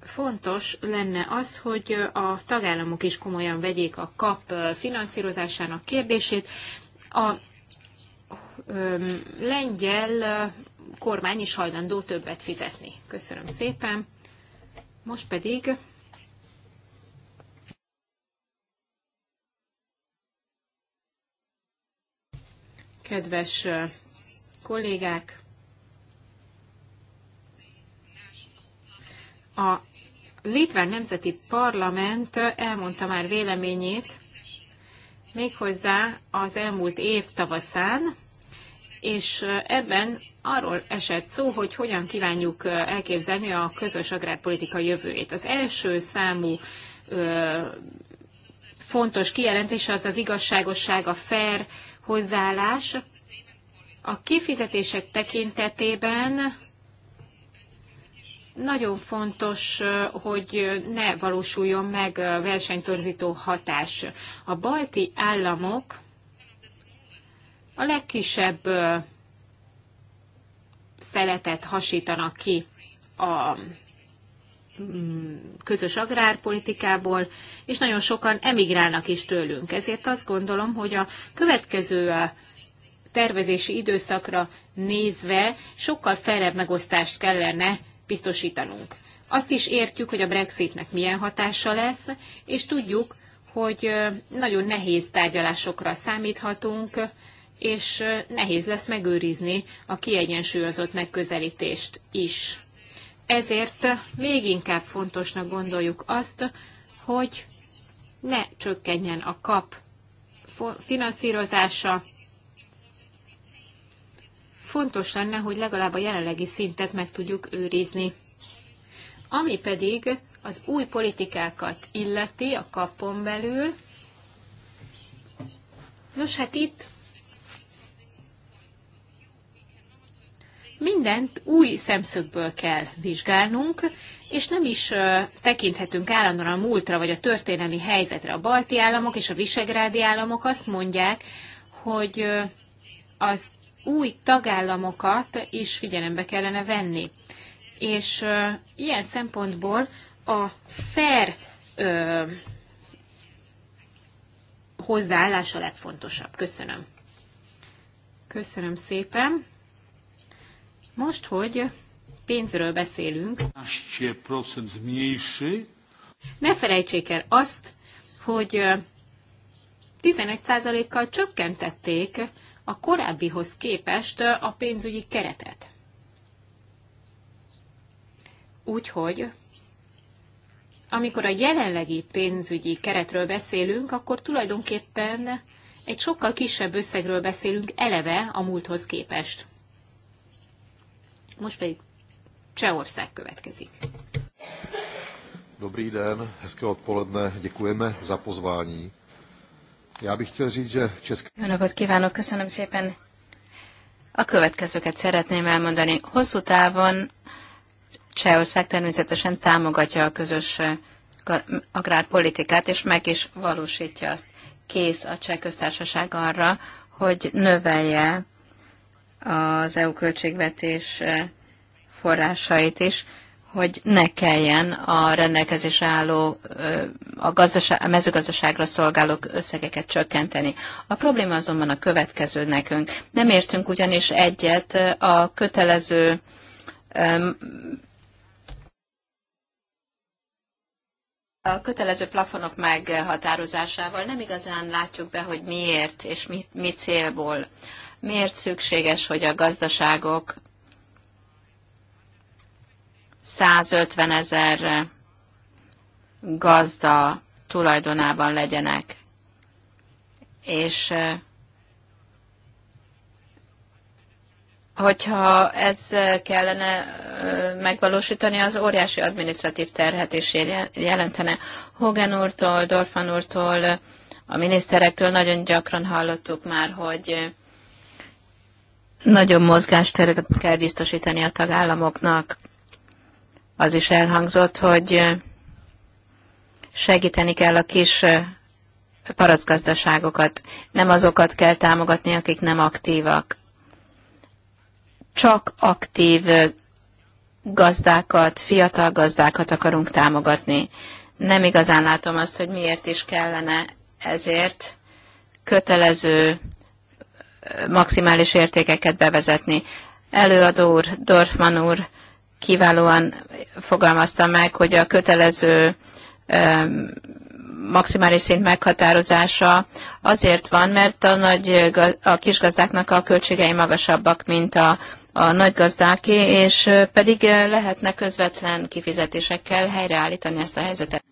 fontos lenne az, hogy a tagállamok is komolyan vegyék a kap finanszírozásának kérdését. A lengyel kormány is hajlandó többet fizetni. Köszönöm szépen. Most pedig Kedves kollégák, a Litván Nemzeti Parlament elmondta már véleményét, méghozzá az elmúlt év tavaszán, és ebben arról esett szó, hogy hogyan kívánjuk elképzelni a közös agrárpolitika jövőjét. Az első számú ö, fontos kijelentés az az igazságosság, a fair hozzáállás a kifizetések tekintetében nagyon fontos, hogy ne valósuljon meg versenytorzító hatás. A balti államok a legkisebb szeletet hasítanak ki a Mm, közös agrárpolitikából, és nagyon sokan emigrálnak is tőlünk. Ezért azt gondolom, hogy a következő tervezési időszakra nézve sokkal felebb megosztást kellene biztosítanunk. Azt is értjük, hogy a Brexitnek milyen hatása lesz, és tudjuk, hogy nagyon nehéz tárgyalásokra számíthatunk, és nehéz lesz megőrizni a kiegyensúlyozott megközelítést is. Ezért még inkább fontosnak gondoljuk azt, hogy ne csökkenjen a kap finanszírozása. Fontos lenne, hogy legalább a jelenlegi szintet meg tudjuk őrizni. Ami pedig az új politikákat illeti a kapon belül, Nos, hát itt mindent új szemszögből kell vizsgálnunk, és nem is tekinthetünk állandóan a múltra vagy a történelmi helyzetre. A balti államok és a visegrádi államok azt mondják, hogy az új tagállamokat is figyelembe kellene venni. És ilyen szempontból a fair ö, hozzáállás a legfontosabb. Köszönöm. Köszönöm szépen. Most, hogy pénzről beszélünk, ne felejtsék el azt, hogy 11%-kal csökkentették a korábbihoz képest a pénzügyi keretet. Úgyhogy, amikor a jelenlegi pénzügyi keretről beszélünk, akkor tulajdonképpen egy sokkal kisebb összegről beszélünk eleve a múlthoz képest. Most pedig Csehország következik. Dobrý den, hezké odpoledne, děkujeme za pozvání. Já bych chtěl říct, že České... Jó napot kívánok, köszönöm szépen. A következőket szeretném elmondani. Hosszú távon Csehország természetesen támogatja a közös eh, agrárpolitikát, és meg is valósítja azt. Kész a Cseh köztársaság arra, hogy növelje az EU költségvetés eh, forrásait is, hogy ne kelljen a rendelkezésre álló eh, a, gazdaság, a mezőgazdaságra szolgáló összegeket csökkenteni. A probléma azonban a következő nekünk. Nem értünk ugyanis egyet eh, a kötelező a kötelező plafonok meghatározásával nem igazán látjuk be, hogy miért és mi, mi célból miért szükséges, hogy a gazdaságok 150 ezer gazda tulajdonában legyenek. És hogyha ez kellene megvalósítani, az óriási adminisztratív terhet is jelentene. Hogan úrtól, Dorfan úrtól, a miniszterektől nagyon gyakran hallottuk már, hogy nagyon mozgásteret kell biztosítani a tagállamoknak. Az is elhangzott, hogy segíteni kell a kis paraszgazdaságokat. Nem azokat kell támogatni, akik nem aktívak. Csak aktív gazdákat, fiatal gazdákat akarunk támogatni. Nem igazán látom azt, hogy miért is kellene ezért kötelező maximális értékeket bevezetni. Előadó úr, Dorfman úr kiválóan fogalmazta meg, hogy a kötelező maximális szint meghatározása azért van, mert a, nagy, a kisgazdáknak a költségei magasabbak, mint a, a nagygazdáké, és pedig lehetne közvetlen kifizetésekkel helyreállítani ezt a helyzetet.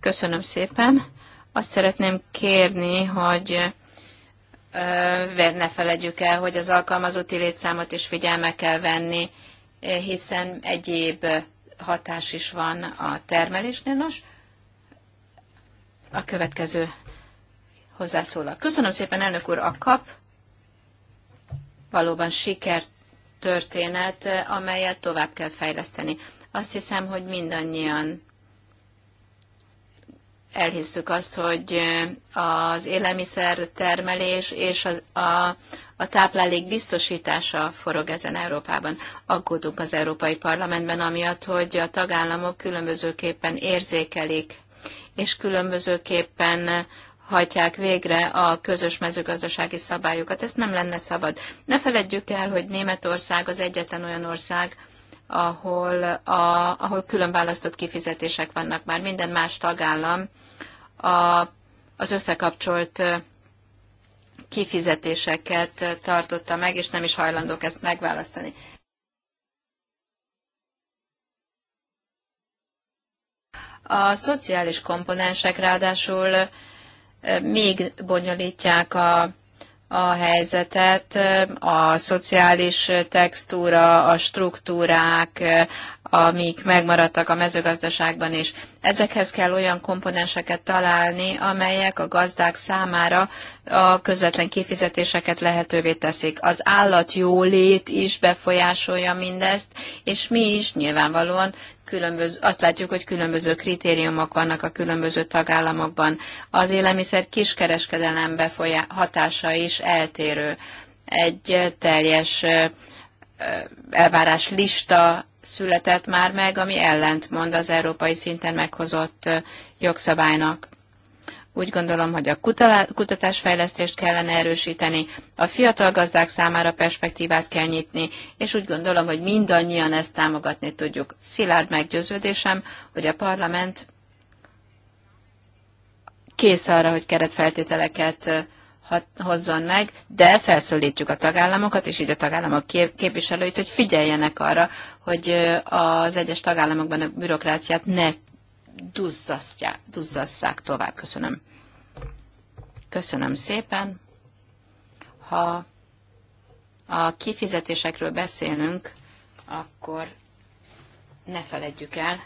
Köszönöm szépen. Azt szeretném kérni, hogy ne feledjük el, hogy az alkalmazotti létszámot is figyelme kell venni, eh, hiszen egyéb hatás is van a termelésnél. Nos, a következő hozzászólal. Köszönöm szépen, elnök úr, a kap valóban történet, eh, amelyet tovább kell fejleszteni. Azt hiszem, hogy mindannyian elhisszük azt, hogy az élelmiszer termelés és a, a, a táplálék biztosítása forog ezen Európában. Aggódunk az Európai Parlamentben amiatt, hogy a tagállamok különbözőképpen érzékelik, és különbözőképpen hajtják végre a közös mezőgazdasági szabályokat. Ezt nem lenne szabad. Ne feledjük el, hogy Németország az egyetlen olyan ország, ahol, a, ahol külön választott kifizetések vannak már. Minden más tagállam a, az összekapcsolt kifizetéseket tartotta meg, és nem is hajlandók ezt megválasztani. A szociális komponensek ráadásul még bonyolítják a, a helyzetet, a szociális textúra, a struktúrák, amik megmaradtak a mezőgazdaságban is. Ezekhez kell olyan komponenseket találni, amelyek a gazdák számára a közvetlen kifizetéseket lehetővé teszik. Az állat jólét is befolyásolja mindezt, és mi is nyilvánvalóan különböző, azt látjuk, hogy különböző kritériumok vannak a különböző tagállamokban. Az élelmiszer kiskereskedelem befolyá, hatása is eltérő. Egy teljes elvárás lista született már meg, ami ellentmond az európai szinten meghozott jogszabálynak. Úgy gondolom, hogy a kutatásfejlesztést kellene erősíteni, a fiatal gazdák számára perspektívát kell nyitni, és úgy gondolom, hogy mindannyian ezt támogatni tudjuk. Szilárd meggyőződésem, hogy a parlament kész arra, hogy keretfeltételeket hozzon meg, de felszólítjuk a tagállamokat, és így a tagállamok képviselőit, hogy figyeljenek arra, hogy az egyes tagállamokban a bürokráciát ne duzzasszák tovább. Köszönöm. Köszönöm szépen. Ha a kifizetésekről beszélünk, akkor ne feledjük el,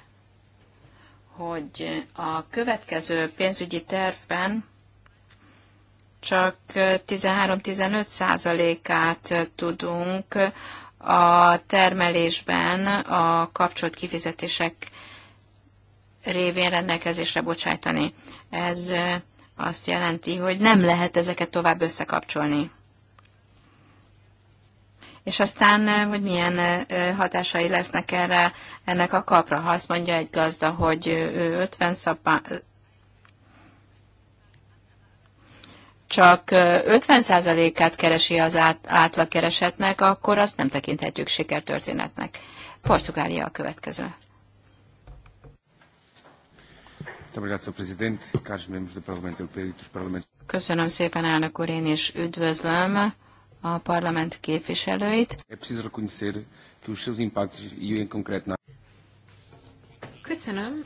hogy a következő pénzügyi tervben csak 13-15 százalékát tudunk a termelésben a kapcsolt kifizetések révén rendelkezésre bocsájtani. Ez azt jelenti, hogy nem lehet ezeket tovább összekapcsolni. És aztán, hogy milyen hatásai lesznek erre ennek a kapra. Ha azt mondja egy gazda, hogy ő 50 szapán, csak 50%-át keresi az át, átlagkeresetnek, akkor azt nem tekinthetjük sikertörténetnek. Portugália a következő. E Köszönöm szépen, elnök úr, én is üdvözlöm a parlament képviselőit. E Köszönöm.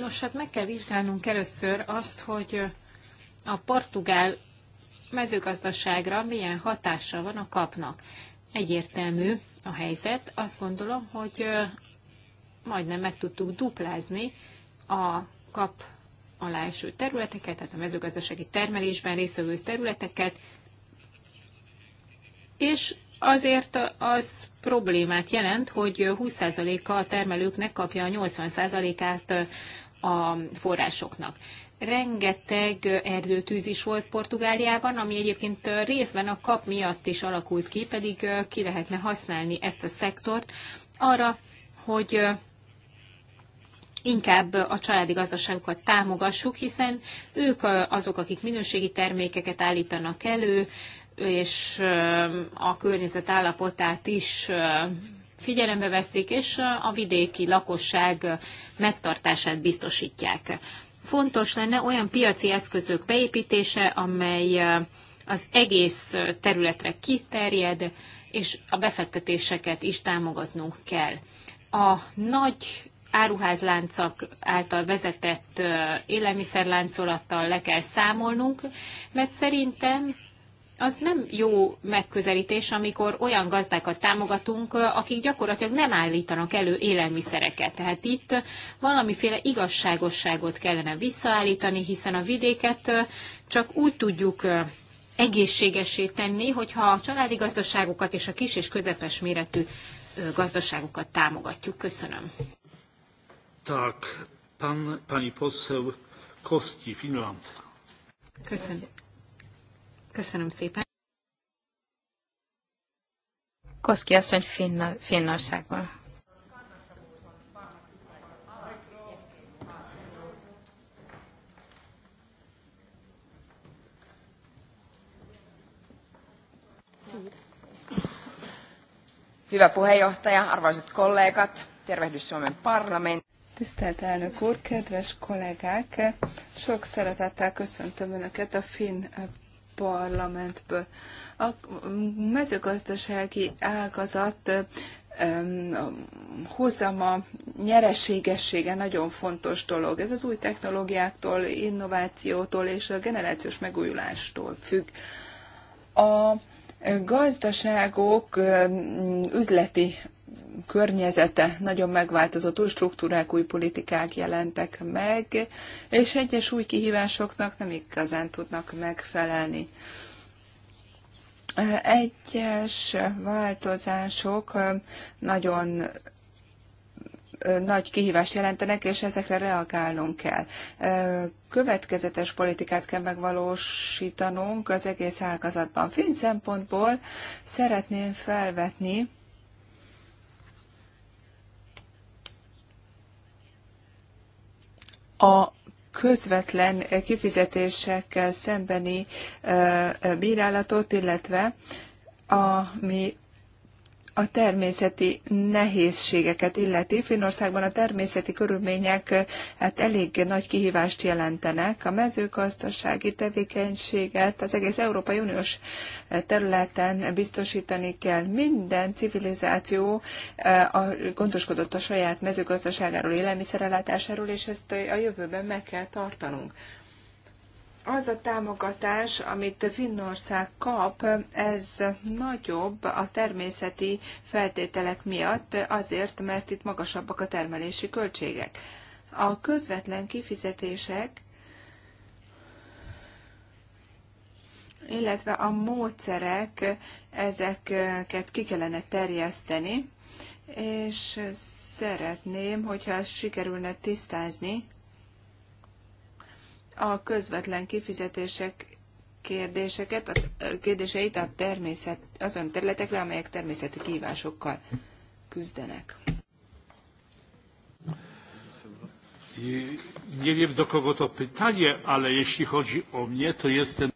Nos, hát meg kell vizsgálnunk először azt, hogy a portugál mezőgazdaságra milyen hatása van a kapnak. Egyértelmű a helyzet. Azt gondolom, hogy majdnem meg tudtuk duplázni a kap alá eső területeket, tehát a mezőgazdasági termelésben részvevő területeket, és azért az problémát jelent, hogy 20%-a a termelőknek kapja a 80%-át a forrásoknak. Rengeteg erdőtűz is volt Portugáliában, ami egyébként részben a kap miatt is alakult ki, pedig ki lehetne használni ezt a szektort arra, hogy inkább a családi gazdaságokat támogassuk, hiszen ők azok, akik minőségi termékeket állítanak elő, és a környezet állapotát is figyelembe veszik, és a vidéki lakosság megtartását biztosítják. Fontos lenne olyan piaci eszközök beépítése, amely az egész területre kiterjed, és a befektetéseket is támogatnunk kell. A nagy áruházláncak által vezetett élelmiszerláncolattal le kell számolnunk, mert szerintem az nem jó megközelítés, amikor olyan gazdákat támogatunk, akik gyakorlatilag nem állítanak elő élelmiszereket. Tehát itt valamiféle igazságosságot kellene visszaállítani, hiszen a vidéket csak úgy tudjuk egészségessé tenni, hogyha a családi gazdaságokat és a kis és közepes méretű gazdaságokat támogatjuk. Köszönöm. Köszönöm. szépen. Koszki asszony Finna, Hyvä puheenjohtaja, arvoisat kollegat, tervehdys Suomen parlamentti. Tisztelt elnök úr, kedves kollégák! Sok szeretettel köszöntöm Önöket a Finn parlamentből. A mezőgazdasági ágazat hozama, nyereségessége nagyon fontos dolog. Ez az új technológiáktól, innovációtól és a generációs megújulástól függ. A gazdaságok üzleti környezete nagyon megváltozott, új struktúrák, új politikák jelentek meg, és egyes új kihívásoknak nem igazán tudnak megfelelni. Egyes változások nagyon nagy kihívást jelentenek, és ezekre reagálnunk kell. Következetes politikát kell megvalósítanunk az egész ágazatban. Fény szempontból szeretném felvetni, a közvetlen kifizetésekkel szembeni bírálatot, illetve ami a természeti nehézségeket illeti. Finországban a természeti körülmények hát elég nagy kihívást jelentenek. A mezőgazdasági tevékenységet az egész Európai Uniós területen biztosítani kell. Minden civilizáció eh, gondoskodott a saját mezőgazdaságáról, élelmiszerellátásáról, és ezt a jövőben meg kell tartanunk az a támogatás, amit Finnország kap, ez nagyobb a természeti feltételek miatt, azért, mert itt magasabbak a termelési költségek. A közvetlen kifizetések, illetve a módszerek, ezeket ki kellene terjeszteni, és szeretném, hogyha sikerülne tisztázni, a közvetlen kifizetések kérdéseket, a kérdéseit a természet, azon területekre, amelyek természeti kívásokkal küzdenek. Nie wiem do kogo to pytanie, ale jeśli chodzi o mnie, to jestem...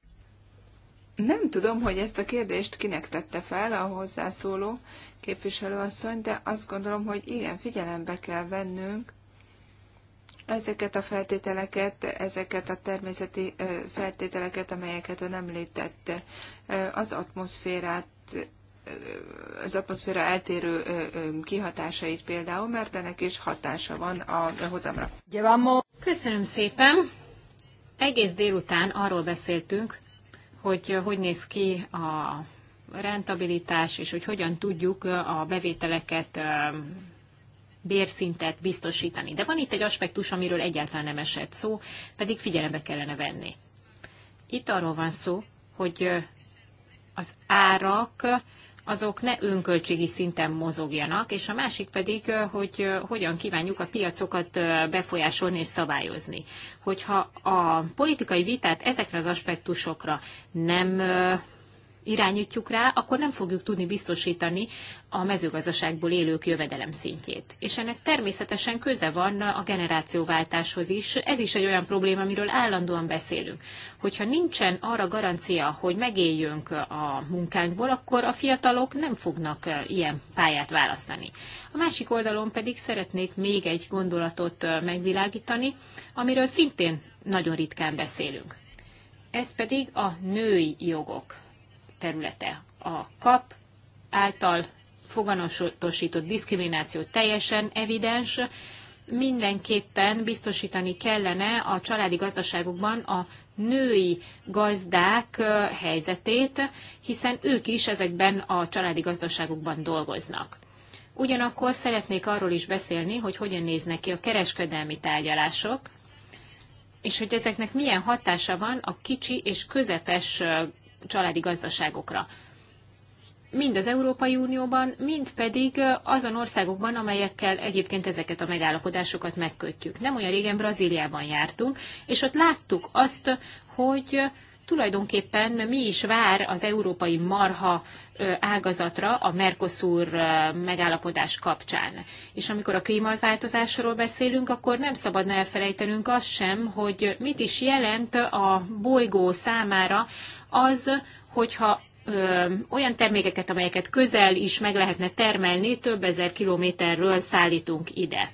Nem tudom, hogy ezt a kérdést kinek tette fel a hozzászóló képviselőasszony, de azt gondolom, hogy igen, figyelembe kell vennünk ezeket a feltételeket, ezeket a természeti feltételeket, amelyeket ő nem létett, az atmoszférát az atmoszféra eltérő kihatásait például, mert ennek is hatása van a hozamra. Köszönöm szépen! Egész délután arról beszéltünk, hogy hogy néz ki a rentabilitás, és hogy hogyan tudjuk a bevételeket bérszintet biztosítani. De van itt egy aspektus, amiről egyáltalán nem esett szó, pedig figyelembe kellene venni. Itt arról van szó, hogy az árak azok ne önköltségi szinten mozogjanak, és a másik pedig, hogy hogyan kívánjuk a piacokat befolyásolni és szabályozni. Hogyha a politikai vitát ezekre az aspektusokra nem irányítjuk rá, akkor nem fogjuk tudni biztosítani a mezőgazdaságból élők jövedelem szintjét. És ennek természetesen köze van a generációváltáshoz is. Ez is egy olyan probléma, amiről állandóan beszélünk. Hogyha nincsen arra garancia, hogy megéljünk a munkánkból, akkor a fiatalok nem fognak ilyen pályát választani. A másik oldalon pedig szeretnék még egy gondolatot megvilágítani, amiről szintén nagyon ritkán beszélünk. Ez pedig a női jogok területe. A kap által foganosított diszkrimináció teljesen evidens, mindenképpen biztosítani kellene a családi gazdaságokban a női gazdák helyzetét, hiszen ők is ezekben a családi gazdaságokban dolgoznak. Ugyanakkor szeretnék arról is beszélni, hogy hogyan néznek ki a kereskedelmi tárgyalások, és hogy ezeknek milyen hatása van a kicsi és közepes családi gazdaságokra. Mind az Európai Unióban, mind pedig azon országokban, amelyekkel egyébként ezeket a megállapodásokat megkötjük. Nem olyan régen Brazíliában jártunk, és ott láttuk azt, hogy tulajdonképpen mi is vár az európai marha ágazatra a Mercosur megállapodás kapcsán. És amikor a klímaváltozásról beszélünk, akkor nem szabadna elfelejtenünk azt sem, hogy mit is jelent a bolygó számára az, hogyha ö, olyan termékeket, amelyeket közel is meg lehetne termelni, több ezer kilométerről szállítunk ide.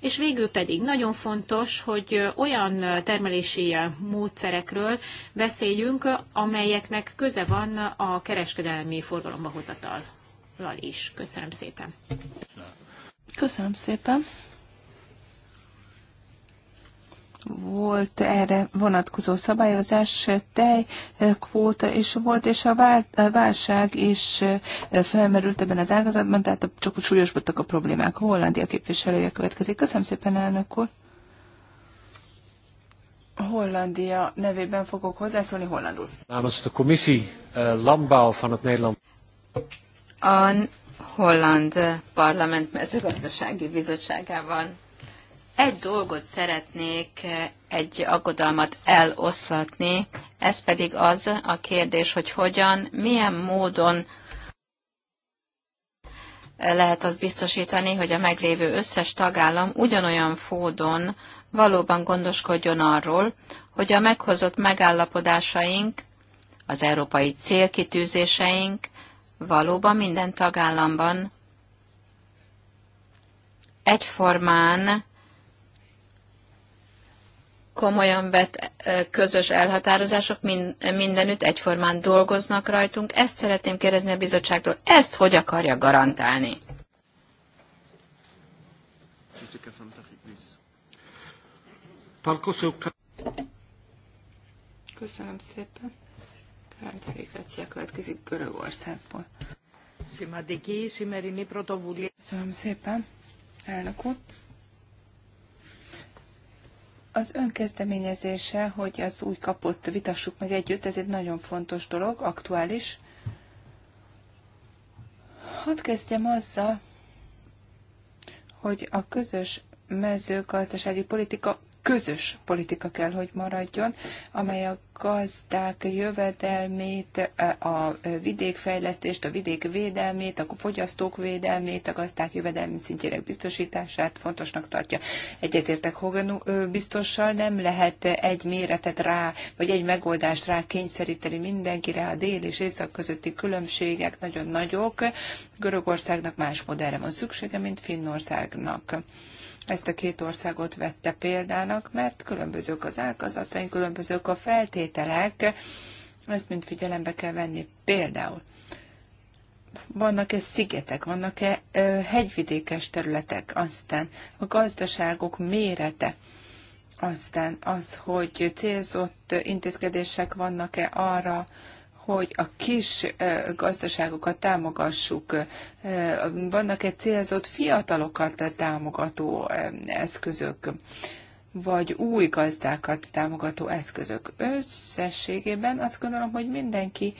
És végül pedig nagyon fontos, hogy olyan termelési módszerekről beszéljünk, amelyeknek köze van a kereskedelmi forgalomba hozatal. is. Köszönöm szépen. Köszönöm szépen volt erre vonatkozó szabályozás, kvóta is volt, és a válság is felmerült ebben az ágazatban, tehát csak úgy súlyosbodtak a problémák. A Hollandia képviselője következik. Köszönöm szépen, elnök úr! Hollandia nevében fogok hozzászólni hollandul. Namens de commissie eh, van het Nederland. A holland eh, parlament mezőgazdasági bizottságában egy dolgot szeretnék, eh, egy aggodalmat eloszlatni, ez pedig az a kérdés, hogy hogyan, milyen módon lehet azt biztosítani, hogy a meglévő összes tagállam ugyanolyan fódon valóban gondoskodjon arról, hogy a meghozott megállapodásaink, az európai célkitűzéseink valóban minden tagállamban egyformán komolyan vett közös elhatározások mindenütt egyformán dolgoznak rajtunk. Ezt szeretném kérdezni a bizottságtól. Ezt hogy akarja garantálni? Köszönöm szépen. következik Görögországból. Köszönöm szépen, elnök úr. Az önkezdeményezése, hogy az új kapott vitassuk meg együtt, ez egy nagyon fontos dolog, aktuális. Hadd kezdjem azzal, hogy a közös mezőgazdasági politika közös politika kell, hogy maradjon, amely a gazdák jövedelmét, a vidékfejlesztést, a vidék védelmét, a fogyasztók védelmét, a gazdák jövedelmi szintjének biztosítását fontosnak tartja. Egyetértek Hogan biztossal, nem lehet egy méretet rá, vagy egy megoldást rá kényszeríteni mindenkire. A dél és észak közötti különbségek nagyon nagyok. Görögországnak más modellre van szüksége, mint Finnországnak. Ezt a két országot vette példának, mert különbözők az ágazataink, különbözők a feltételek, ezt mind figyelembe kell venni. Például vannak-e szigetek, vannak-e hegyvidékes területek, aztán a gazdaságok mérete, aztán az, hogy célzott intézkedések vannak-e arra, hogy a kis gazdaságokat támogassuk? Vannak-e célzott fiatalokat támogató eszközök? vagy új gazdákat támogató eszközök. Összességében azt gondolom, hogy mindenki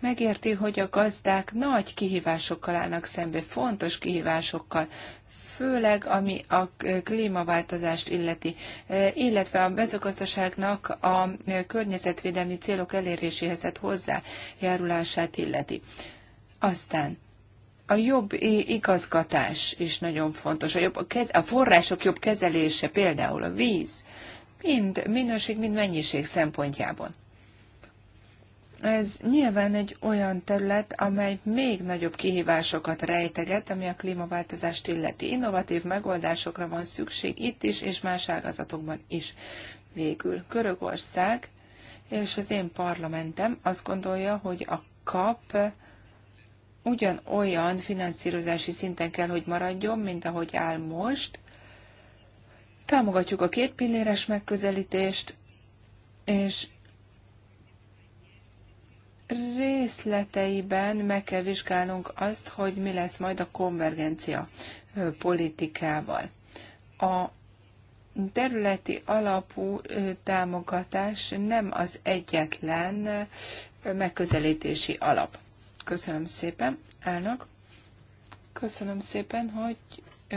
megérti, hogy a gazdák nagy kihívásokkal állnak szembe, fontos kihívásokkal főleg ami a klímaváltozást illeti, e, illetve a mezőgazdaságnak a környezetvédelmi célok eléréséhez tett hozzájárulását illeti. Aztán a jobb igazgatás is nagyon fontos, a, jobb, a, kez, a források jobb kezelése, például a víz, mind minőség, mind mennyiség szempontjából. Ez nyilván egy olyan terület, amely még nagyobb kihívásokat rejteget, ami a klímaváltozást illeti. Innovatív megoldásokra van szükség itt is, és más ágazatokban is. Végül Görögország és az én parlamentem azt gondolja, hogy a kap ugyanolyan finanszírozási szinten kell, hogy maradjon, mint ahogy áll most. Támogatjuk a két pilléres megközelítést, és részleteiben meg kell vizsgálnunk azt, hogy mi lesz majd a konvergencia politikával. A területi alapú támogatás nem az egyetlen megközelítési alap. Köszönöm szépen, állnak. Köszönöm szépen, hogy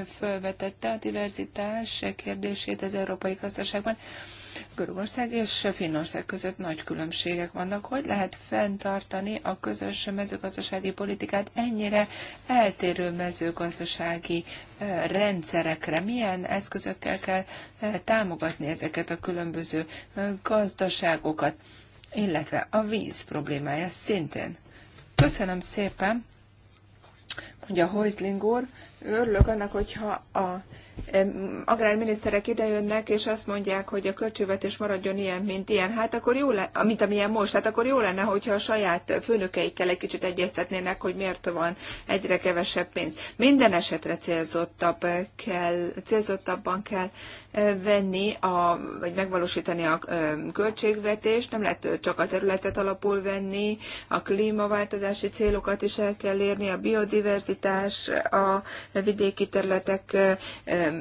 felvetette a diverzitás kérdését az európai gazdaságban. Görögország és Finnország között nagy különbségek vannak. Hogy lehet fenntartani a közös mezőgazdasági politikát ennyire eltérő mezőgazdasági eh, rendszerekre? Milyen eszközökkel kell eh, támogatni ezeket a különböző eh, gazdaságokat? Illetve a víz problémája szintén. Köszönöm szépen, mondja Hoizling úr. Örülök annak, hogyha a agrárminiszterek idejönnek, és azt mondják, hogy a költségvetés maradjon ilyen, mint ilyen, hát akkor jó lenne, mint amilyen most, hát akkor jó lenne, hogyha a saját főnökeikkel egy kicsit egyeztetnének, hogy miért van egyre kevesebb pénz. Minden esetre célzottabb eh, kell, célzottabban kell venni, a, vagy megvalósítani a költségvetést, nem lehet csak a területet alapul venni, a klímaváltozási célokat is el kell érni, a biodiverzitás, a vidéki területek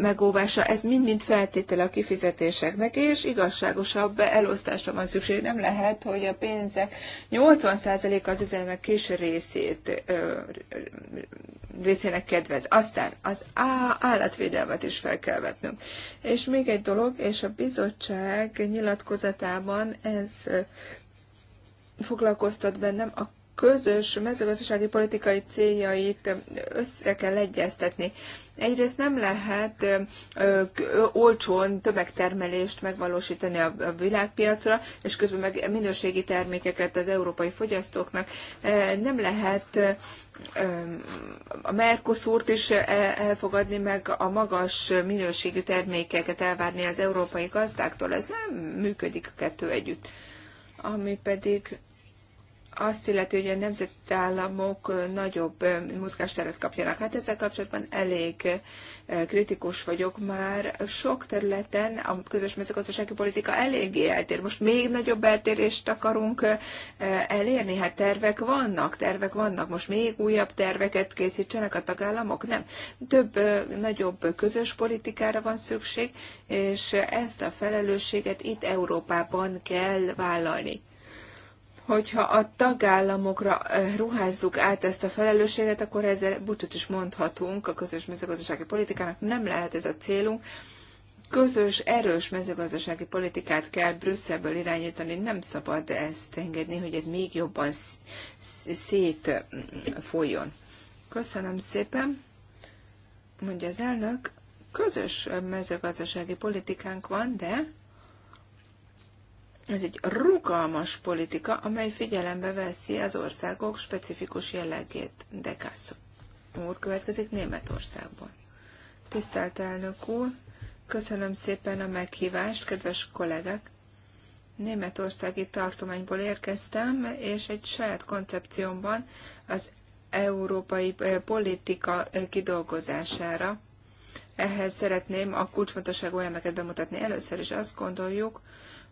megóvása, ez mind-mind feltétele a kifizetéseknek, és igazságosabb elosztásra van szükség. Nem lehet, hogy a pénzek 80% az üzemek kis részét részének kedvez. Aztán az állatvédelmet is fel kell vetnünk. És még egy dolog, és a bizottság nyilatkozatában ez foglalkoztat bennem, a közös mezőgazdasági politikai céljait össze kell egyeztetni. Egyrészt nem lehet ö, olcsón tömegtermelést megvalósítani a, a világpiacra, és közben meg minőségi termékeket az európai fogyasztóknak. Nem lehet a Mercosurt is e, elfogadni, meg a magas minőségű termékeket elvárni az európai gazdáktól. Ez nem működik a kettő együtt. Ami pedig azt illeti, hogy a nemzetállamok nagyobb mozgásteret kapjanak. Hát ezzel kapcsolatban elég kritikus vagyok már. Sok területen a közös mezőgazdasági politika eléggé eltér. Most még nagyobb eltérést akarunk elérni. Hát tervek vannak, tervek vannak. Most még újabb terveket készítsenek a tagállamok? Nem. Több nagyobb közös politikára van szükség, és ezt a felelősséget itt Európában kell vállalni hogyha a tagállamokra eh, ruházzuk át ezt a felelősséget, akkor ezzel bucsot is mondhatunk a közös mezőgazdasági politikának. Nem lehet ez a célunk. Közös, erős mezőgazdasági politikát kell Brüsszelből irányítani, nem szabad ezt engedni, hogy ez még jobban szétfolyjon. Köszönöm szépen, mondja az elnök. Közös mezőgazdasági politikánk van, de ez egy rugalmas politika, amely figyelembe veszi az országok specifikus jellegét. De Kászó úr következik Németországból. Tisztelt elnök úr, köszönöm szépen a meghívást, kedves kollégák! Németországi tartományból érkeztem, és egy saját koncepciómban az európai eh, politika eh, kidolgozására. Ehhez szeretném a kulcsfontosságú elemeket bemutatni. Először is azt gondoljuk,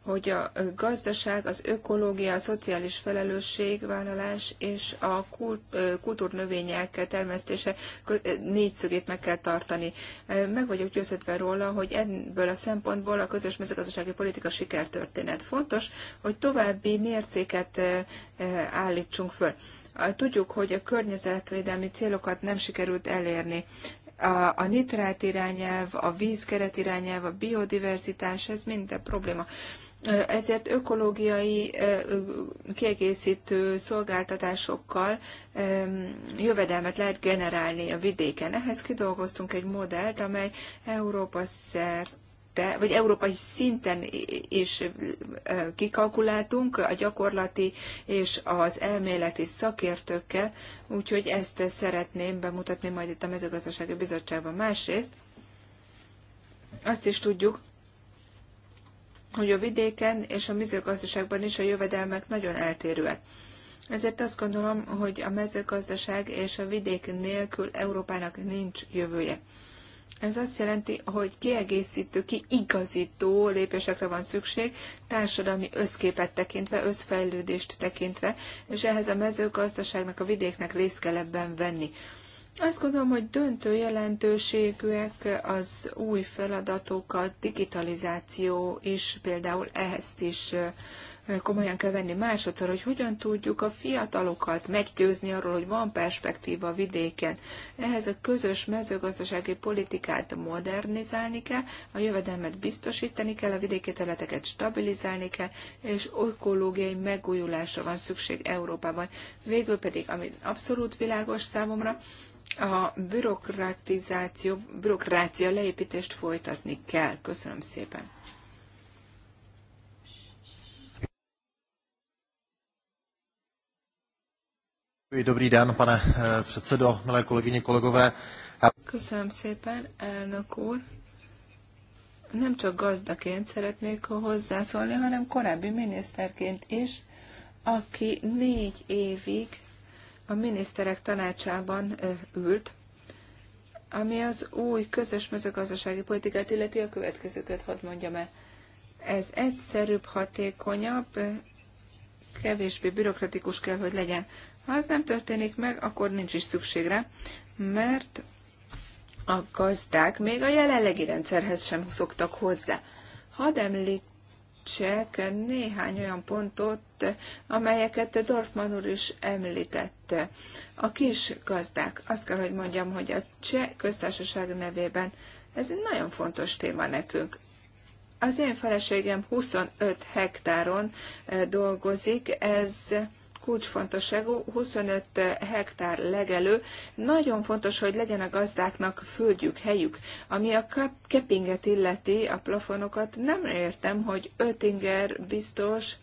hogy a gazdaság, az ökológia, a szociális felelősségvállalás és a kultúrnövények termesztése négyszögét meg kell tartani. Meg vagyok győződve róla, hogy ebből a szempontból a közös mezőgazdasági politika sikertörténet. Fontos, hogy további mércéket állítsunk föl. Tudjuk, hogy a környezetvédelmi célokat nem sikerült elérni a, nitrát irányelv, a vízkeret irányelv, a biodiverzitás, ez minden probléma ezért ökológiai kiegészítő szolgáltatásokkal jövedelmet lehet generálni a vidéken. Ehhez kidolgoztunk egy modellt, amely Európa szerte vagy európai szinten is kikalkuláltunk a gyakorlati és az elméleti szakértőkkel, úgyhogy ezt szeretném bemutatni majd itt a mezőgazdasági bizottságban. Másrészt azt is tudjuk, hogy a vidéken és a mezőgazdaságban is a jövedelmek nagyon eltérőek. Ezért azt gondolom, hogy a mezőgazdaság és a vidék nélkül Európának nincs jövője. Ez azt jelenti, hogy kiegészítő, kiigazító lépésekre van szükség, társadalmi összképet tekintve, összfejlődést tekintve, és ehhez a mezőgazdaságnak, a vidéknek részt kell ebben venni. Azt gondolom, hogy döntő jelentőségűek az új feladatok, a digitalizáció is, például ehhez is komolyan kell venni másodszor, hogy hogyan tudjuk a fiatalokat meggyőzni arról, hogy van perspektíva a vidéken. Ehhez a közös mezőgazdasági politikát modernizálni kell, a jövedelmet biztosítani kell, a vidéki területeket stabilizálni kell, és ökológiai megújulásra van szükség Európában. Végül pedig, ami abszolút világos számomra, a bürokratizáció, bürokrácia leépítést folytatni kell. Köszönöm szépen. Dobrý den, pane eh, předsedo, milé kolegyně, kolegové. Köszönöm szépen, elnök úr. Nem csak gazdaként szeretnék hozzászólni, hanem korábbi miniszterként is, aki négy évig a miniszterek tanácsában ült, ami az új közös mezőgazdasági politikát illeti a következőket, hadd mondjam el. Ez egyszerűbb, hatékonyabb, kevésbé bürokratikus kell, hogy legyen. Ha ez nem történik meg, akkor nincs is szükség rá, mert a gazdák még a jelenlegi rendszerhez sem szoktak hozzá. Hadd említ, említsek néhány olyan pontot, amelyeket Dorfman úr is említette. A kis gazdák, azt kell, hogy mondjam, hogy a cseh köztársaság nevében ez egy nagyon fontos téma nekünk. Az én feleségem 25 hektáron eh, dolgozik, ez kulcsfontosságú, 25 hektár legelő. Nagyon fontos, hogy legyen a gazdáknak földjük, helyük. Ami a kepinget illeti, a plafonokat, nem értem, hogy inger biztos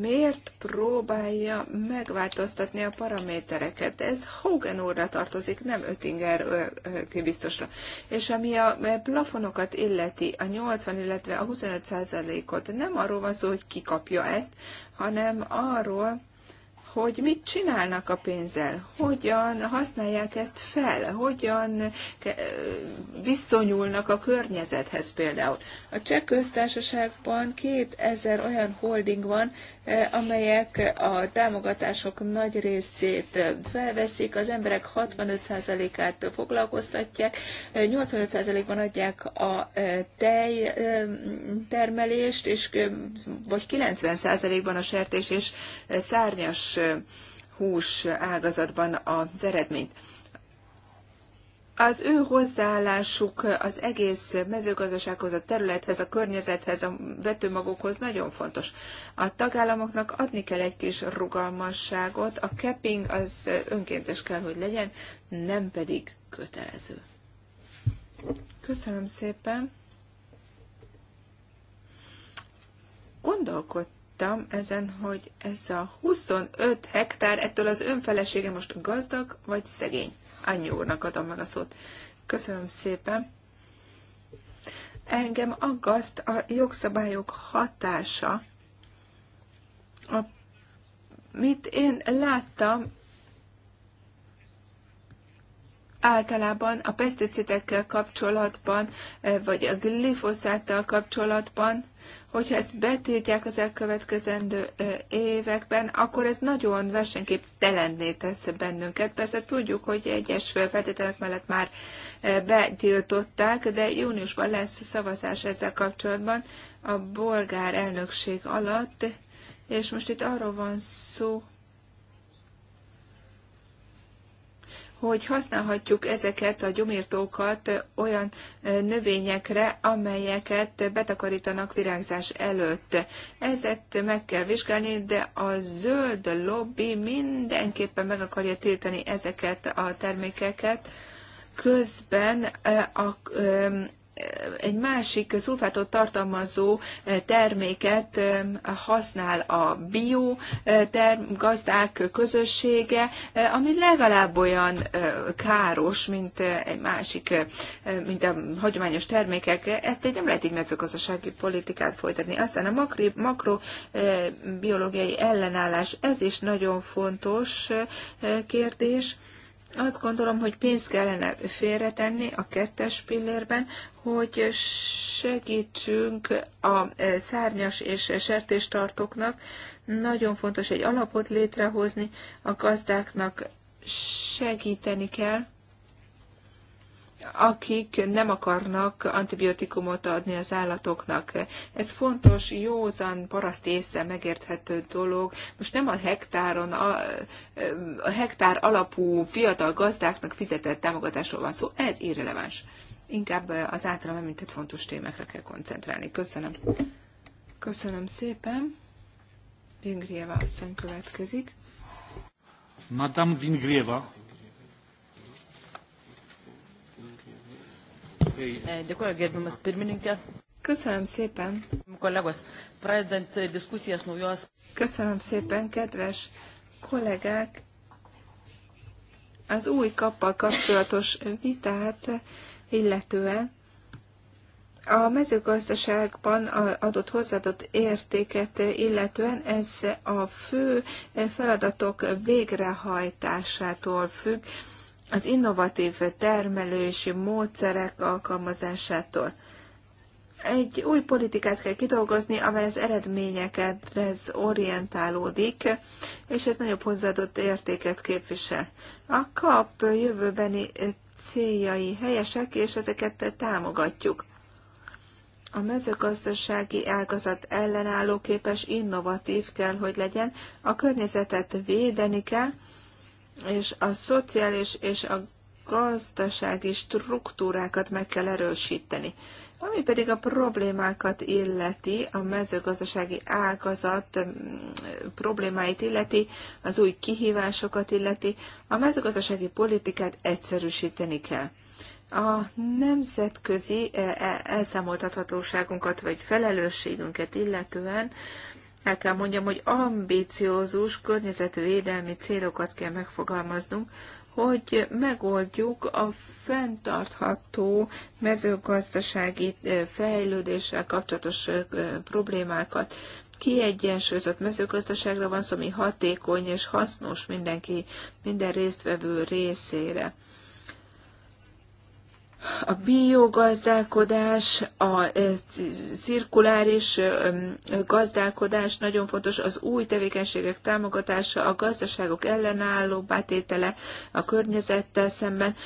miért próbálja megváltoztatni a paramétereket? Ez Hogan úrra tartozik, nem ötinger biztosra. És ami a plafonokat illeti, a 80, illetve a 25 ot nem arról van szó, hogy kikapja ezt, hanem arról, hogy mit csinálnak a pénzzel, hogyan használják ezt fel, hogyan viszonyulnak a környezethez például. A cseh köztársaságban 2000 olyan holding van, amelyek a támogatások nagy részét felveszik, az emberek 65%-át foglalkoztatják, 85%-ban adják a tej termelést, és vagy 90%-ban a sertés és szárnyas hús ágazatban az eredményt az ő hozzáállásuk az egész mezőgazdasághoz, a területhez, a környezethez, a vetőmagokhoz nagyon fontos. A tagállamoknak adni kell egy kis rugalmasságot, a capping az önkéntes kell, hogy legyen, nem pedig kötelező. Köszönöm szépen. Gondolkodtam ezen, hogy ez a 25 hektár ettől az önfelesége most gazdag vagy szegény. Annyi úrnak adom meg a szót. Köszönöm szépen. Engem aggaszt a jogszabályok hatása. A, mit én láttam, általában a peszticidekkel kapcsolatban, eh, vagy a glifoszáttal kapcsolatban, hogyha ezt betiltják az elkövetkezendő években, akkor ez nagyon telenné tesz bennünket. Persze tudjuk, hogy egyes feltételek mellett már betiltották, de júniusban lesz szavazás ezzel kapcsolatban a bolgár elnökség alatt, és most itt arról van szó, hogy használhatjuk ezeket a gyomirtókat olyan növényekre, amelyeket betakarítanak virágzás előtt. Ezt meg kell vizsgálni, de a zöld lobby mindenképpen meg akarja tiltani ezeket a termékeket, közben a egy másik szulfátot tartalmazó eh, terméket eh, használ a bio eh, gazdák közössége, ami legalább olyan káros, mint egy másik, mint a hagyományos termékek. Ezt nem lehet így mezőgazdasági politikát folytatni. Aztán a makri, makrobiológiai ellenállás, ez is nagyon fontos kérdés. Azt gondolom, hogy pénzt kellene félretenni a kettes pillérben, hogy segítsünk a e, szárnyas és sertéstartóknak. Nagyon fontos egy alapot létrehozni, a gazdáknak segíteni kell akik nem akarnak antibiotikumot adni az állatoknak. Ez fontos, józan, paraszt észre megérthető dolog. Most nem a hektáron, a, a hektár alapú fiatal gazdáknak fizetett támogatásról van szó, ez irreleváns. Inkább az általam említett fontos témákra kell koncentrálni. Köszönöm. Köszönöm szépen. Vingrieva asszony következik. Madame Vingrieva. E, Dėkuoju, pirmininkė. Köszönöm szépen. Kollégos, pradedant diskusijas naujos. Köszönöm szépen, kedves kollégák. Az új kappal kapcsolatos vitát illetően a mezőgazdaságban adott hozzáadott értéket illetően ez a fő feladatok végrehajtásától függ az innovatív termelési módszerek alkalmazásától. Egy új politikát kell kidolgozni, amely az eredményekre orientálódik, és ez nagyobb hozzáadott értéket képvisel. A kap jövőbeni céljai helyesek, és ezeket támogatjuk. A mezőgazdasági ágazat ellenálló képes innovatív kell, hogy legyen, a környezetet védeni kell, és a szociális és a gazdasági struktúrákat meg kell erősíteni. Ami pedig a problémákat illeti, a mezőgazdasági ágazat mm, problémáit illeti, az új kihívásokat illeti, a mezőgazdasági politikát egyszerűsíteni kell. A nemzetközi eh, elszámoltathatóságunkat vagy felelősségünket illetően el kell mondjam, hogy ambíciózus környezetvédelmi célokat kell megfogalmaznunk, hogy megoldjuk a fenntartható mezőgazdasági fejlődéssel kapcsolatos problémákat. Kiegyensúlyozott mezőgazdaságra van szó, ami hatékony és hasznos mindenki, minden résztvevő részére a biogazdálkodás, a e, cirkuláris gazdálkodás nagyon fontos, az új tevékenységek támogatása, a gazdaságok ellenálló bátétele a környezettel szemben,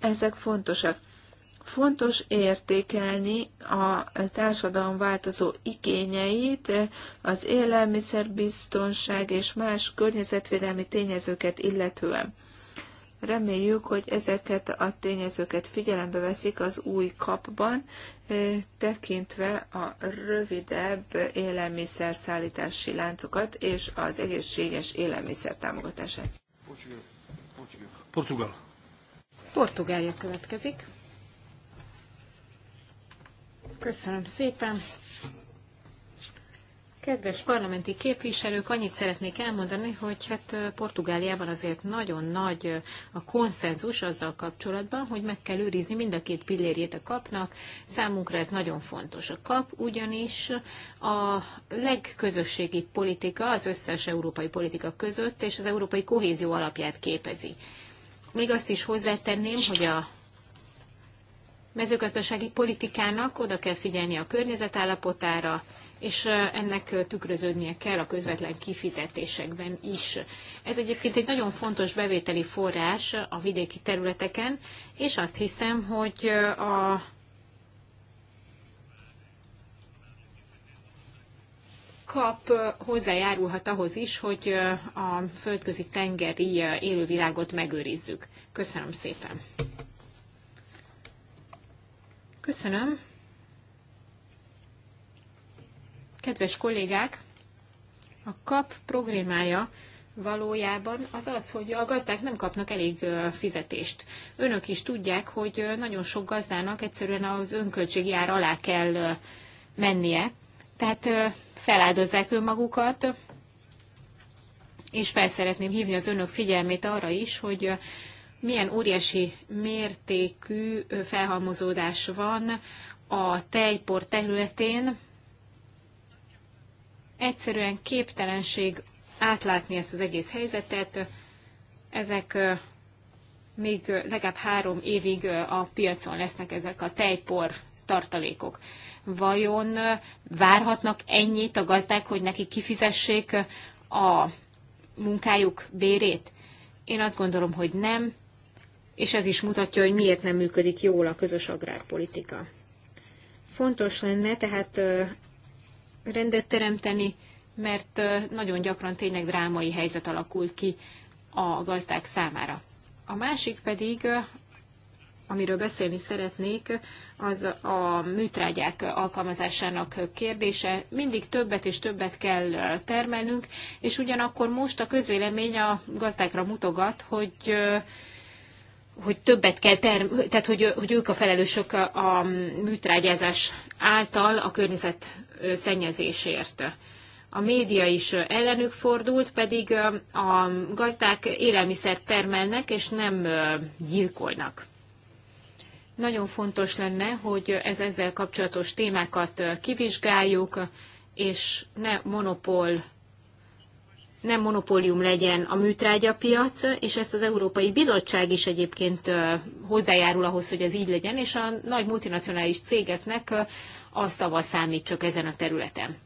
ezek fontosak. Fontos értékelni a társadalom változó igényeit, az élelmiszerbiztonság és más környezetvédelmi tényezőket illetően Reméljük, hogy ezeket a tényezőket figyelembe veszik az új kapban, tekintve a rövidebb élelmiszerszállítási láncokat és az egészséges élelmiszer támogatását. Portugál. Portugália következik. Köszönöm szépen. Kedves parlamenti képviselők, annyit szeretnék elmondani, hogy hát Portugáliában azért nagyon nagy a konszenzus azzal kapcsolatban, hogy meg kell őrizni mind a két pillérjét a kapnak. Számunkra ez nagyon fontos. A kap ugyanis a legközösségi politika az összes európai politika között, és az európai kohézió alapját képezi. Még azt is hozzátenném, hogy a mezőgazdasági politikának oda kell figyelni a környezet és ennek tükröződnie kell a közvetlen kifizetésekben is. Ez egyébként egy nagyon fontos bevételi forrás a vidéki területeken, és azt hiszem, hogy a kap hozzájárulhat ahhoz is, hogy a földközi tengeri élővilágot megőrizzük. Köszönöm szépen! Köszönöm! Kedves kollégák, a kap problémája valójában az az, hogy a gazdák nem kapnak elég fizetést. Önök is tudják, hogy nagyon sok gazdának egyszerűen az önköltségi ár alá kell mennie. Tehát feláldozzák önmagukat, és fel szeretném hívni az önök figyelmét arra is, hogy milyen óriási mértékű felhalmozódás van a tejpor területén, egyszerűen képtelenség átlátni ezt az egész helyzetet. Ezek még legalább három évig a piacon lesznek ezek a tejpor tartalékok. Vajon várhatnak ennyit a gazdák, hogy nekik kifizessék a munkájuk bérét? Én azt gondolom, hogy nem, és ez is mutatja, hogy miért nem működik jól a közös agrárpolitika. Fontos lenne tehát rendet teremteni, mert nagyon gyakran tényleg drámai helyzet alakul ki a gazdák számára. A másik pedig, amiről beszélni szeretnék, az a műtrágyák alkalmazásának kérdése. Mindig többet és többet kell termelnünk, és ugyanakkor most a közvélemény a gazdákra mutogat, hogy hogy többet kell term- tehát hogy, hogy ők a felelősök a műtrágyázás által a környezet szennyezésért. A média is ellenük fordult, pedig a gazdák élelmiszert termelnek és nem gyilkolnak. Nagyon fontos lenne, hogy ez ezzel kapcsolatos témákat kivizsgáljuk, és ne monopól nem monopólium legyen a műtrágyapiac, és ezt az Európai Bizottság is egyébként hozzájárul ahhoz, hogy ez így legyen, és a nagy multinacionális cégeknek a szava számít csak ezen a területen.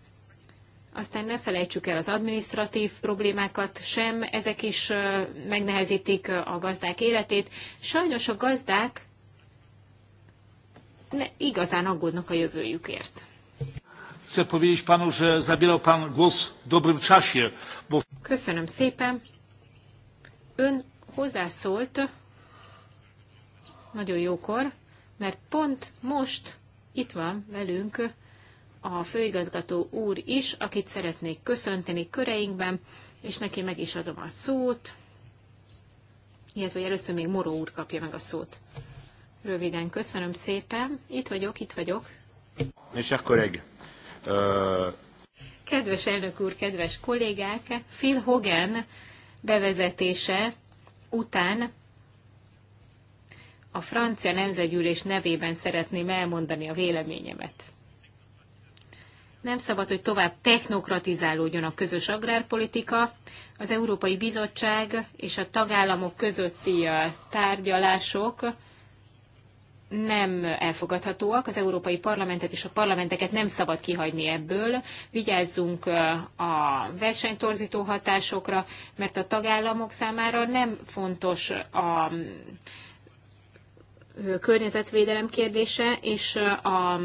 Aztán ne felejtsük el az administratív problémákat sem, ezek is megnehezítik a gazdák életét. Sajnos a gazdák ne, igazán aggódnak a jövőjükért. Köszönöm szépen. Ön hozzászólt nagyon jókor, mert pont most itt van velünk a főigazgató úr is, akit szeretnék köszönteni köreinkben, és neki meg is adom a szót, illetve először még Moró úr kapja meg a szót. Röviden, köszönöm szépen. Itt vagyok, itt vagyok. És akkor egy. Uh... Kedves elnök úr, kedves kollégák, Phil Hogan bevezetése után a francia nemzetgyűlés nevében szeretném elmondani a véleményemet. Nem szabad, hogy tovább technokratizálódjon a közös agrárpolitika. Az Európai Bizottság és a tagállamok közötti tárgyalások nem elfogadhatóak. Az Európai Parlamentet és a parlamenteket nem szabad kihagyni ebből. Vigyázzunk a versenytorzító hatásokra, mert a tagállamok számára nem fontos a környezetvédelem kérdése, és a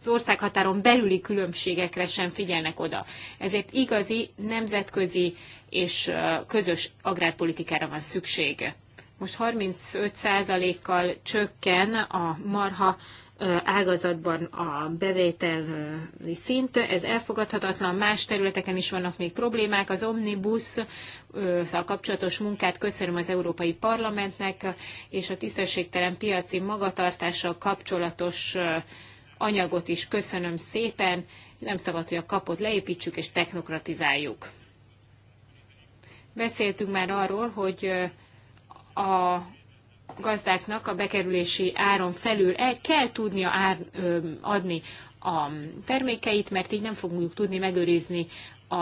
az országhatáron belüli különbségekre sem figyelnek oda. Ezért igazi, nemzetközi és közös agrárpolitikára van szükség. Most 35%-kal csökken a marha ágazatban a bevételi szint, ez elfogadhatatlan, más területeken is vannak még problémák. Az omnibus a szóval kapcsolatos munkát köszönöm az Európai Parlamentnek, és a tisztességtelen piaci magatartással kapcsolatos anyagot is köszönöm szépen. Nem szabad, hogy a kapot leépítsük és technokratizáljuk. Beszéltünk már arról, hogy a gazdáknak a bekerülési áron felül el kell tudnia ár, ö, adni a termékeit, mert így nem fogjuk tudni megőrizni a,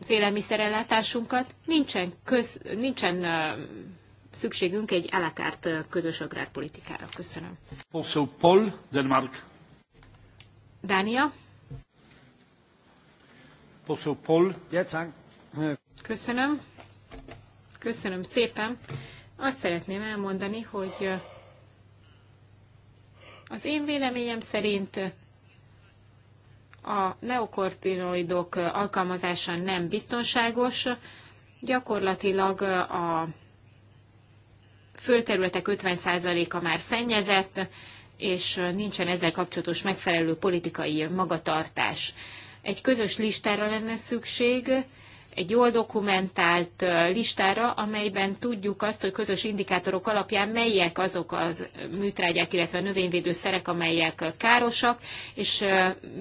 az élelmiszerellátásunkat. Nincsen, köz, nincsen ö, szükségünk egy alakárt közös agrárpolitikára. Köszönöm. Also Paul, Denmark. Dánia. Also Paul. Köszönöm. Köszönöm szépen azt szeretném elmondani, hogy az én véleményem szerint a neokortinoidok alkalmazása nem biztonságos, gyakorlatilag a földterületek 50%-a már szennyezett, és nincsen ezzel kapcsolatos megfelelő politikai magatartás. Egy közös listára lenne szükség, egy jól dokumentált listára, amelyben tudjuk azt, hogy közös indikátorok alapján melyek azok az műtrágyák, illetve növényvédőszerek, amelyek károsak, és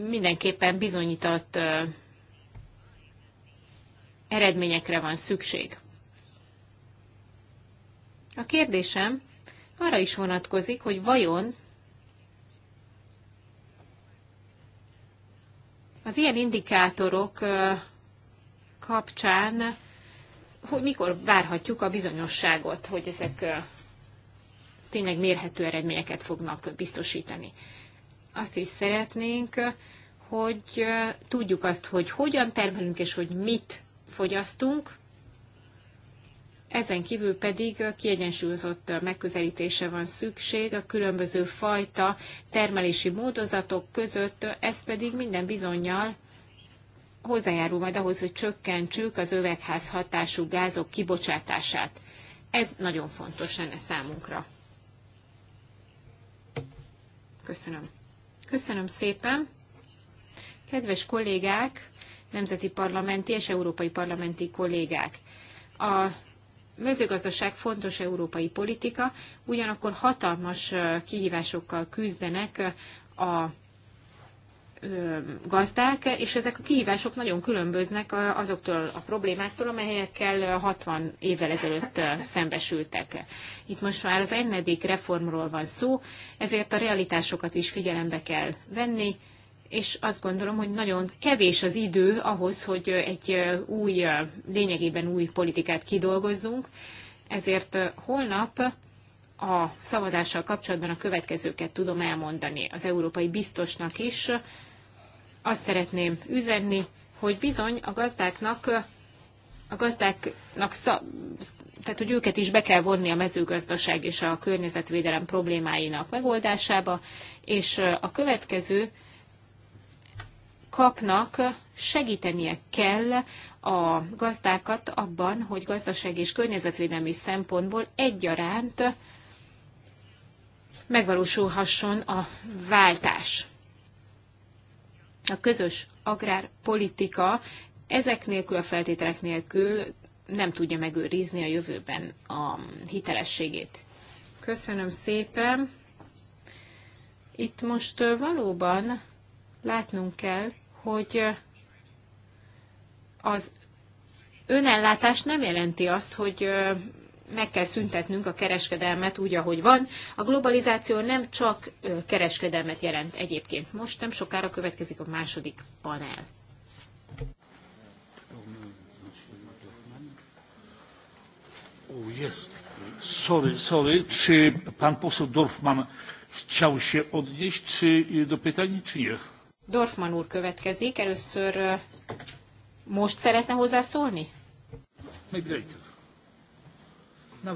mindenképpen bizonyított eredményekre van szükség. A kérdésem arra is vonatkozik, hogy vajon az ilyen indikátorok kapcsán, hogy mikor várhatjuk a bizonyosságot, hogy ezek tényleg mérhető eredményeket fognak biztosítani. Azt is szeretnénk, hogy tudjuk azt, hogy hogyan termelünk és hogy mit fogyasztunk, ezen kívül pedig kiegyensúlyozott megközelítése van szükség a különböző fajta termelési módozatok között, ez pedig minden bizonyal hozzájárul majd ahhoz, hogy csökkentsük az övegház hatású gázok kibocsátását. Ez nagyon fontos lenne számunkra. Köszönöm. Köszönöm szépen. Kedves kollégák, nemzeti parlamenti és európai parlamenti kollégák, a mezőgazdaság fontos európai politika, ugyanakkor hatalmas kihívásokkal küzdenek a gazdák, és ezek a kihívások nagyon különböznek azoktól a problémáktól, amelyekkel 60 évvel ezelőtt szembesültek. Itt most már az ennedik reformról van szó, ezért a realitásokat is figyelembe kell venni, és azt gondolom, hogy nagyon kevés az idő ahhoz, hogy egy új, lényegében új politikát kidolgozzunk, ezért holnap a szavazással kapcsolatban a következőket tudom elmondani az európai biztosnak is, azt szeretném üzenni, hogy bizony a gazdáknak, a gazdáknak szab, tehát hogy őket is be kell vonni a mezőgazdaság és a környezetvédelem problémáinak megoldásába, és a következő kapnak segítenie kell a gazdákat abban, hogy gazdaság és környezetvédelmi szempontból egyaránt megvalósulhasson a váltás a közös agrárpolitika ezek nélkül, a feltételek nélkül nem tudja megőrizni a jövőben a hitelességét. Köszönöm szépen. Itt most valóban látnunk kell, hogy az önellátás nem jelenti azt, hogy meg kell szüntetnünk a kereskedelmet úgy, ahogy van. A globalizáció nem csak kereskedelmet jelent egyébként. Most nem sokára következik a második panel. Oh, yes, Sorry, sorry. Czy pan poseł Dorfman chciał się odnieść czy, do pytań, czy nie? Dorfman úr következik. Először most szeretne hozzászólni? Maybe later. Now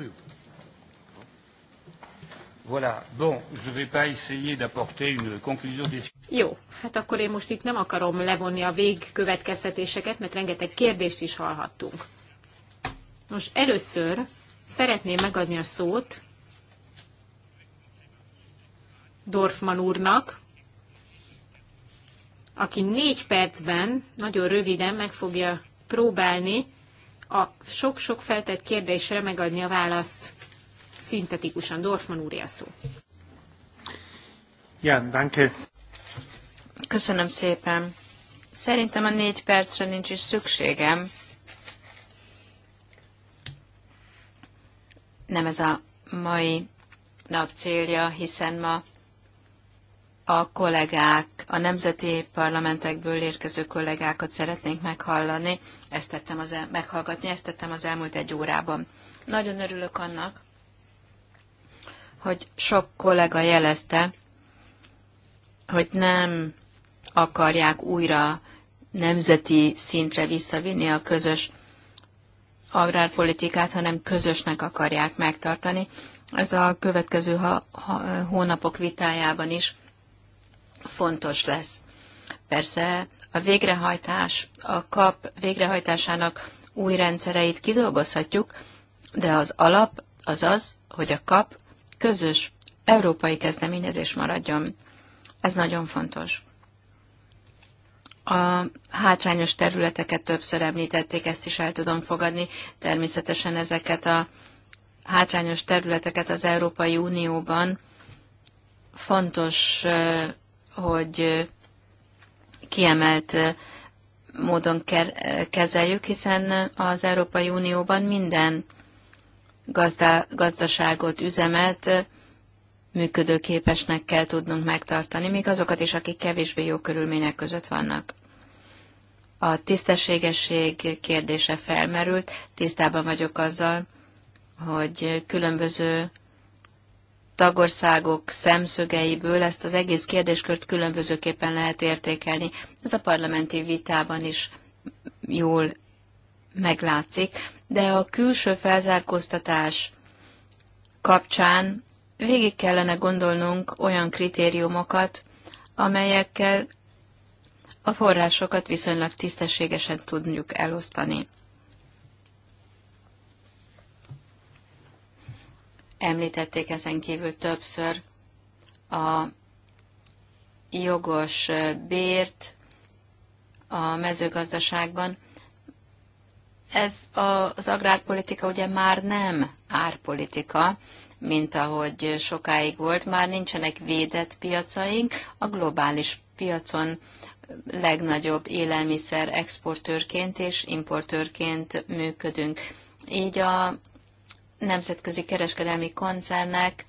Voilà. Bon, je vais pas essayer d'apporter une conclusion des... Jó, hát akkor én most itt nem akarom levonni a végkövetkeztetéseket, mert rengeteg kérdést is hallhattunk. Most először szeretném megadni a szót Dorfman úrnak, aki négy percben, nagyon röviden meg fogja próbálni a sok-sok feltett kérdésre megadni a választ. Szintetikusan Dorfman úr szó. Ja, danke. Köszönöm szépen. Szerintem a négy percre nincs is szükségem. Nem ez a mai nap célja, hiszen ma a kollégák, a nemzeti parlamentekből érkező kollégákat szeretnénk meghallani, ezt tettem az el, meghallgatni, ezt tettem az elmúlt egy órában. Nagyon örülök annak, hogy sok kollega jelezte, hogy nem akarják újra nemzeti szintre visszavinni a közös agrárpolitikát, hanem közösnek akarják megtartani. Ez a következő ha, ha, hónapok vitájában is fontos lesz. Persze a végrehajtás, a kap végrehajtásának új rendszereit kidolgozhatjuk, de az alap az az, hogy a kap közös európai kezdeményezés maradjon. Ez nagyon fontos. A hátrányos területeket többször említették, ezt is el tudom fogadni. Természetesen ezeket a hátrányos területeket az Európai Unióban fontos hogy kiemelt módon kezeljük, hiszen az Európai Unióban minden gazda, gazdaságot, üzemet működőképesnek kell tudnunk megtartani, még azokat is, akik kevésbé jó körülmények között vannak. A tisztességesség kérdése felmerült, tisztában vagyok azzal, hogy különböző tagországok szemszögeiből ezt az egész kérdéskört különbözőképpen lehet értékelni. Ez a parlamenti vitában is jól meglátszik, de a külső felzárkóztatás kapcsán végig kellene gondolnunk olyan kritériumokat, amelyekkel a forrásokat viszonylag tisztességesen tudjuk elosztani. Említették ezen kívül többször a jogos bért a mezőgazdaságban. Ez az agrárpolitika ugye már nem árpolitika, mint ahogy sokáig volt, már nincsenek védett piacaink, a globális piacon legnagyobb élelmiszer exportőrként és importőrként működünk. Így a, nemzetközi kereskedelmi koncernek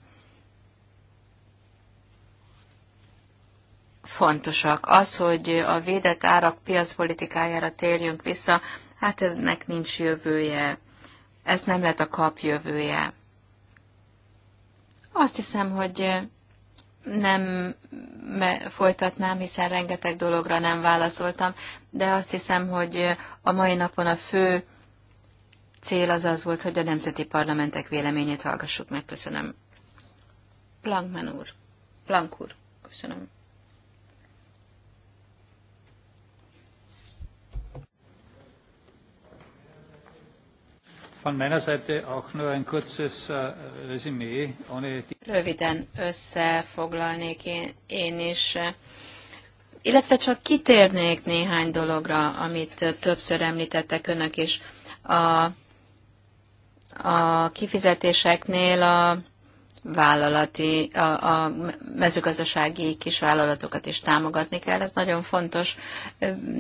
fontosak. Az, hogy a védett árak piacpolitikájára térjünk vissza, hát eznek nincs jövője. Ez nem lett a kap jövője. Azt hiszem, hogy nem folytatnám, hiszen rengeteg dologra nem válaszoltam, de azt hiszem, hogy a mai napon a fő cél az az volt, hogy a nemzeti parlamentek véleményét hallgassuk meg. Köszönöm. Plankman úr. Plank úr. Köszönöm. Hát, eh, eh, Röviden összefoglalnék én, én is, illetve csak kitérnék néhány dologra, amit többször említettek önök is. A a kifizetéseknél a vállalati, a, a mezőgazdasági vállalatokat is támogatni kell. Ez nagyon fontos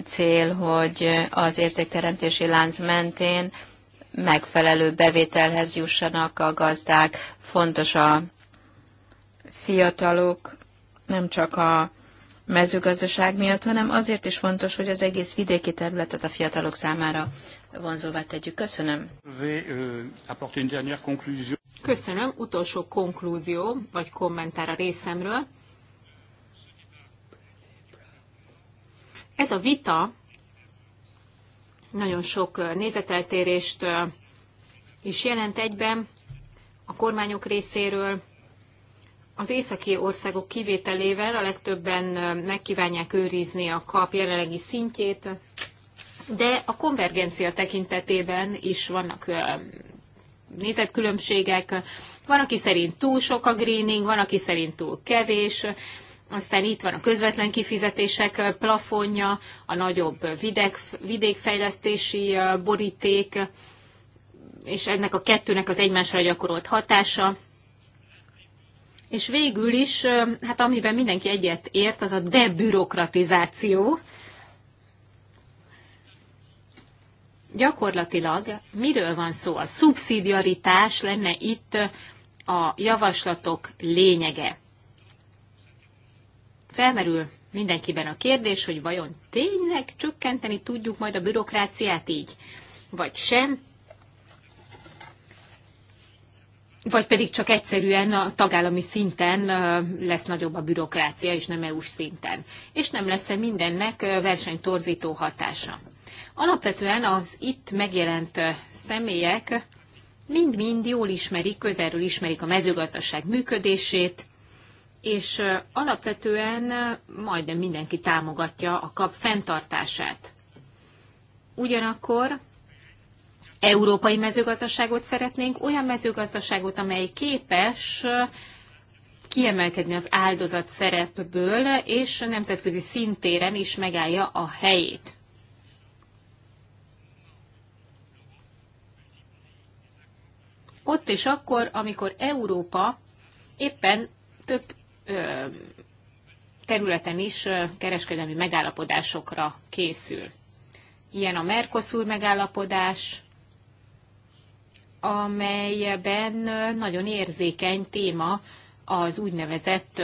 cél, hogy az értékteremtési lánc mentén megfelelő bevételhez jussanak a gazdák. Fontos a fiatalok, nem csak a mezőgazdaság miatt, hanem azért is fontos, hogy az egész vidéki területet a fiatalok számára vonzóvá tegyük. Köszönöm. Euh, Köszönöm. Utolsó konklúzió, vagy kommentár a részemről. Ez a vita nagyon sok nézeteltérést is jelent egyben a kormányok részéről. Az északi országok kivételével a legtöbben megkívánják őrizni a kap jelenlegi szintjét, de a konvergencia tekintetében is vannak nézetkülönbségek. Van, aki szerint túl sok a greening, van, aki szerint túl kevés. Aztán itt van a közvetlen kifizetések plafonja, a nagyobb videg, vidékfejlesztési boríték, és ennek a kettőnek az egymásra gyakorolt hatása. És végül is, hát amiben mindenki egyet ért, az a debürokratizáció, gyakorlatilag miről van szó? A szubszidiaritás lenne itt a javaslatok lényege. Felmerül mindenkiben a kérdés, hogy vajon tényleg csökkenteni tudjuk majd a bürokráciát így, vagy sem, vagy pedig csak egyszerűen a tagállami szinten lesz nagyobb a bürokrácia, és nem EU-s szinten. És nem lesz-e mindennek versenytorzító hatása. Alapvetően az itt megjelent eh, személyek mind-mind jól ismerik, közelről ismerik a mezőgazdaság működését, és eh, alapvetően eh, majdnem mindenki támogatja a kap fenntartását. Ugyanakkor európai mezőgazdaságot szeretnénk, olyan mezőgazdaságot, amely képes kiemelkedni az áldozat szerepből, és nemzetközi szintéren is megállja a helyét. ott és akkor, amikor Európa éppen több ö, területen is kereskedelmi megállapodásokra készül. Ilyen a Mercosur megállapodás, amelyben nagyon érzékeny téma az úgynevezett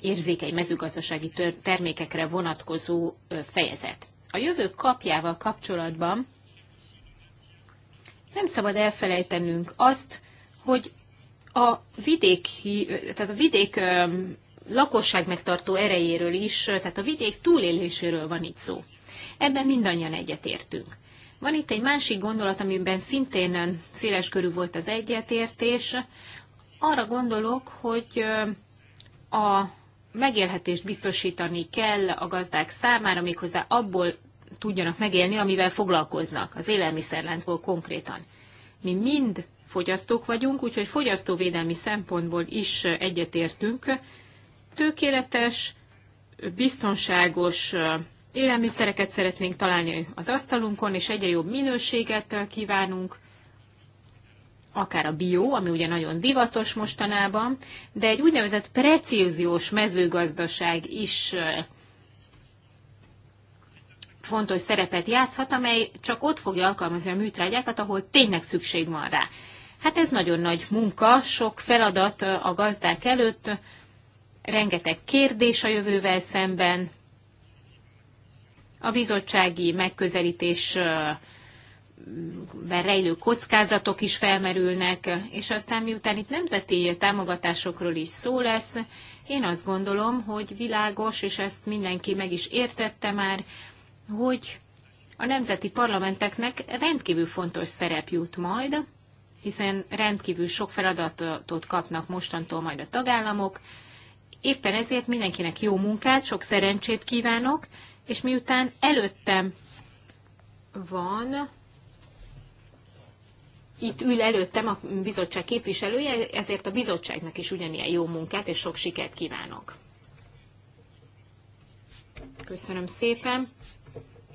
érzékeny mezőgazdasági termékekre vonatkozó fejezet. A jövő kapjával kapcsolatban nem szabad elfelejtenünk azt, hogy a vidék, tehát a vidék lakosság megtartó erejéről is, tehát a vidék túléléséről van itt szó. Ebben mindannyian egyetértünk. Van itt egy másik gondolat, amiben szintén széles körű volt az egyetértés. Arra gondolok, hogy a megélhetést biztosítani kell a gazdák számára, méghozzá abból tudjanak megélni, amivel foglalkoznak, az élelmiszerláncból konkrétan. Mi mind fogyasztók vagyunk, úgyhogy fogyasztóvédelmi szempontból is egyetértünk. Tökéletes, biztonságos élelmiszereket szeretnénk találni az asztalunkon, és egyre jobb minőséget kívánunk, akár a bió, ami ugye nagyon divatos mostanában, de egy úgynevezett precíziós mezőgazdaság is fontos szerepet játszhat, amely csak ott fogja alkalmazni a műtrágyákat, ahol tényleg szükség van rá. Hát ez nagyon nagy munka, sok feladat a gazdák előtt, rengeteg kérdés a jövővel szemben. A bizottsági megközelítés rejlő kockázatok is felmerülnek, és aztán miután itt nemzeti támogatásokról is szó lesz, én azt gondolom, hogy világos, és ezt mindenki meg is értette már, hogy a nemzeti parlamenteknek rendkívül fontos szerep jut majd, hiszen rendkívül sok feladatot kapnak mostantól majd a tagállamok. Éppen ezért mindenkinek jó munkát, sok szerencsét kívánok, és miután előttem van, itt ül előttem a bizottság képviselője, ezért a bizottságnak is ugyanilyen jó munkát és sok sikert kívánok. Köszönöm szépen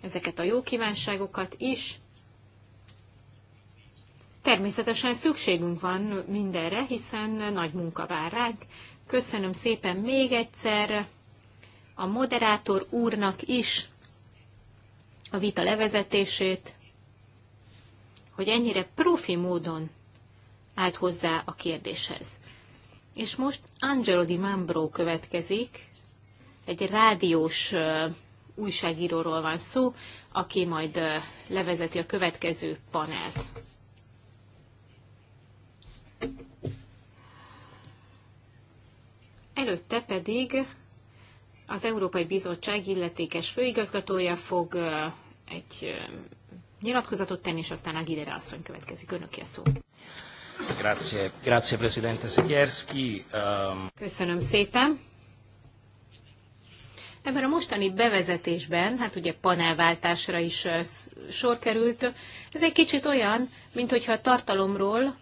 ezeket a jó kívánságokat is. Természetesen szükségünk van mindenre, hiszen nagy munka vár ránk. Köszönöm szépen még egyszer a moderátor úrnak is a vita levezetését, hogy ennyire profi módon állt hozzá a kérdéshez. És most Angelo Di Mambro következik, egy rádiós újságíróról van szó, aki majd levezeti a következő panelt. Előtte pedig az Európai Bizottság illetékes főigazgatója fog egy nyilatkozatot tenni, és aztán Aguilera asszony következik. a szó. Grazie, grazie Presidente Szikierszki. Um... Köszönöm szépen. Ebben a mostani bevezetésben, hát ugye panelváltásra is sor került, ez egy kicsit olyan, mint hogyha a tartalomról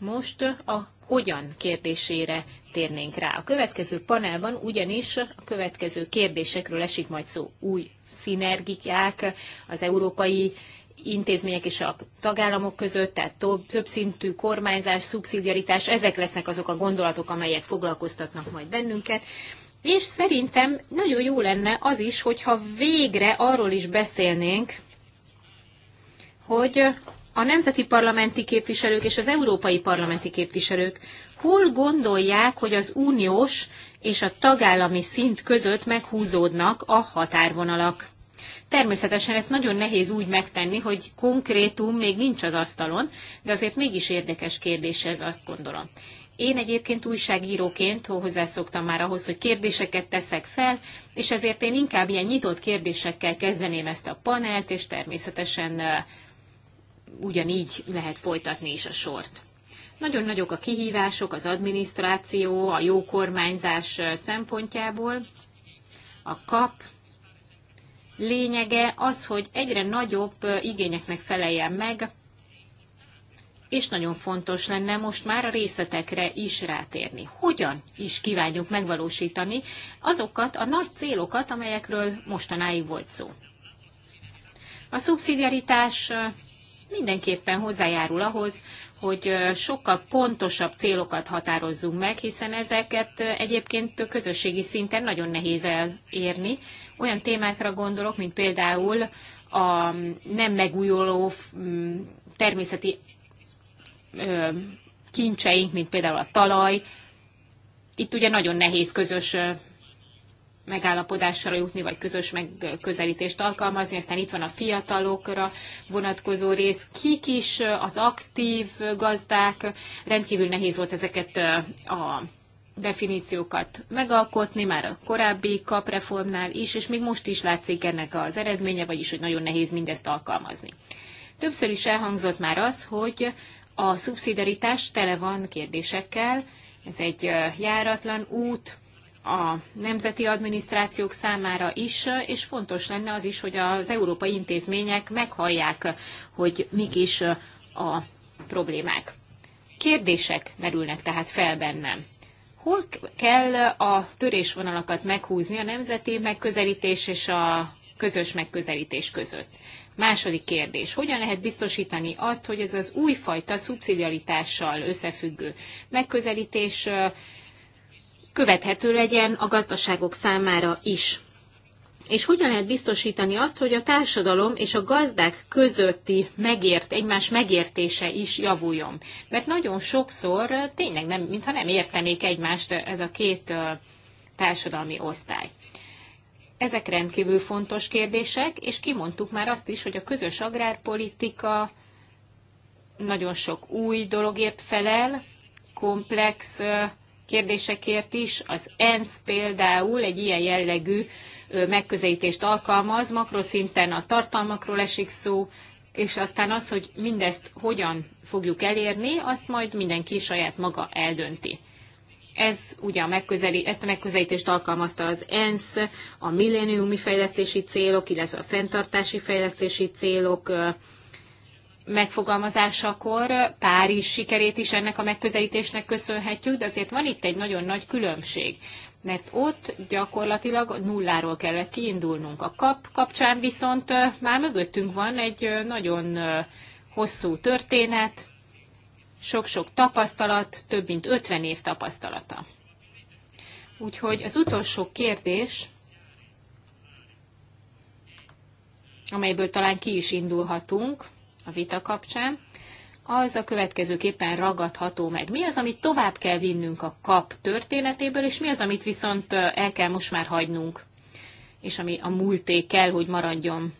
most a hogyan kérdésére térnénk rá. A következő panelban ugyanis a következő kérdésekről esik majd szó új szinergikák, az európai intézmények és a tagállamok között, tehát többszintű kormányzás, szubszidiaritás, ezek lesznek azok a gondolatok, amelyek foglalkoztatnak majd bennünket, és szerintem nagyon jó lenne az is, hogyha végre arról is beszélnénk, hogy a nemzeti parlamenti képviselők és az európai parlamenti képviselők hol gondolják, hogy az uniós és a tagállami szint között meghúzódnak a határvonalak. Természetesen ezt nagyon nehéz úgy megtenni, hogy konkrétum még nincs az asztalon, de azért mégis érdekes kérdés ez, azt gondolom. Én egyébként újságíróként hozzászoktam már ahhoz, hogy kérdéseket teszek fel, és ezért én inkább ilyen nyitott kérdésekkel kezdeném ezt a panelt, és természetesen ugyanígy lehet folytatni is a sort. Nagyon nagyok a kihívások az adminisztráció, a jó kormányzás szempontjából. A kap lényege az, hogy egyre nagyobb igényeknek feleljen meg és nagyon fontos lenne most már a részletekre is rátérni. Hogyan is kívánjuk megvalósítani azokat a nagy célokat, amelyekről mostanáig volt szó. A szubszidiaritás mindenképpen hozzájárul ahhoz, hogy sokkal pontosabb célokat határozzunk meg, hiszen ezeket egyébként közösségi szinten nagyon nehéz elérni. Olyan témákra gondolok, mint például a mm, nem megújuló mm, természeti kincseink, mint például a talaj. Itt ugye nagyon nehéz közös megállapodásra jutni, vagy közös megközelítést alkalmazni. Aztán itt van a fiatalokra vonatkozó rész. Kik is az aktív gazdák? Rendkívül nehéz volt ezeket a definíciókat megalkotni, már a korábbi kapreformnál is, és még most is látszik ennek az eredménye, vagyis hogy nagyon nehéz mindezt alkalmazni. Többször is elhangzott már az, hogy a szubszidaritás tele van kérdésekkel, ez egy járatlan út a nemzeti adminisztrációk számára is, és fontos lenne az is, hogy az európai intézmények meghallják, hogy mik is a problémák. Kérdések merülnek tehát fel bennem. Hol kell a törésvonalakat meghúzni a nemzeti megközelítés és a közös megközelítés között? Második kérdés. Hogyan lehet biztosítani azt, hogy ez az újfajta szubszidiaritással összefüggő megközelítés követhető legyen a gazdaságok számára is? És hogyan lehet biztosítani azt, hogy a társadalom és a gazdák közötti megért, egymás megértése is javuljon? Mert nagyon sokszor tényleg nem, mintha nem értenék egymást ez a két társadalmi osztály. Ezek rendkívül fontos kérdések, és kimondtuk már azt is, hogy a közös agrárpolitika nagyon sok új dologért felel, komplex kérdésekért is. Az ENSZ például egy ilyen jellegű megközelítést alkalmaz, makroszinten a tartalmakról esik szó, és aztán az, hogy mindezt hogyan fogjuk elérni, azt majd mindenki saját maga eldönti. Ez ugye a megközelít, ezt a megközelítést alkalmazta az ENSZ, a milleniumi fejlesztési célok, illetve a fenntartási fejlesztési célok megfogalmazásakor Párizs sikerét is ennek a megközelítésnek köszönhetjük, de azért van itt egy nagyon nagy különbség, mert ott gyakorlatilag nulláról kellett kiindulnunk. A kap kapcsán viszont már mögöttünk van egy nagyon hosszú történet, sok-sok tapasztalat, több mint 50 év tapasztalata. Úgyhogy az utolsó kérdés, amelyből talán ki is indulhatunk a vita kapcsán, az a következőképpen ragadható meg. Mi az, amit tovább kell vinnünk a kap történetéből, és mi az, amit viszont el kell most már hagynunk, és ami a múlté kell, hogy maradjon.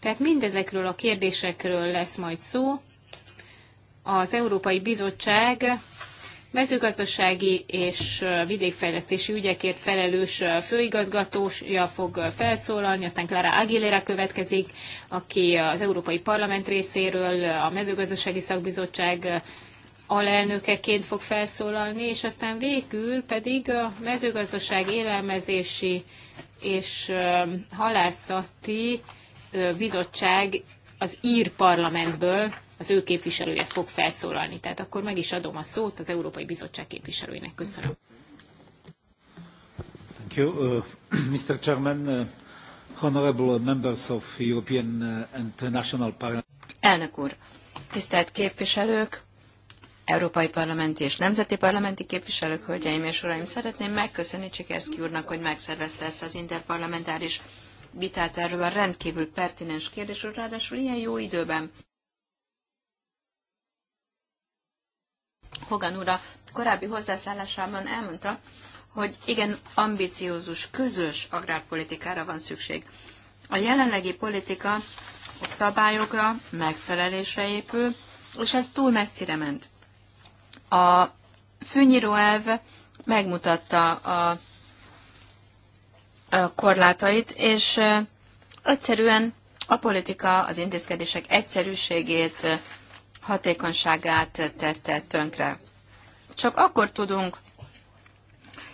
Tehát mindezekről a kérdésekről lesz majd szó. Az Európai Bizottság mezőgazdasági és vidékfejlesztési ügyekért felelős főigazgatója fog felszólalni, aztán Clara Aguilera következik, aki az Európai Parlament részéről a mezőgazdasági szakbizottság alelnökeként fog felszólalni, és aztán végül pedig a mezőgazdaság élelmezési és halászati bizottság az ír parlamentből az ő képviselője fog felszólalni. Tehát akkor meg is adom a szót az Európai Bizottság képviselőinek. Köszönöm. Thank you. Uh, Mr. Chairman, uh, honorable members of European and uh, National Parliament. Elnök úr, tisztelt képviselők, Európai Parlamenti és Nemzeti Parlamenti képviselők, hölgyeim és uraim, szeretném megköszönni Csikerszki úrnak, hogy megszervezte ezt az interparlamentáris vitát erről a rendkívül pertinens kérdésről, ráadásul ilyen jó időben. Hogan a korábbi hozzászállásában elmondta, hogy igen, ambiciózus, közös agrárpolitikára van szükség. A jelenlegi politika a szabályokra, megfelelésre épül, és ez túl messzire ment. A fűnyíró elv megmutatta a korlátait, és egyszerűen a politika az intézkedések egyszerűségét, hatékonyságát tette tönkre. Csak akkor tudunk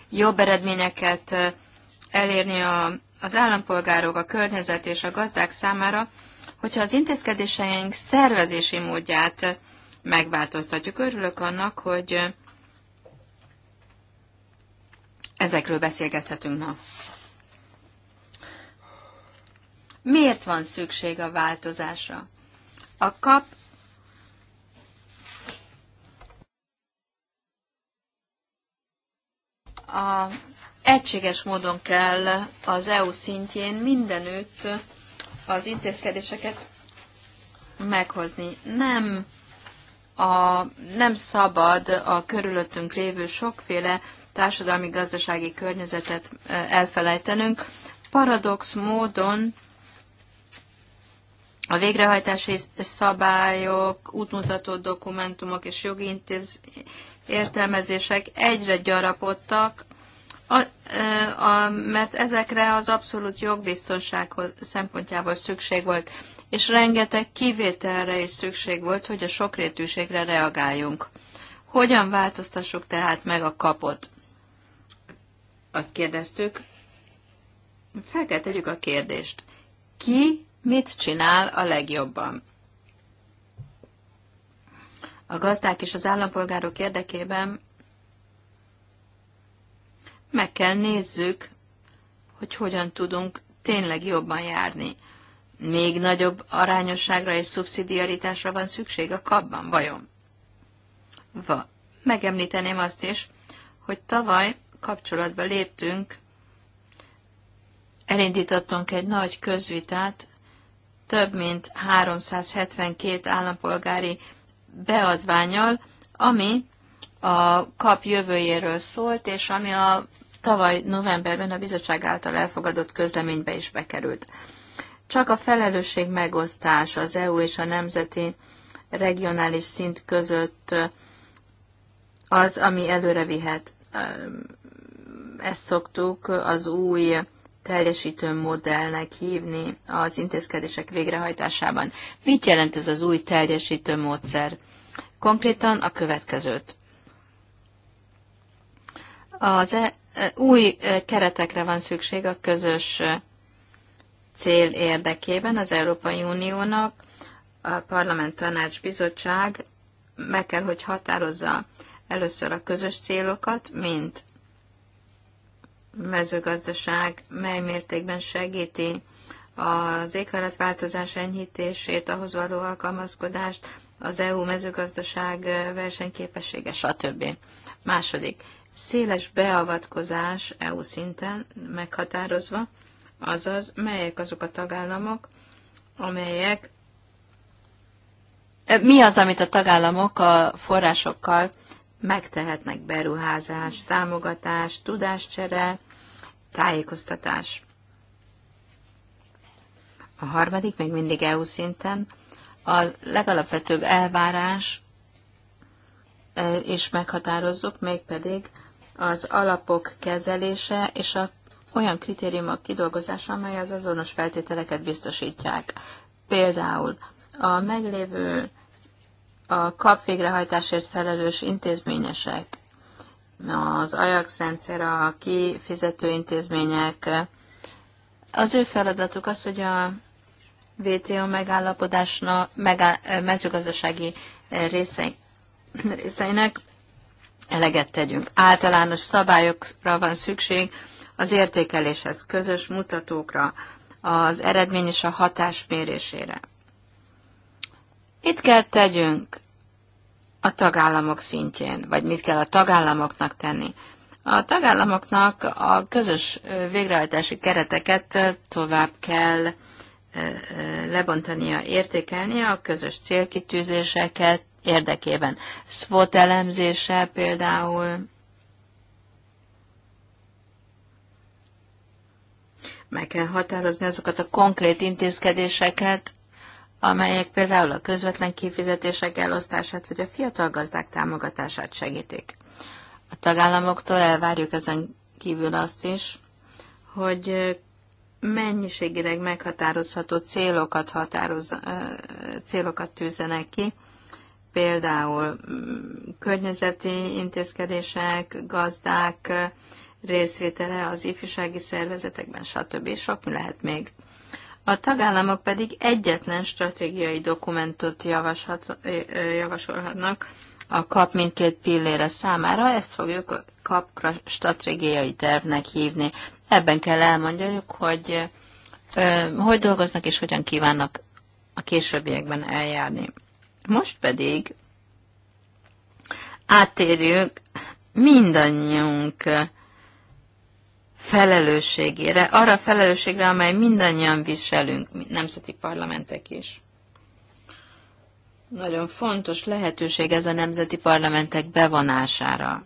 jobb eredményeket elérni a, az állampolgárok, a környezet és a gazdák számára, hogyha az intézkedéseink szervezési módját megváltoztatjuk. Örülök annak, hogy ezekről beszélgethetünk ma. Miért van szükség a változásra? A kap a egységes módon kell az EU szintjén mindenütt az intézkedéseket meghozni. Nem, a, nem szabad a körülöttünk lévő sokféle társadalmi-gazdasági környezetet elfelejtenünk. Paradox módon a végrehajtási szabályok, útmutató dokumentumok és jogi intéz értelmezések egyre gyarapodtak, a, a, mert ezekre az abszolút jogbiztonság szempontjából szükség volt, és rengeteg kivételre is szükség volt, hogy a sokrétűségre reagáljunk. Hogyan változtassuk tehát meg a kapot? Azt kérdeztük, fel kell tegyük a kérdést. Ki mit csinál a legjobban. A gazdák és az állampolgárok érdekében meg kell nézzük, hogy hogyan tudunk tényleg jobban járni. Még nagyobb arányosságra és szubszidiaritásra van szükség a kapban, vajon? Va. Megemlíteném azt is, hogy tavaly kapcsolatba léptünk, elindítottunk egy nagy közvitát több mint 372 állampolgári beadványal, ami a kap jövőjéről szólt, és ami a tavaly novemberben a bizottság által elfogadott közleménybe is bekerült. Csak a felelősség megosztás az EU és a nemzeti regionális szint között az, ami előre vihet. Ezt szoktuk az új teljesítő modellnek hívni az intézkedések végrehajtásában. Mit jelent ez az új teljesítő módszer? Konkrétan a következőt. Az e, e új e, keretekre van szükség a közös e, cél érdekében az Európai Uniónak, a Parlament Tanács Bizottság meg kell, hogy határozza először a közös célokat, mint mezőgazdaság mely mértékben segíti az éghajlatváltozás enyhítését, ahhoz való alkalmazkodást, az EU mezőgazdaság versenyképessége, stb. Második, széles beavatkozás EU szinten meghatározva, azaz melyek azok a tagállamok, amelyek e, mi az, amit a tagállamok a forrásokkal megtehetnek beruházás, támogatás, tudáscsere, Tájékoztatás. A harmadik, még mindig EU szinten, a legalapvetőbb elvárás, és meghatározzuk, mégpedig az alapok kezelése és a olyan kritériumok kidolgozása, amely az azonos feltételeket biztosítják. Például a meglévő a kap végrehajtásért felelős intézményesek az Ajax rendszer, a kifizető intézmények. Az ő feladatuk az, hogy a WTO megállapodásna, megá, eh, mezőgazdasági eh, részei, részeinek eleget tegyünk. Általános szabályokra van szükség az értékeléshez, közös mutatókra, az eredmény és a hatás mérésére. Itt kell tegyünk a tagállamok szintjén, vagy mit kell a tagállamoknak tenni. A tagállamoknak a közös végrehajtási kereteket tovább kell lebontania, értékelnia a közös célkitűzéseket érdekében. SWOT elemzése például, meg kell határozni azokat a konkrét intézkedéseket, amelyek például a közvetlen kifizetések elosztását vagy a fiatal gazdák támogatását segítik. A tagállamoktól elvárjuk ezen kívül azt is, hogy mennyiségileg meghatározható célokat, határoz, célokat tűzenek ki, például mm, környezeti intézkedések, gazdák részvétele az ifjúsági szervezetekben, stb. Sok mi lehet még. A tagállamok pedig egyetlen stratégiai dokumentot javasolhatnak a kap mindkét pillére számára, ezt fogjuk a kap stratégiai tervnek hívni. Ebben kell elmondjuk, hogy hogy dolgoznak és hogyan kívánnak a későbbiekben eljárni. Most pedig áttérjük mindannyiunk felelősségére, arra a felelősségre, amely mindannyian viselünk, nemzeti parlamentek is. Nagyon fontos lehetőség ez a nemzeti parlamentek bevonására.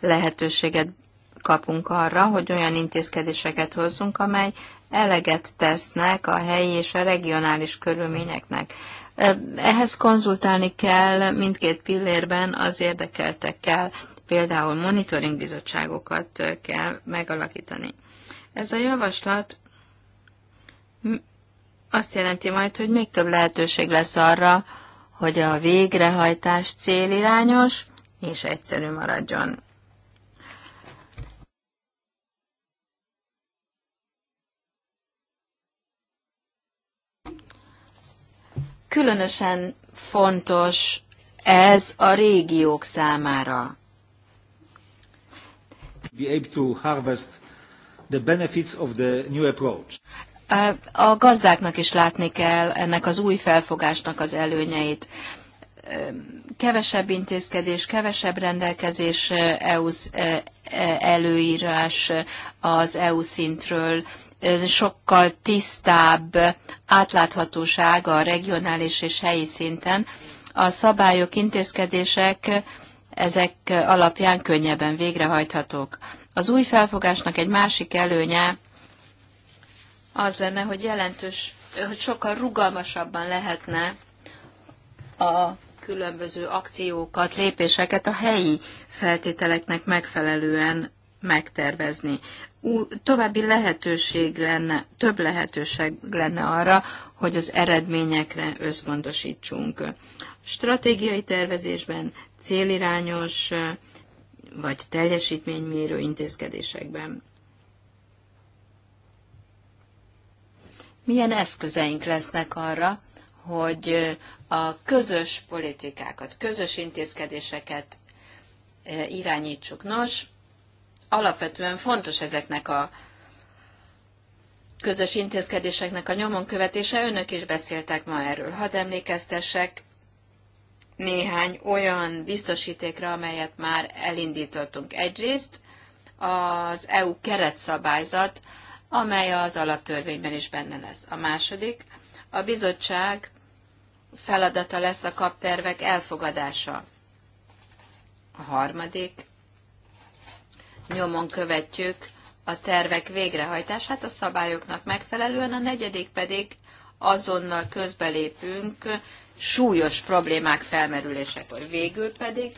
Lehetőséget kapunk arra, hogy olyan intézkedéseket hozzunk, amely eleget tesznek a helyi és a regionális körülményeknek. Ehhez konzultálni kell mindkét pillérben az érdekeltekkel, például monitoring bizottságokat kell megalakítani. Ez a javaslat azt jelenti majd, hogy még több lehetőség lesz arra, hogy a végrehajtás célirányos és egyszerű maradjon. Különösen fontos ez a régiók számára be able to harvest the benefits of the new approach. A gazdáknak is látni kell ennek az új felfogásnak az előnyeit. Kevesebb intézkedés, kevesebb rendelkezés, EU előírás az EU szintről, sokkal tisztább átláthatóság a regionális és helyi szinten. A szabályok, intézkedések ezek alapján könnyebben végrehajthatók. Az új felfogásnak egy másik előnye az lenne, hogy jelentős, hogy sokkal rugalmasabban lehetne a különböző akciókat, lépéseket a helyi feltételeknek megfelelően megtervezni. további lehetőség lenne, több lehetőség lenne arra, hogy az eredményekre összpontosítsunk. Stratégiai tervezésben célirányos vagy teljesítménymérő intézkedésekben. Milyen eszközeink lesznek arra, hogy a közös politikákat, közös intézkedéseket irányítsuk? Nos, alapvetően fontos ezeknek a közös intézkedéseknek a nyomon követése. Önök is beszéltek ma erről. Hadd emlékeztessek néhány olyan biztosítékra, amelyet már elindítottunk. Egyrészt az EU keretszabályzat, amely az alaptörvényben is benne lesz. A második, a bizottság feladata lesz a kaptervek elfogadása. A harmadik, nyomon követjük a tervek végrehajtását a szabályoknak megfelelően, a negyedik pedig azonnal közbelépünk súlyos problémák felmerülésekor. Végül pedig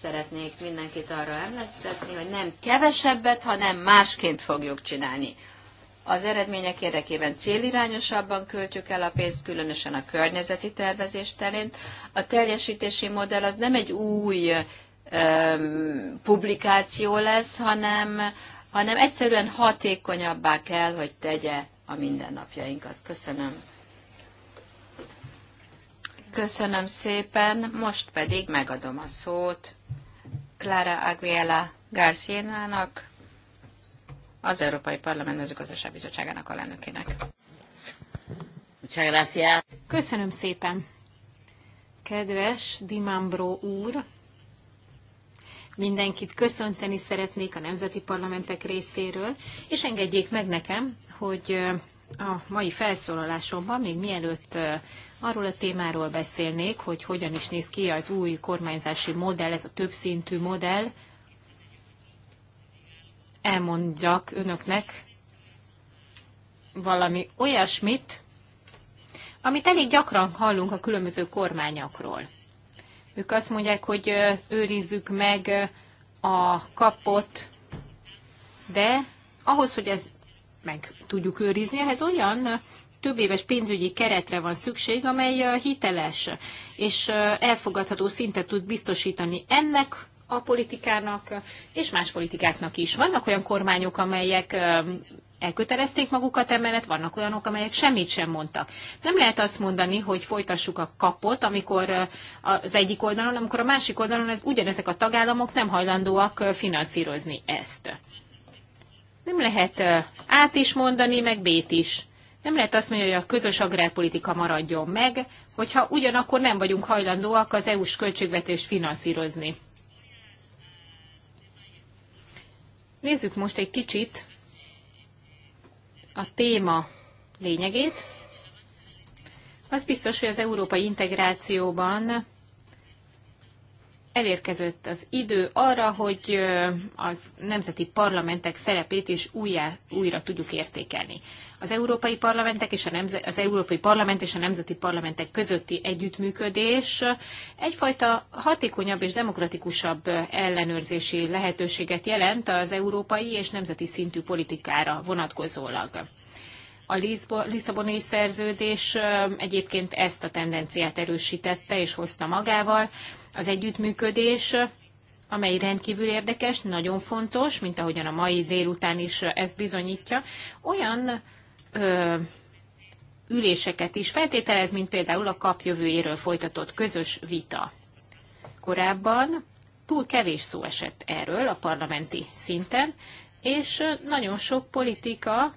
szeretnék mindenkit arra emlékeztetni, hogy nem kevesebbet, hanem másként fogjuk csinálni. Az eredmények érdekében célirányosabban költjük el a pénzt, különösen a környezeti tervezés terén. A teljesítési modell az nem egy új öm, publikáció lesz, hanem, hanem egyszerűen hatékonyabbá kell, hogy tegye a mindennapjainkat. Köszönöm. Köszönöm szépen, most pedig megadom a szót Clara Aguiela nak az Európai Parlament mezőgazdaság bizottságának alelnökének. Köszönöm szépen! Kedves Dimambro úr, mindenkit köszönteni szeretnék a nemzeti parlamentek részéről, és engedjék meg nekem, hogy a mai felszólalásomban, még mielőtt Arról a témáról beszélnék, hogy hogyan is néz ki az új kormányzási modell, ez a többszintű modell. Elmondjak önöknek valami olyasmit, amit elég gyakran hallunk a különböző kormányokról. Ők azt mondják, hogy őrizzük meg a kapot, de ahhoz, hogy ez meg tudjuk őrizni, ehhez olyan több éves pénzügyi keretre van szükség, amely hiteles és elfogadható szintet tud biztosítani ennek a politikának és más politikáknak is. Vannak olyan kormányok, amelyek elkötelezték magukat emellett, vannak olyanok, amelyek semmit sem mondtak. Nem lehet azt mondani, hogy folytassuk a kapot, amikor az egyik oldalon, amikor a másik oldalon ez, ugyanezek a tagállamok nem hajlandóak finanszírozni ezt. Nem lehet át is mondani, meg bét is. Nem lehet azt mondani, hogy a közös agrárpolitika maradjon meg, hogyha ugyanakkor nem vagyunk hajlandóak az EU-s költségvetést finanszírozni. Nézzük most egy kicsit a téma lényegét. Az biztos, hogy az európai integrációban elérkezett az idő arra, hogy az nemzeti parlamentek szerepét is újra újra tudjuk értékelni. Az európai, parlamentek és a nemze- az európai parlament és a nemzeti parlamentek közötti együttműködés egyfajta hatékonyabb és demokratikusabb ellenőrzési lehetőséget jelent az európai és nemzeti szintű politikára vonatkozólag. A Lisszaboni szerződés egyébként ezt a tendenciát erősítette és hozta magával, az együttműködés, amely rendkívül érdekes, nagyon fontos, mint ahogyan a mai délután is ez bizonyítja, olyan ö, üléseket is feltételez, mint például a kap jövőjéről folytatott közös vita. Korábban túl kevés szó esett erről a parlamenti szinten, és nagyon sok politika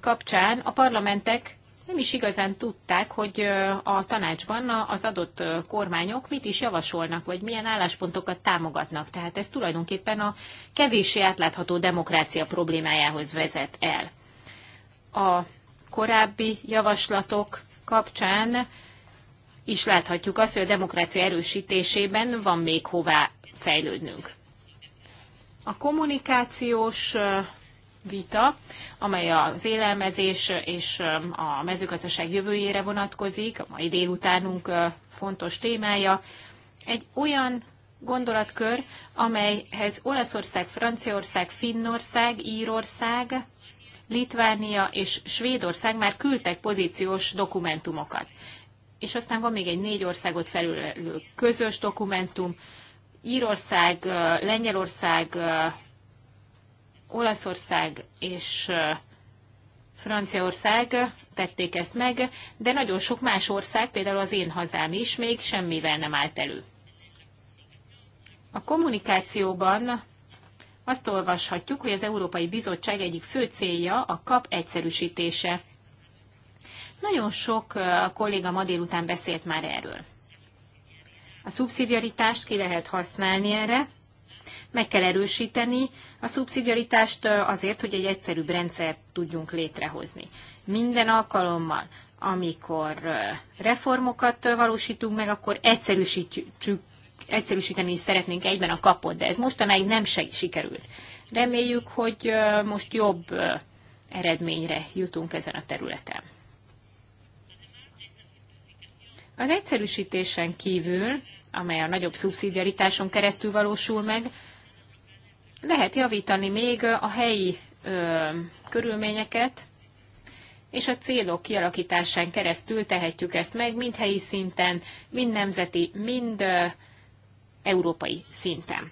kapcsán a parlamentek nem is igazán tudták, hogy a tanácsban az adott kormányok mit is javasolnak, vagy milyen álláspontokat támogatnak. Tehát ez tulajdonképpen a kevéssé átlátható demokrácia problémájához vezet el. A korábbi javaslatok kapcsán is láthatjuk azt, hogy a demokrácia erősítésében van még hová fejlődnünk. A kommunikációs vita, amely az élelmezés és um, a mezőgazdaság jövőjére vonatkozik, a mai délutánunk uh, fontos témája, egy olyan gondolatkör, amelyhez Olaszország, Franciaország, Finnország, Írország, Litvánia és Svédország már küldtek pozíciós dokumentumokat. És aztán van még egy négy országot felülő közös dokumentum, Írország, uh, Lengyelország, uh, Olaszország és Franciaország tették ezt meg, de nagyon sok más ország, például az én hazám is, még semmivel nem állt elő. A kommunikációban azt olvashatjuk, hogy az Európai Bizottság egyik fő célja a kap egyszerűsítése. Nagyon sok kolléga ma délután beszélt már erről. A szubszidiaritást ki lehet használni erre, meg kell erősíteni a szubszidiaritást azért, hogy egy egyszerűbb rendszert tudjunk létrehozni. Minden alkalommal, amikor reformokat valósítunk meg, akkor egyszerűsítjük, egyszerűsíteni is szeretnénk egyben a kapot, de ez mostanáig nem sikerült. Reméljük, hogy most jobb eredményre jutunk ezen a területen. Az egyszerűsítésen kívül, amely a nagyobb szubszidiaritáson keresztül valósul meg, lehet javítani még a helyi ö, körülményeket, és a célok kialakításán keresztül tehetjük ezt meg, mind helyi szinten, mind nemzeti, mind ö, európai szinten.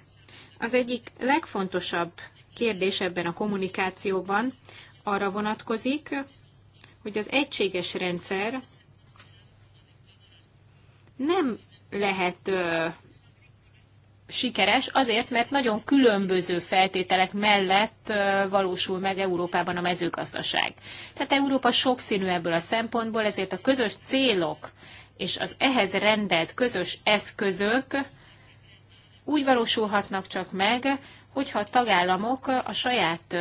Az egyik legfontosabb kérdés ebben a kommunikációban arra vonatkozik, hogy az egységes rendszer nem lehet sikeres, azért, mert nagyon különböző feltételek mellett valósul meg Európában a mezőgazdaság. Tehát Európa sokszínű ebből a szempontból, ezért a közös célok és az ehhez rendelt közös eszközök úgy valósulhatnak csak meg, hogyha a tagállamok a saját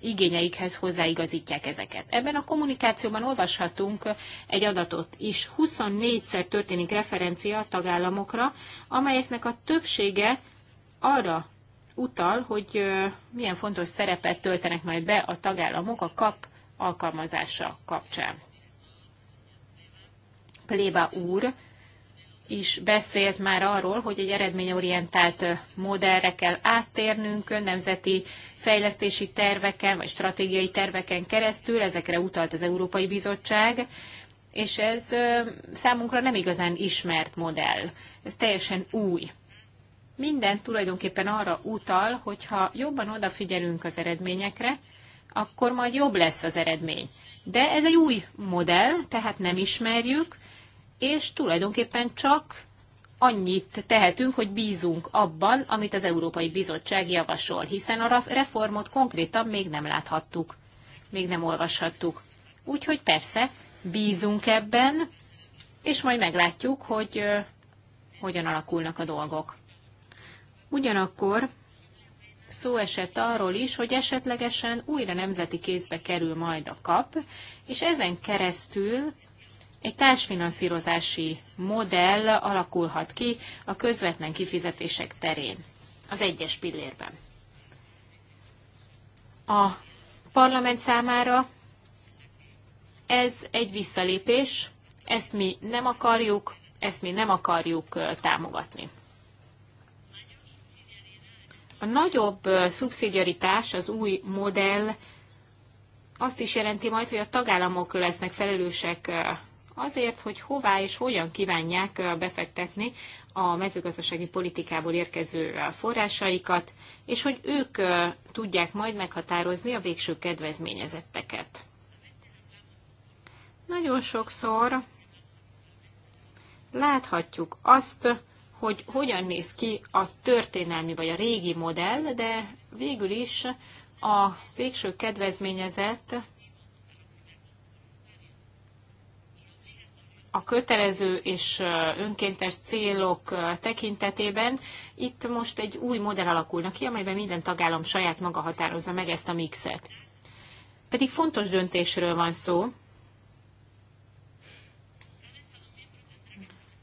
igényeikhez hozzáigazítják ezeket. Ebben a kommunikációban olvashatunk egy adatot is. 24-szer történik referencia a tagállamokra, amelyeknek a többsége arra utal, hogy milyen fontos szerepet töltenek majd be a tagállamok a kap alkalmazása kapcsán. Pléba úr is beszélt már arról, hogy egy eredményorientált modellre kell áttérnünk nemzeti fejlesztési terveken vagy stratégiai terveken keresztül, ezekre utalt az Európai Bizottság, és ez számunkra nem igazán ismert modell. Ez teljesen új. Minden tulajdonképpen arra utal, hogyha jobban odafigyelünk az eredményekre, akkor majd jobb lesz az eredmény. De ez egy új modell, tehát nem ismerjük, és tulajdonképpen csak annyit tehetünk, hogy bízunk abban, amit az Európai Bizottság javasol, hiszen a reformot konkrétan még nem láthattuk, még nem olvashattuk. Úgyhogy persze, bízunk ebben, és majd meglátjuk, hogy uh, hogyan alakulnak a dolgok. Ugyanakkor szó esett arról is, hogy esetlegesen újra nemzeti kézbe kerül majd a kap, és ezen keresztül egy társfinanszírozási modell alakulhat ki a közvetlen kifizetések terén, az egyes pillérben. A parlament számára ez egy visszalépés, ezt mi nem akarjuk, ezt mi nem akarjuk támogatni. A nagyobb szubszidiaritás az új modell azt is jelenti majd, hogy a tagállamok lesznek felelősek azért, hogy hová és hogyan kívánják befektetni a mezőgazdasági politikából érkező forrásaikat, és hogy ők tudják majd meghatározni a végső kedvezményezetteket. Nagyon sokszor láthatjuk azt, hogy hogyan néz ki a történelmi vagy a régi modell, de végül is a végső kedvezményezett a kötelező és önkéntes célok tekintetében itt most egy új modell alakulnak ki, amelyben minden tagállam saját maga határozza meg ezt a mixet. Pedig fontos döntésről van szó.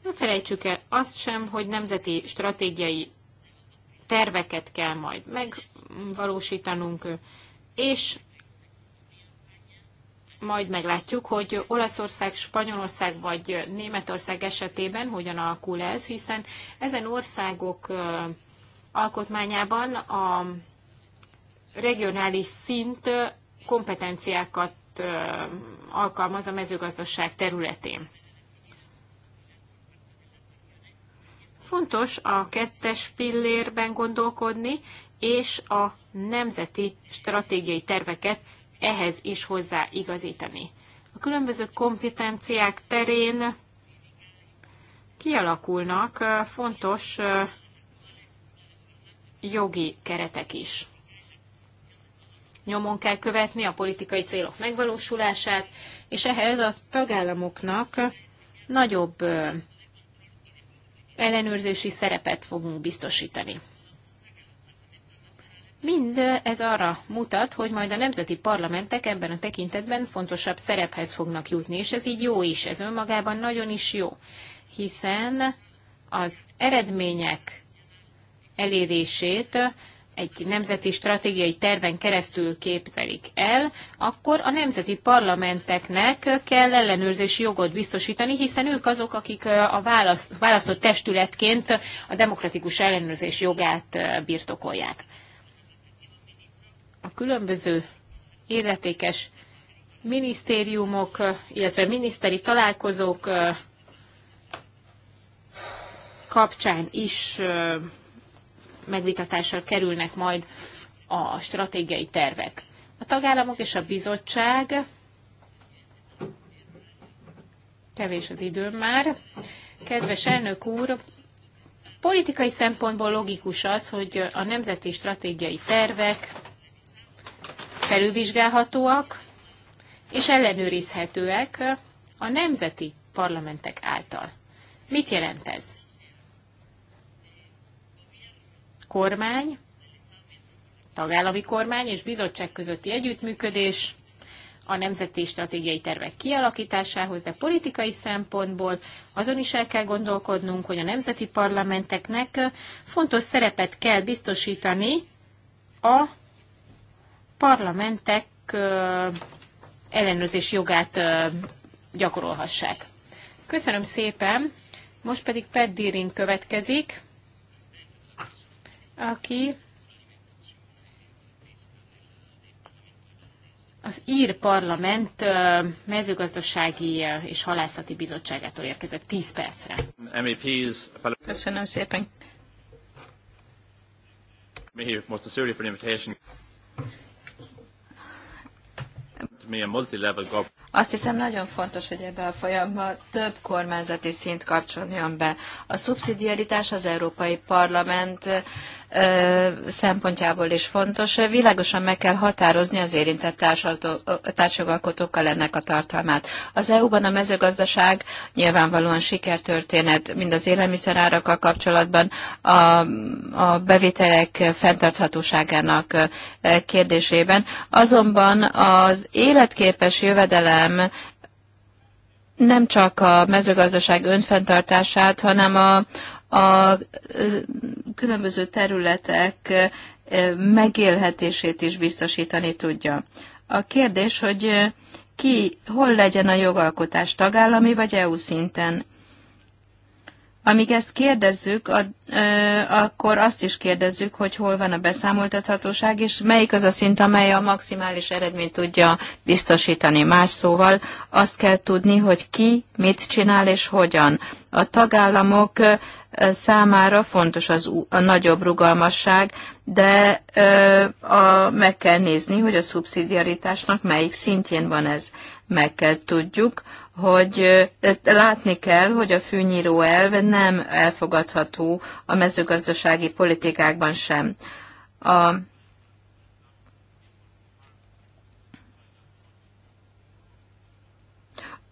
Ne felejtsük el azt sem, hogy nemzeti stratégiai terveket kell majd megvalósítanunk, és majd meglátjuk, hogy Olaszország, Spanyolország vagy Németország esetében hogyan alakul ez, hiszen ezen országok alkotmányában a regionális szint kompetenciákat alkalmaz a mezőgazdaság területén. Fontos a kettes pillérben gondolkodni, és a nemzeti stratégiai terveket ehhez is hozzá igazítani. A különböző kompetenciák terén kialakulnak fontos jogi keretek is. Nyomon kell követni a politikai célok megvalósulását, és ehhez a tagállamoknak nagyobb ellenőrzési szerepet fogunk biztosítani. Mind ez arra mutat, hogy majd a nemzeti parlamentek ebben a tekintetben fontosabb szerephez fognak jutni, és ez így jó is, ez önmagában nagyon is jó, hiszen az eredmények elérését egy nemzeti stratégiai terven keresztül képzelik el, akkor a nemzeti parlamenteknek kell ellenőrzési jogot biztosítani, hiszen ők azok, akik a választott testületként a demokratikus ellenőrzés jogát birtokolják a különböző életékes minisztériumok, illetve miniszteri találkozók kapcsán is megvitatásra kerülnek majd a stratégiai tervek. A tagállamok és a bizottság, kevés az időm már, kedves elnök úr, politikai szempontból logikus az, hogy a nemzeti stratégiai tervek felülvizsgálhatóak és ellenőrizhetőek a nemzeti parlamentek által. Mit jelent ez? Kormány, tagállami kormány és bizottság közötti együttműködés a nemzeti stratégiai tervek kialakításához, de politikai szempontból azon is el kell gondolkodnunk, hogy a nemzeti parlamenteknek fontos szerepet kell biztosítani a parlamentek ellenőrzés jogát gyakorolhassák. Köszönöm szépen, most pedig Peddirin következik, aki az Ír Parlament mezőgazdasági és halászati bizottságától érkezett 10 percre. Köszönöm szépen. Azt hiszem nagyon fontos, hogy ebbe a folyamba több kormányzati szint kapcsoljon be. A szubszidiaritás az Európai Parlament szempontjából is fontos. Világosan meg kell határozni az érintett társadalkotókkal ennek a tartalmát. Az EU-ban a mezőgazdaság nyilvánvalóan sikertörténet, mind az élelmiszerárakkal kapcsolatban, a, a bevételek fenntarthatóságának kérdésében. Azonban az életképes jövedelem nem csak a mezőgazdaság önfenntartását, hanem a, a különböző területek megélhetését is biztosítani tudja. A kérdés, hogy ki, hol legyen a jogalkotás, tagállami vagy EU szinten? Amíg ezt kérdezzük, a, ö, akkor azt is kérdezzük, hogy hol van a beszámoltathatóság, és melyik az a szint, amely a maximális eredményt tudja biztosítani. Más szóval azt kell tudni, hogy ki mit csinál és hogyan. A tagállamok számára fontos az a nagyobb rugalmasság, de a, meg kell nézni, hogy a szubszidiaritásnak melyik szintjén van ez. Meg kell tudjuk, hogy látni kell, hogy a fűnyíró elv nem elfogadható a mezőgazdasági politikákban sem. A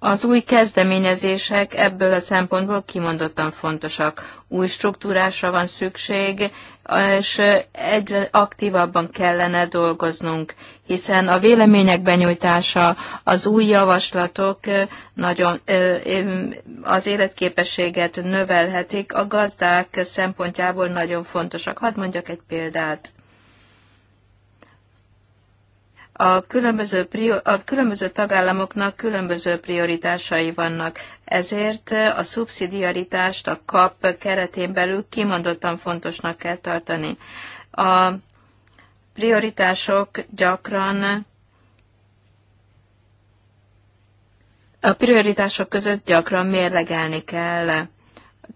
Az új kezdeményezések ebből a szempontból kimondottan fontosak. Új struktúrásra van szükség, és egyre aktívabban kellene dolgoznunk, hiszen a vélemények benyújtása, az új javaslatok nagyon az életképességet növelhetik, a gazdák szempontjából nagyon fontosak. Hadd mondjak egy példát a különböző, a különböző tagállamoknak különböző prioritásai vannak. Ezért a szubszidiaritást a kap keretén belül kimondottan fontosnak kell tartani. A prioritások gyakran a prioritások között gyakran mérlegelni kell.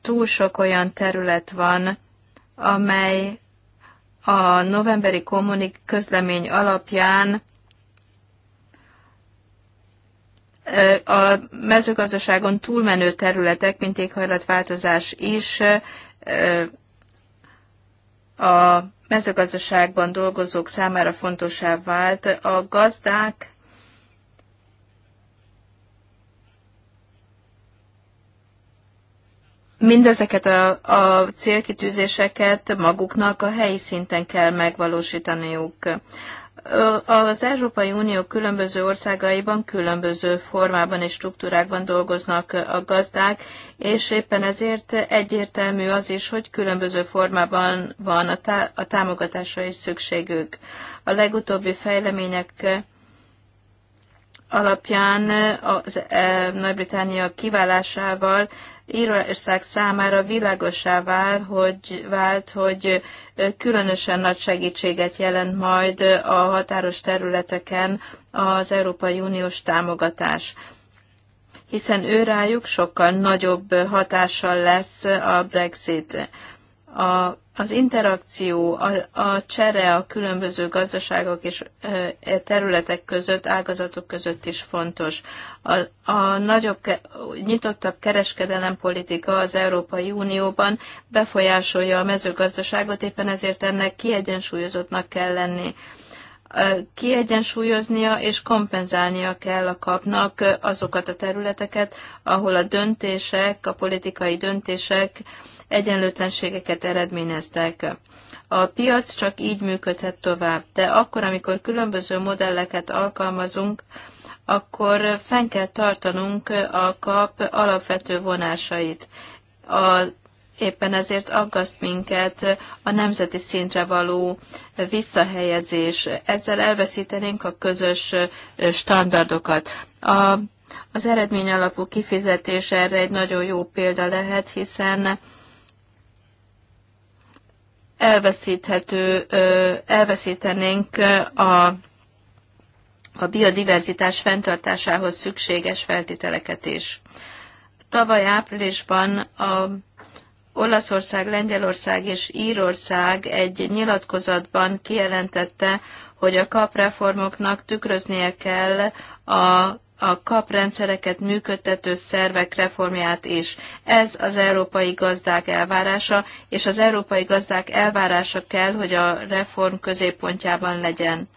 Túl sok olyan terület van, amely a novemberi kommunik közlemény alapján a mezőgazdaságon túlmenő területek, mint éghajlatváltozás is a mezőgazdaságban dolgozók számára fontosá vált. A gazdák mindezeket a, a célkitűzéseket maguknak a helyi szinten kell megvalósítaniuk az Európai Unió különböző országaiban különböző formában és struktúrákban dolgoznak a gazdák, és éppen ezért egyértelmű az is, hogy különböző formában van a, tá- a támogatásra is szükségük. A legutóbbi fejlemények alapján az e, Nagy-Britannia kiválásával Írország számára világosá vál, hogy, vált, hogy különösen nagy segítséget jelent majd a határos területeken az Európai Uniós támogatás hiszen őrájuk sokkal nagyobb hatással lesz a Brexit. A az interakció, a, a csere a különböző gazdaságok és e, területek között, ágazatok között is fontos. A, a nagyobb, nyitottabb kereskedelempolitika az Európai Unióban befolyásolja a mezőgazdaságot, éppen ezért ennek kiegyensúlyozottnak kell lenni kiegyensúlyoznia és kompenzálnia kell a kapnak azokat a területeket, ahol a döntések, a politikai döntések egyenlőtlenségeket eredményeztek. A piac csak így működhet tovább, de akkor, amikor különböző modelleket alkalmazunk, akkor fenn kell tartanunk a kap alapvető vonásait. A, éppen ezért aggaszt minket a nemzeti szintre való visszahelyezés. Ezzel elveszítenénk a közös standardokat. A, az eredmény alapú kifizetés erre egy nagyon jó példa lehet, hiszen elveszíthető, elveszítenénk a, a biodiverzitás fenntartásához szükséges feltételeket is. Tavaly áprilisban a Olaszország, Lengyelország és Írország egy nyilatkozatban kijelentette, hogy a kapreformoknak tükröznie kell a a kaprendszereket működtető szervek reformját is. Ez az európai gazdák elvárása, és az európai gazdák elvárása kell, hogy a reform középpontjában legyen.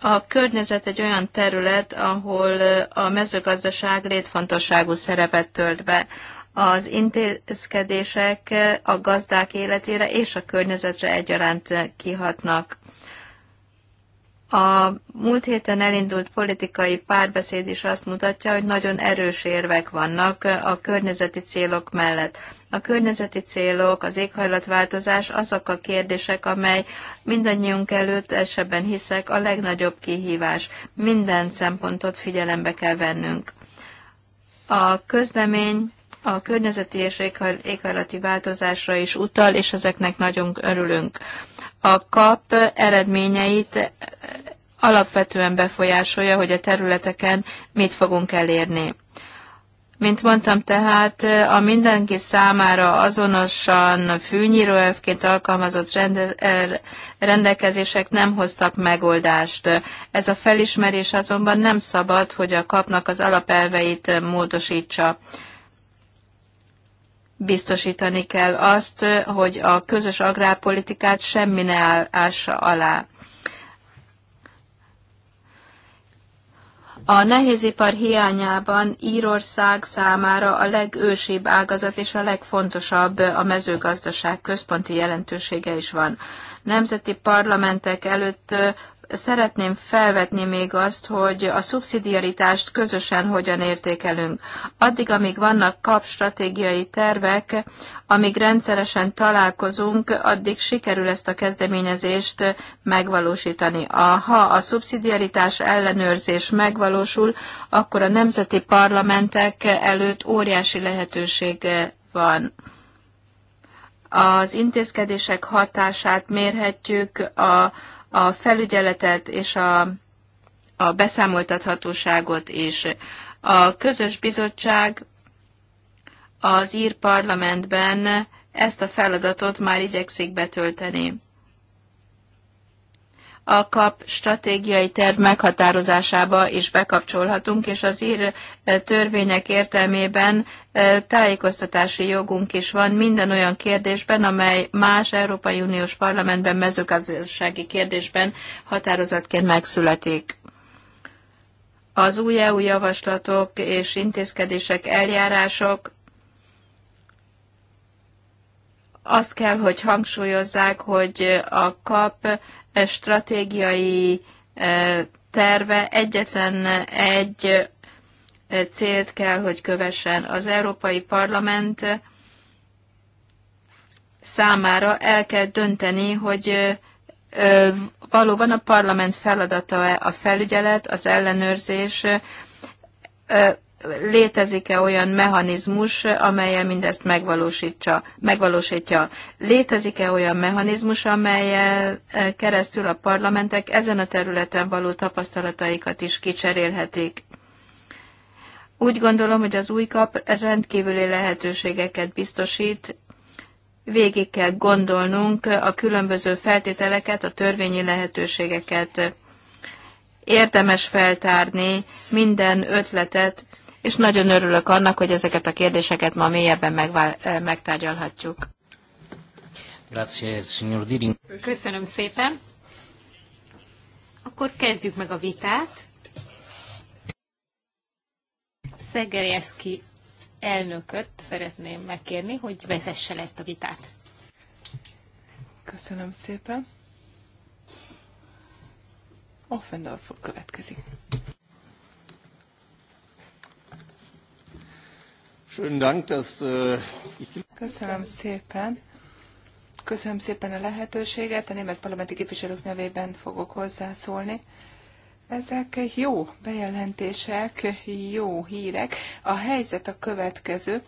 A környezet egy olyan terület, ahol a mezőgazdaság létfontosságú szerepet tölt be. Az intézkedések a gazdák életére és a környezetre egyaránt kihatnak. A múlt héten elindult politikai párbeszéd is azt mutatja, hogy nagyon erős érvek vannak a környezeti célok mellett. A környezeti célok, az éghajlatváltozás azok a kérdések, amely mindannyiunk előtt, esetben hiszek, a legnagyobb kihívás. Minden szempontot figyelembe kell vennünk. A közlemény a környezeti és éghajlati változásra is utal, és ezeknek nagyon örülünk a kap eredményeit alapvetően befolyásolja, hogy a területeken mit fogunk elérni. Mint mondtam, tehát a mindenki számára azonosan fűnyíróövként alkalmazott rende, e, rendelkezések nem hoztak megoldást. Ez a felismerés azonban nem szabad, hogy a kapnak az alapelveit módosítsa biztosítani kell azt, hogy a közös agrárpolitikát semmi ne ássa alá. A nehézipar hiányában Írország számára a legősibb ágazat és a legfontosabb a mezőgazdaság központi jelentősége is van. Nemzeti parlamentek előtt szeretném felvetni még azt, hogy a szubszidiaritást közösen hogyan értékelünk. Addig, amíg vannak kap stratégiai tervek, amíg rendszeresen találkozunk, addig sikerül ezt a kezdeményezést megvalósítani. ha a szubszidiaritás ellenőrzés megvalósul, akkor a nemzeti parlamentek előtt óriási lehetőség van az intézkedések hatását mérhetjük, a, a felügyeletet és a, a beszámoltathatóságot is. A közös bizottság az ír parlamentben ezt a feladatot már igyekszik betölteni a kap stratégiai terv meghatározásába is bekapcsolhatunk, és az ír e, törvények értelmében e, tájékoztatási jogunk is van minden olyan kérdésben, amely más Európai Uniós Parlamentben mezőgazdasági kérdésben határozatként megszületik. Az új EU javaslatok és intézkedések, eljárások azt kell, hogy hangsúlyozzák, hogy a kap stratégiai terve egyetlen egy célt kell, hogy kövessen. Az Európai Parlament számára el kell dönteni, hogy valóban a parlament feladata-e a felügyelet, az ellenőrzés, létezik-e olyan mechanizmus, amelyen mindezt megvalósítsa, megvalósítja? Létezik-e olyan mechanizmus, amelyen e, keresztül a parlamentek ezen a területen való tapasztalataikat is kicserélhetik? Úgy gondolom, hogy az új kap rendkívüli lehetőségeket biztosít, végig kell gondolnunk a különböző feltételeket, a törvényi lehetőségeket. Érdemes feltárni minden ötletet, és nagyon örülök annak, hogy ezeket a kérdéseket ma mélyebben megtárgyalhatjuk. Grazie, signor Diring. Köszönöm szépen. Akkor kezdjük meg a vitát. Szegerjeszki elnököt szeretném megkérni, hogy vezesse le ezt a vitát. Köszönöm szépen. Offendorf következik. Äh, Köszönöm szépen. Köszönöm szépen a lehetőséget. A német parlamenti képviselők nevében fogok hozzászólni. Ezek jó bejelentések, jó hírek. A helyzet a következő.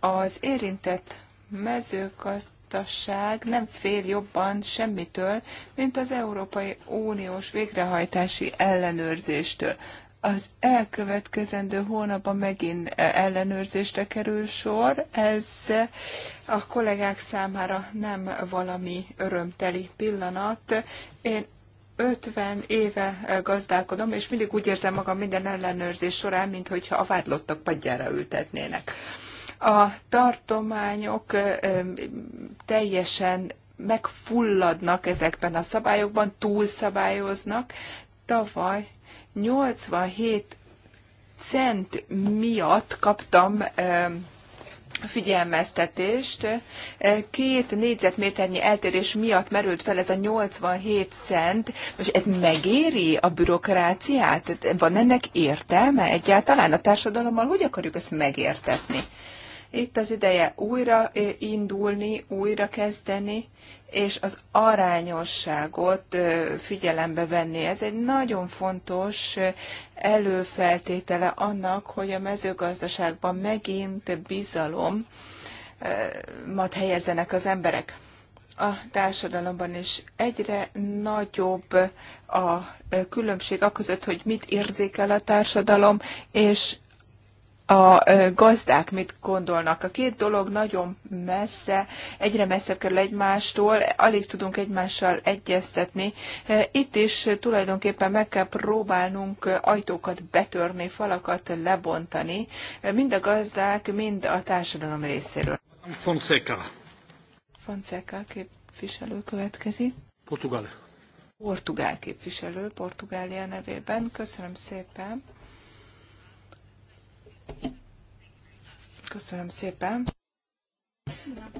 Az érintett mezőgazdaság nem fél jobban semmitől, mint az Európai Uniós végrehajtási ellenőrzéstől az elkövetkezendő hónapban megint ellenőrzésre kerül sor. Ez a kollégák számára nem valami örömteli pillanat. Én 50 éve gazdálkodom, és mindig úgy érzem magam minden ellenőrzés során, mintha a vádlottak padjára ültetnének. A tartományok teljesen megfulladnak ezekben a szabályokban, túlszabályoznak. Tavaly 87 cent miatt kaptam figyelmeztetést. Két négyzetméternyi eltérés miatt merült fel ez a 87 cent. Most ez megéri a bürokráciát? Van ennek értelme egyáltalán? A társadalommal hogy akarjuk ezt megértetni? Itt az ideje újra indulni, újra kezdeni, és az arányosságot figyelembe venni. Ez egy nagyon fontos előfeltétele annak, hogy a mezőgazdaságban megint bizalom mat helyezzenek az emberek. A társadalomban is egyre nagyobb a különbség a között, hogy mit érzékel a társadalom, és a gazdák mit gondolnak. A két dolog nagyon messze, egyre messze kerül egymástól, alig tudunk egymással egyeztetni. Itt is tulajdonképpen meg kell próbálnunk ajtókat betörni, falakat lebontani, mind a gazdák, mind a társadalom részéről. Fonseca. Fonseca képviselő következik. Portugál. Portugál képviselő, Portugália nevében. Köszönöm szépen. Köszönöm szépen.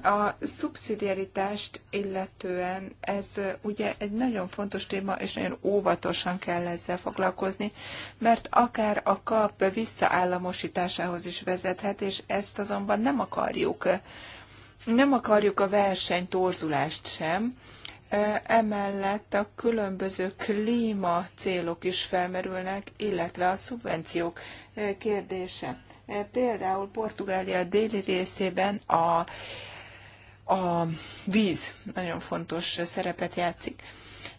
A szubszidiaritást illetően ez ugye egy nagyon fontos téma, és nagyon óvatosan kell ezzel foglalkozni, mert akár a kap visszaállamosításához is vezethet, és ezt azonban nem akarjuk. Nem akarjuk a versenytorzulást sem, emellett a különböző klíma célok is felmerülnek, illetve a szubvenciók kérdése. Például Portugália déli részében a, a víz nagyon fontos szerepet játszik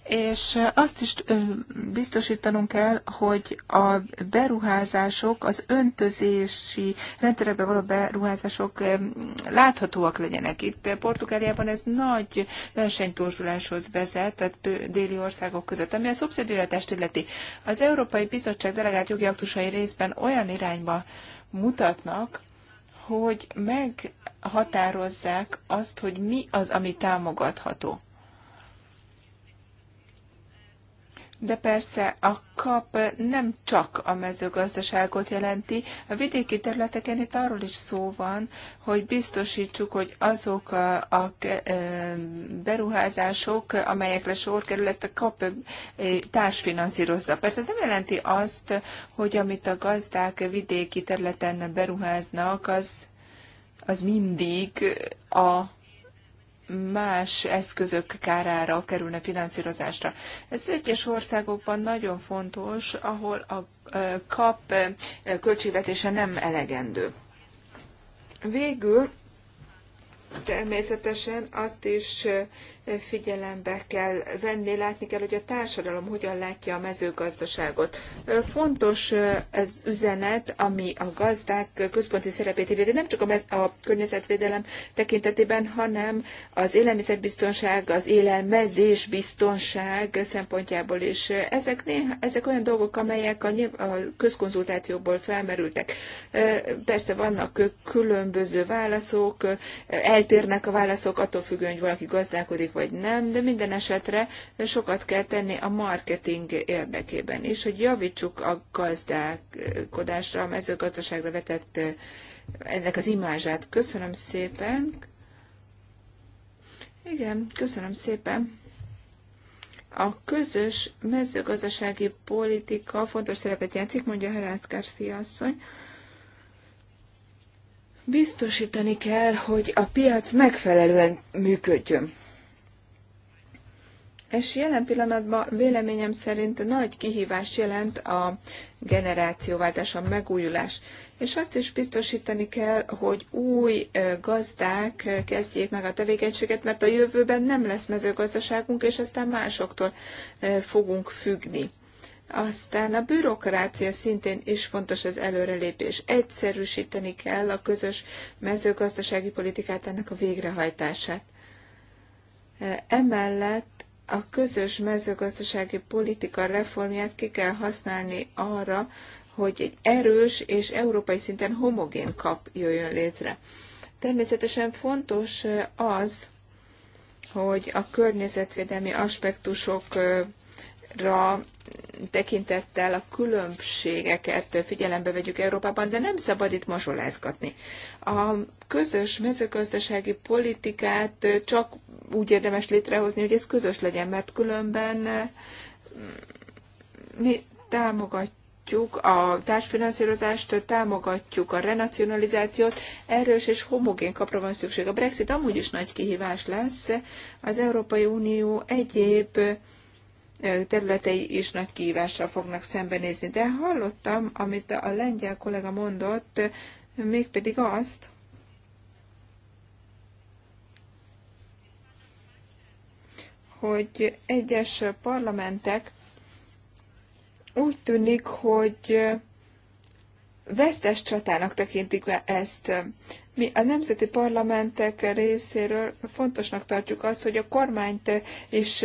és azt is biztosítanunk kell, hogy a beruházások, az öntözési rendszerekbe való beruházások láthatóak legyenek. Itt Portugáliában ez nagy versenytorzuláshoz vezet tehát déli országok között, ami a szubszidiaritást illeti. Az Európai Bizottság delegált jogi aktusai részben olyan irányba mutatnak, hogy meghatározzák azt, hogy mi az, ami támogatható de persze a kap nem csak a mezőgazdaságot jelenti. A vidéki területeken itt arról is szó van, hogy biztosítsuk, hogy azok a, a e, e, beruházások, amelyekre sor kerül, ezt a kap e, társfinanszírozza. Persze ez nem jelenti azt, hogy amit a gazdák vidéki területen beruháznak, az, az mindig a más eszközök kárára kerülne finanszírozásra. Ez egyes országokban nagyon fontos, ahol a kap költségvetése nem elegendő. Végül természetesen azt is figyelembe kell venni, látni kell, hogy a társadalom hogyan látja a mezőgazdaságot. Fontos ez üzenet, ami a gazdák központi szerepét illeti, nem csak a, a környezetvédelem tekintetében, hanem az élelmiszerbiztonság, az élelmezés biztonság szempontjából is. Ezek, néha, ezek olyan dolgok, amelyek a, a közkonzultációból felmerültek. Persze vannak különböző válaszok, eltérnek a válaszok, attól függően, hogy valaki gazdálkodik, szükség, vagy nem, de minden esetre sokat kell tenni a marketing érdekében is, hogy javítsuk a gazdálkodásra, a mezőgazdaságra vetett ennek az imázsát. Köszönöm szépen. Igen, köszönöm szépen. A közös mezőgazdasági politika fontos szerepet játszik, mondja Herát Garcia asszony. Biztosítani kell, hogy a piac megfelelően működjön és jelen pillanatban véleményem szerint nagy kihívást jelent a generációváltás, a megújulás. És azt is biztosítani kell, hogy új gazdák kezdjék meg a tevékenységet, mert a jövőben nem lesz mezőgazdaságunk, és aztán másoktól fogunk függni. Aztán a bürokrácia szintén is fontos az előrelépés. Egyszerűsíteni kell a közös mezőgazdasági politikát, ennek a végrehajtását. Emellett a közös mezőgazdasági politika reformját ki kell használni arra, hogy egy erős és európai szinten homogén kap jöjjön létre. Természetesen fontos az, hogy a környezetvédelmi aspektusokra tekintettel a különbségeket figyelembe vegyük Európában, de nem szabad itt mazsolázgatni. A közös mezőgazdasági politikát csak úgy érdemes létrehozni, hogy ez közös legyen, mert különben eh, mi támogatjuk a társfinanszírozást, támogatjuk a renacionalizációt, erős és homogén kapra van szükség. A Brexit amúgy is nagy kihívás lesz, az Európai Unió egyéb eh, területei is nagy kihívással fognak szembenézni. De hallottam, amit a lengyel kollega mondott, mégpedig azt, hogy egyes parlamentek úgy tűnik, hogy vesztes csatának tekintik ezt. Mi a nemzeti parlamentek részéről fontosnak tartjuk azt, hogy a kormányt is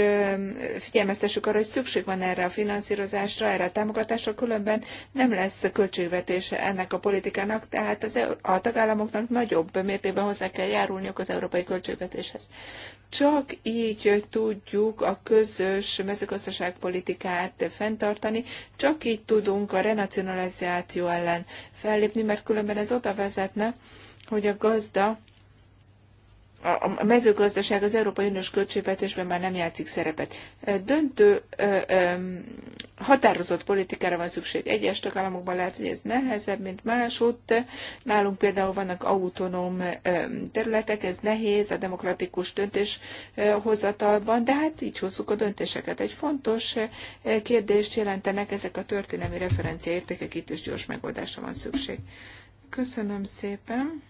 figyelmeztessük arra, hogy szükség van erre a finanszírozásra, erre a támogatásra, különben nem lesz költségvetése ennek a politikának, tehát az, a tagállamoknak nagyobb mértékben hozzá kell járulniuk az európai költségvetéshez. Csak így tudjuk a közös mezőgazdaságpolitikát fenntartani, csak így tudunk a renacionalizáció ellen fellépni, mert különben ez oda vezetne, hogy a gazda, a mezőgazdaság az Európai Uniós költségvetésben már nem játszik szerepet. Döntő, határozott politikára van szükség. Egyes tagállamokban lehet, hogy ez nehezebb, mint ott. Nálunk például vannak autonóm területek, ez nehéz a demokratikus döntéshozatalban, de hát így hozzuk a döntéseket. Egy fontos kérdést jelentenek ezek a történelmi referenciaértékek, itt is gyors megoldásra van szükség. Köszönöm szépen!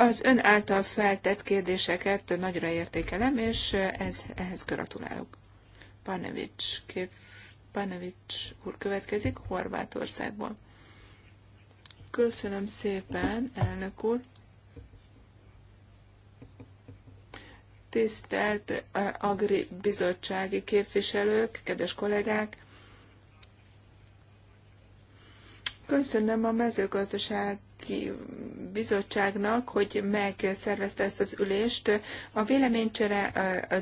Az ön által feltett kérdéseket nagyra értékelem, és ez, ehhez gratulálok. Panevics, kép, Panevics úr következik Horvátországból. Köszönöm szépen, elnök úr. Tisztelt eh, Agri Bizottsági képviselők, kedves kollégák! Köszönöm a mezőgazdaság bizottságnak, hogy megszervezte ezt az ülést. A véleménycsere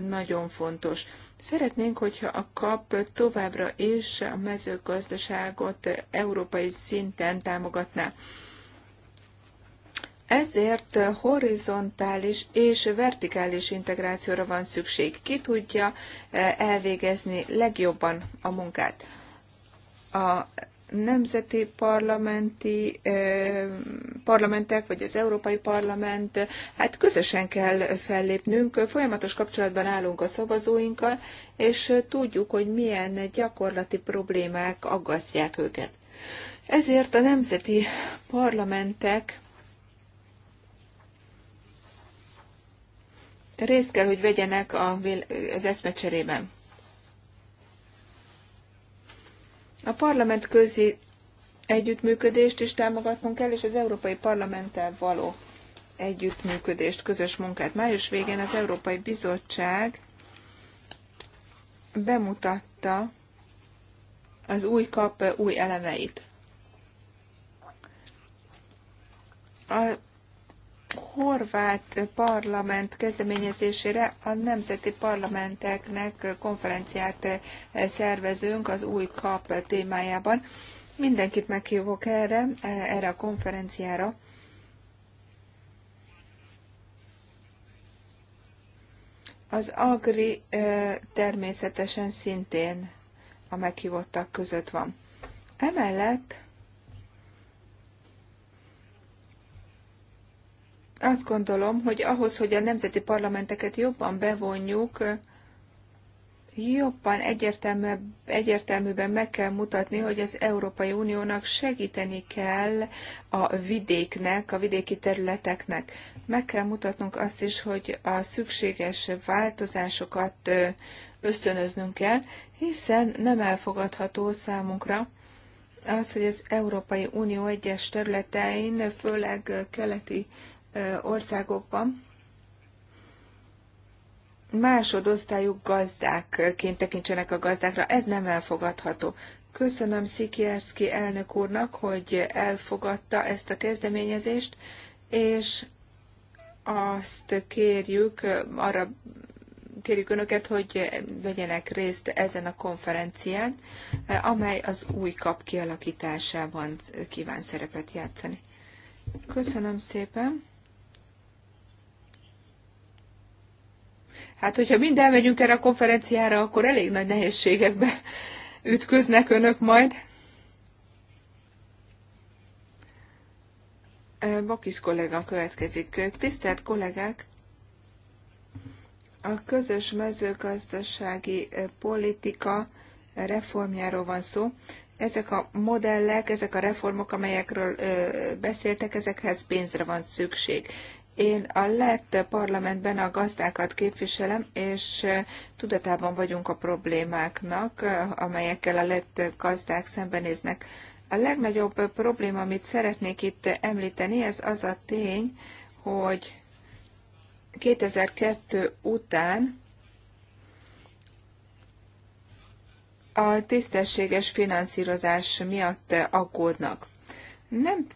nagyon fontos. Szeretnénk, hogyha a KAP továbbra is a mezőgazdaságot európai szinten támogatná. Ezért horizontális és vertikális integrációra van szükség. Ki tudja elvégezni legjobban a munkát? A nemzeti parlamenti parlamentek, vagy az Európai Parlament, hát közösen kell fellépnünk, folyamatos kapcsolatban állunk a szavazóinkkal, és tudjuk, hogy milyen gyakorlati problémák aggasztják őket. Ezért a nemzeti parlamentek részt kell, hogy vegyenek az eszmecserében. A parlament közi együttműködést is támogatnunk kell, és az Európai Parlamenttel való együttműködést, közös munkát. Május végén az Európai Bizottság bemutatta az új kap új elemeit. A horvát parlament kezdeményezésére a nemzeti parlamenteknek konferenciát szervezünk az új kap témájában. Mindenkit meghívok erre, erre a konferenciára. Az Agri természetesen szintén a meghívottak között van. Emellett Azt gondolom, hogy ahhoz, hogy a nemzeti parlamenteket jobban bevonjuk, jobban egyértelműben meg kell mutatni, hogy az Európai Uniónak segíteni kell a vidéknek, a vidéki területeknek. Meg kell mutatnunk azt is, hogy a szükséges változásokat ösztönöznünk kell, hiszen nem elfogadható számunkra az, hogy az Európai Unió egyes területein, főleg keleti országokban másodosztályú gazdákként tekintsenek a gazdákra. Ez nem elfogadható. Köszönöm Szikierszki elnök úrnak, hogy elfogadta ezt a kezdeményezést, és azt kérjük, arra kérjük Önöket, hogy vegyenek részt ezen a konferencián, amely az új kap kialakításában kíván szerepet játszani. Köszönöm szépen! Hát, hogyha mind elmegyünk erre a konferenciára, akkor elég nagy nehézségekbe ütköznek önök majd. Bakis kollega következik. Tisztelt kollégák! A közös mezőgazdasági politika reformjáról van szó. Ezek a modellek, ezek a reformok, amelyekről beszéltek, ezekhez pénzre van szükség. Én a lett parlamentben a gazdákat képviselem, és tudatában vagyunk a problémáknak, amelyekkel a lett gazdák szembenéznek. A legnagyobb probléma, amit szeretnék itt említeni, ez az a tény, hogy 2002 után a tisztességes finanszírozás miatt aggódnak nem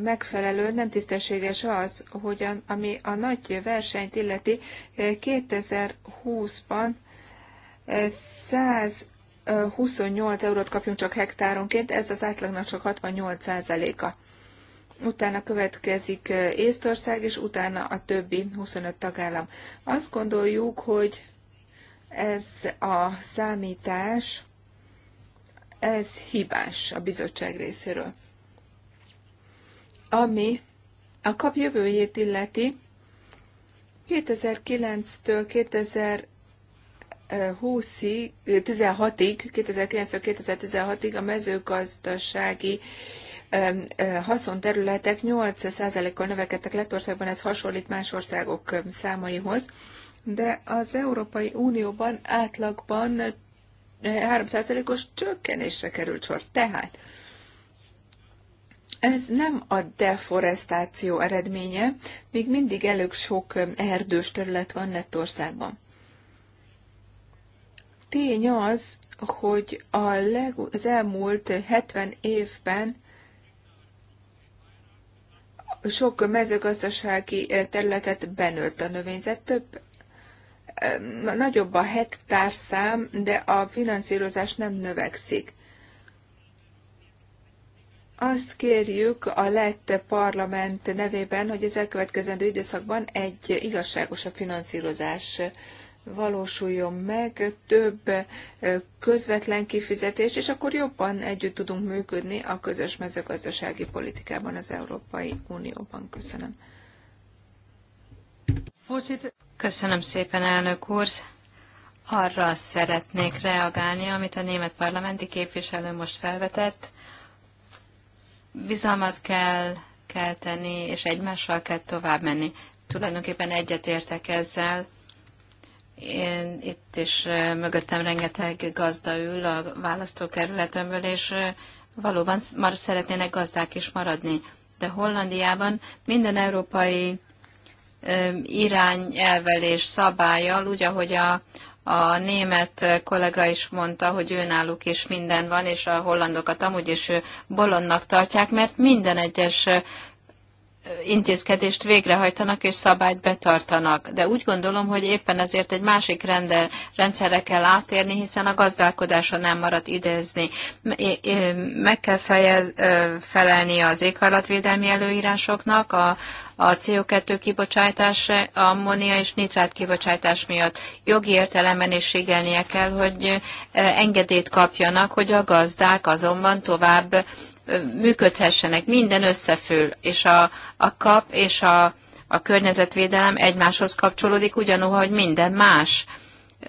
megfelelő, nem tisztességes az, hogy a, ami a nagy versenyt illeti 2020-ban 128 eurót kapjunk csak hektáronként, ez az átlagnak csak 68 a Utána következik Észtország, és utána a többi 25 tagállam. Azt gondoljuk, hogy ez a számítás, ez hibás a bizottság részéről. Ami a kap jövőjét illeti, 2009-től 2016 ig 2009 2009-2016-ig a mezőgazdasági haszonterületek 8%-kal növekedtek Lettországban, ez hasonlít más országok számaihoz, de az Európai Unióban átlagban 3%-os csökkenésre került sor. Tehát ez nem a deforestáció eredménye, még mindig elég sok erdős terület van Lettországban. Tény az, hogy a leg, az elmúlt 70 évben sok mezőgazdasági eh, területet benőtt a növényzet, több eh, nagyobb a hektárszám, de a finanszírozás nem növekszik azt kérjük a lett parlament nevében, hogy az elkövetkezendő időszakban egy igazságosabb finanszírozás valósuljon meg, több közvetlen kifizetés, és akkor jobban együtt tudunk működni a közös mezőgazdasági politikában az Európai Unióban. Köszönöm. Köszönöm szépen, elnök úr. Arra szeretnék reagálni, amit a német parlamenti képviselő most felvetett bizalmat kell kell tenni, és egymással kell tovább menni. Tulajdonképpen egyetértek ezzel. Én itt is mögöttem rengeteg gazda ül a választókerületemből, és valóban már szeretnének gazdák is maradni. De Hollandiában minden európai irányelvel és szabályjal, úgy, ahogy a, a német kollega is mondta, hogy náluk is minden van, és a hollandokat amúgy is bolondnak tartják, mert minden egyes intézkedést végrehajtanak és szabályt betartanak. De úgy gondolom, hogy éppen ezért egy másik rendel, rendszerre kell átérni, hiszen a gazdálkodásra nem marad idezni. Meg kell feje, felelni az éghajlatvédelmi előírásoknak, a, a CO2 kibocsátás, ammónia és nitrát kibocsátás miatt jogi értelemben is sigelnie kell, hogy e, engedélyt kapjanak, hogy a gazdák azonban tovább e, működhessenek. Minden összefül, és a, a kap és a, a környezetvédelem egymáshoz kapcsolódik, ugyanúgy, hogy minden más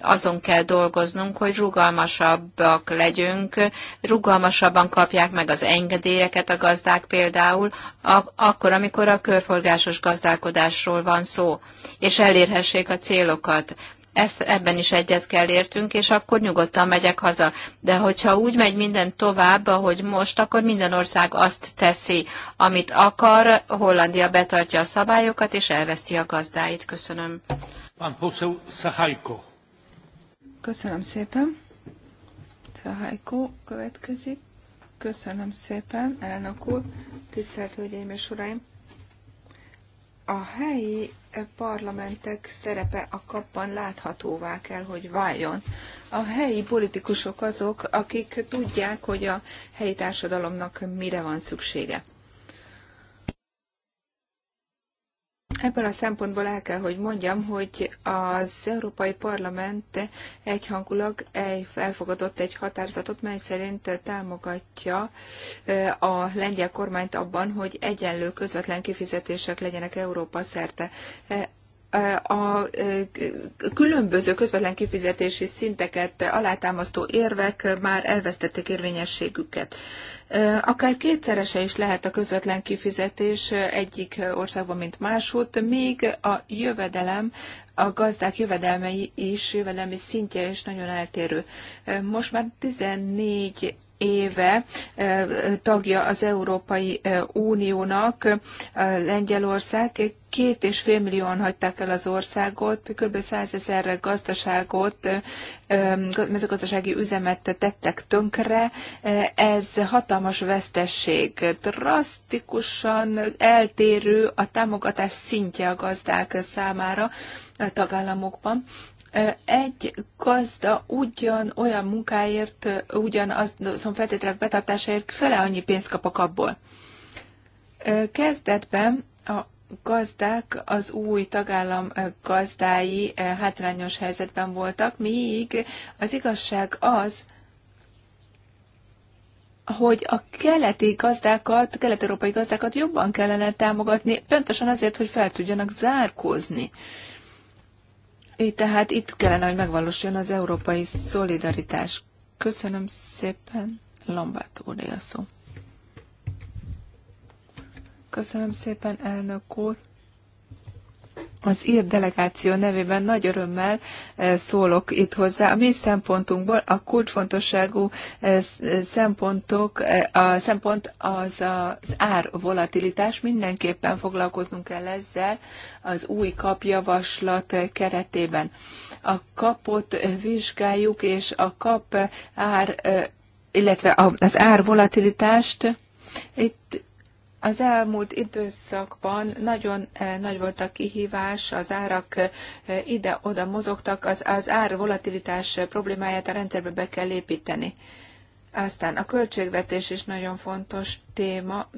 azon kell dolgoznunk, hogy rugalmasabbak legyünk, rugalmasabban kapják meg az engedélyeket a gazdák például, akkor, amikor a körforgásos gazdálkodásról van szó, és elérhessék a célokat. Ezt, ebben is egyet kell értünk, és akkor nyugodtan megyek haza. De hogyha úgy megy minden tovább, ahogy most, akkor minden ország azt teszi, amit akar, Hollandia betartja a szabályokat, és elveszti a gazdáit. Köszönöm. Pán Poseł Szahajko. Köszönöm szépen. Szahajkó következik. Köszönöm szépen, elnök úr, tisztelt hölgyeim és uraim. A helyi parlamentek szerepe a kapban láthatóvá kell, hogy váljon. A helyi politikusok azok, akik tudják, hogy a helyi társadalomnak mire van szüksége. Ebből a szempontból el kell, hogy mondjam, hogy az Európai Parlament egyhangulag elfogadott egy határozatot, mely szerint támogatja a lengyel kormányt abban, hogy egyenlő közvetlen kifizetések legyenek Európa szerte a különböző közvetlen kifizetési szinteket alátámasztó érvek már elvesztették érvényességüket akár kétszerese is lehet a közvetlen kifizetés egyik országban, mint máshogy, még a jövedelem, a gazdák jövedelmei is, jövedelmi szintje is nagyon eltérő. Most már 14 éve e, tagja az Európai e, Uniónak e, Lengyelország. Két és fél millióan hagyták el az országot, kb. százezerre gazdaságot, mezőgazdasági üzemet tettek tönkre. Ez hatalmas vesztesség. Drasztikusan eltérő a támogatás szintje a gazdák számára a tagállamokban egy gazda ugyan olyan munkáért, ugyan azon feltételek betartásáért fele annyi pénzt a abból. Kezdetben a gazdák az új tagállam gazdái hátrányos helyzetben voltak, míg az igazság az, hogy a keleti gazdákat, kelet-európai gazdákat jobban kellene támogatni, pontosan azért, hogy fel tudjanak zárkózni. Így tehát itt kellene, hogy megvalósuljon az európai szolidaritás. Köszönöm szépen, Lombát úr, szó. Köszönöm szépen, elnök úr. Az ír delegáció nevében nagy örömmel e, szólok itt hozzá. A mi szempontunkból a kulcsfontosságú e, e, szempontok, a szempont az az ár volatilitás. Mindenképpen foglalkoznunk kell ezzel az új kapjavaslat keretében. A kapot vizsgáljuk, és a kap ár, illetve az ár volatilitást itt az elmúlt időszakban nagyon eh, nagy volt a kihívás, az árak eh, ide-oda mozogtak, az, az ár volatilitás problémáját a rendszerbe be kell építeni. Aztán a költségvetés is nagyon fontos téma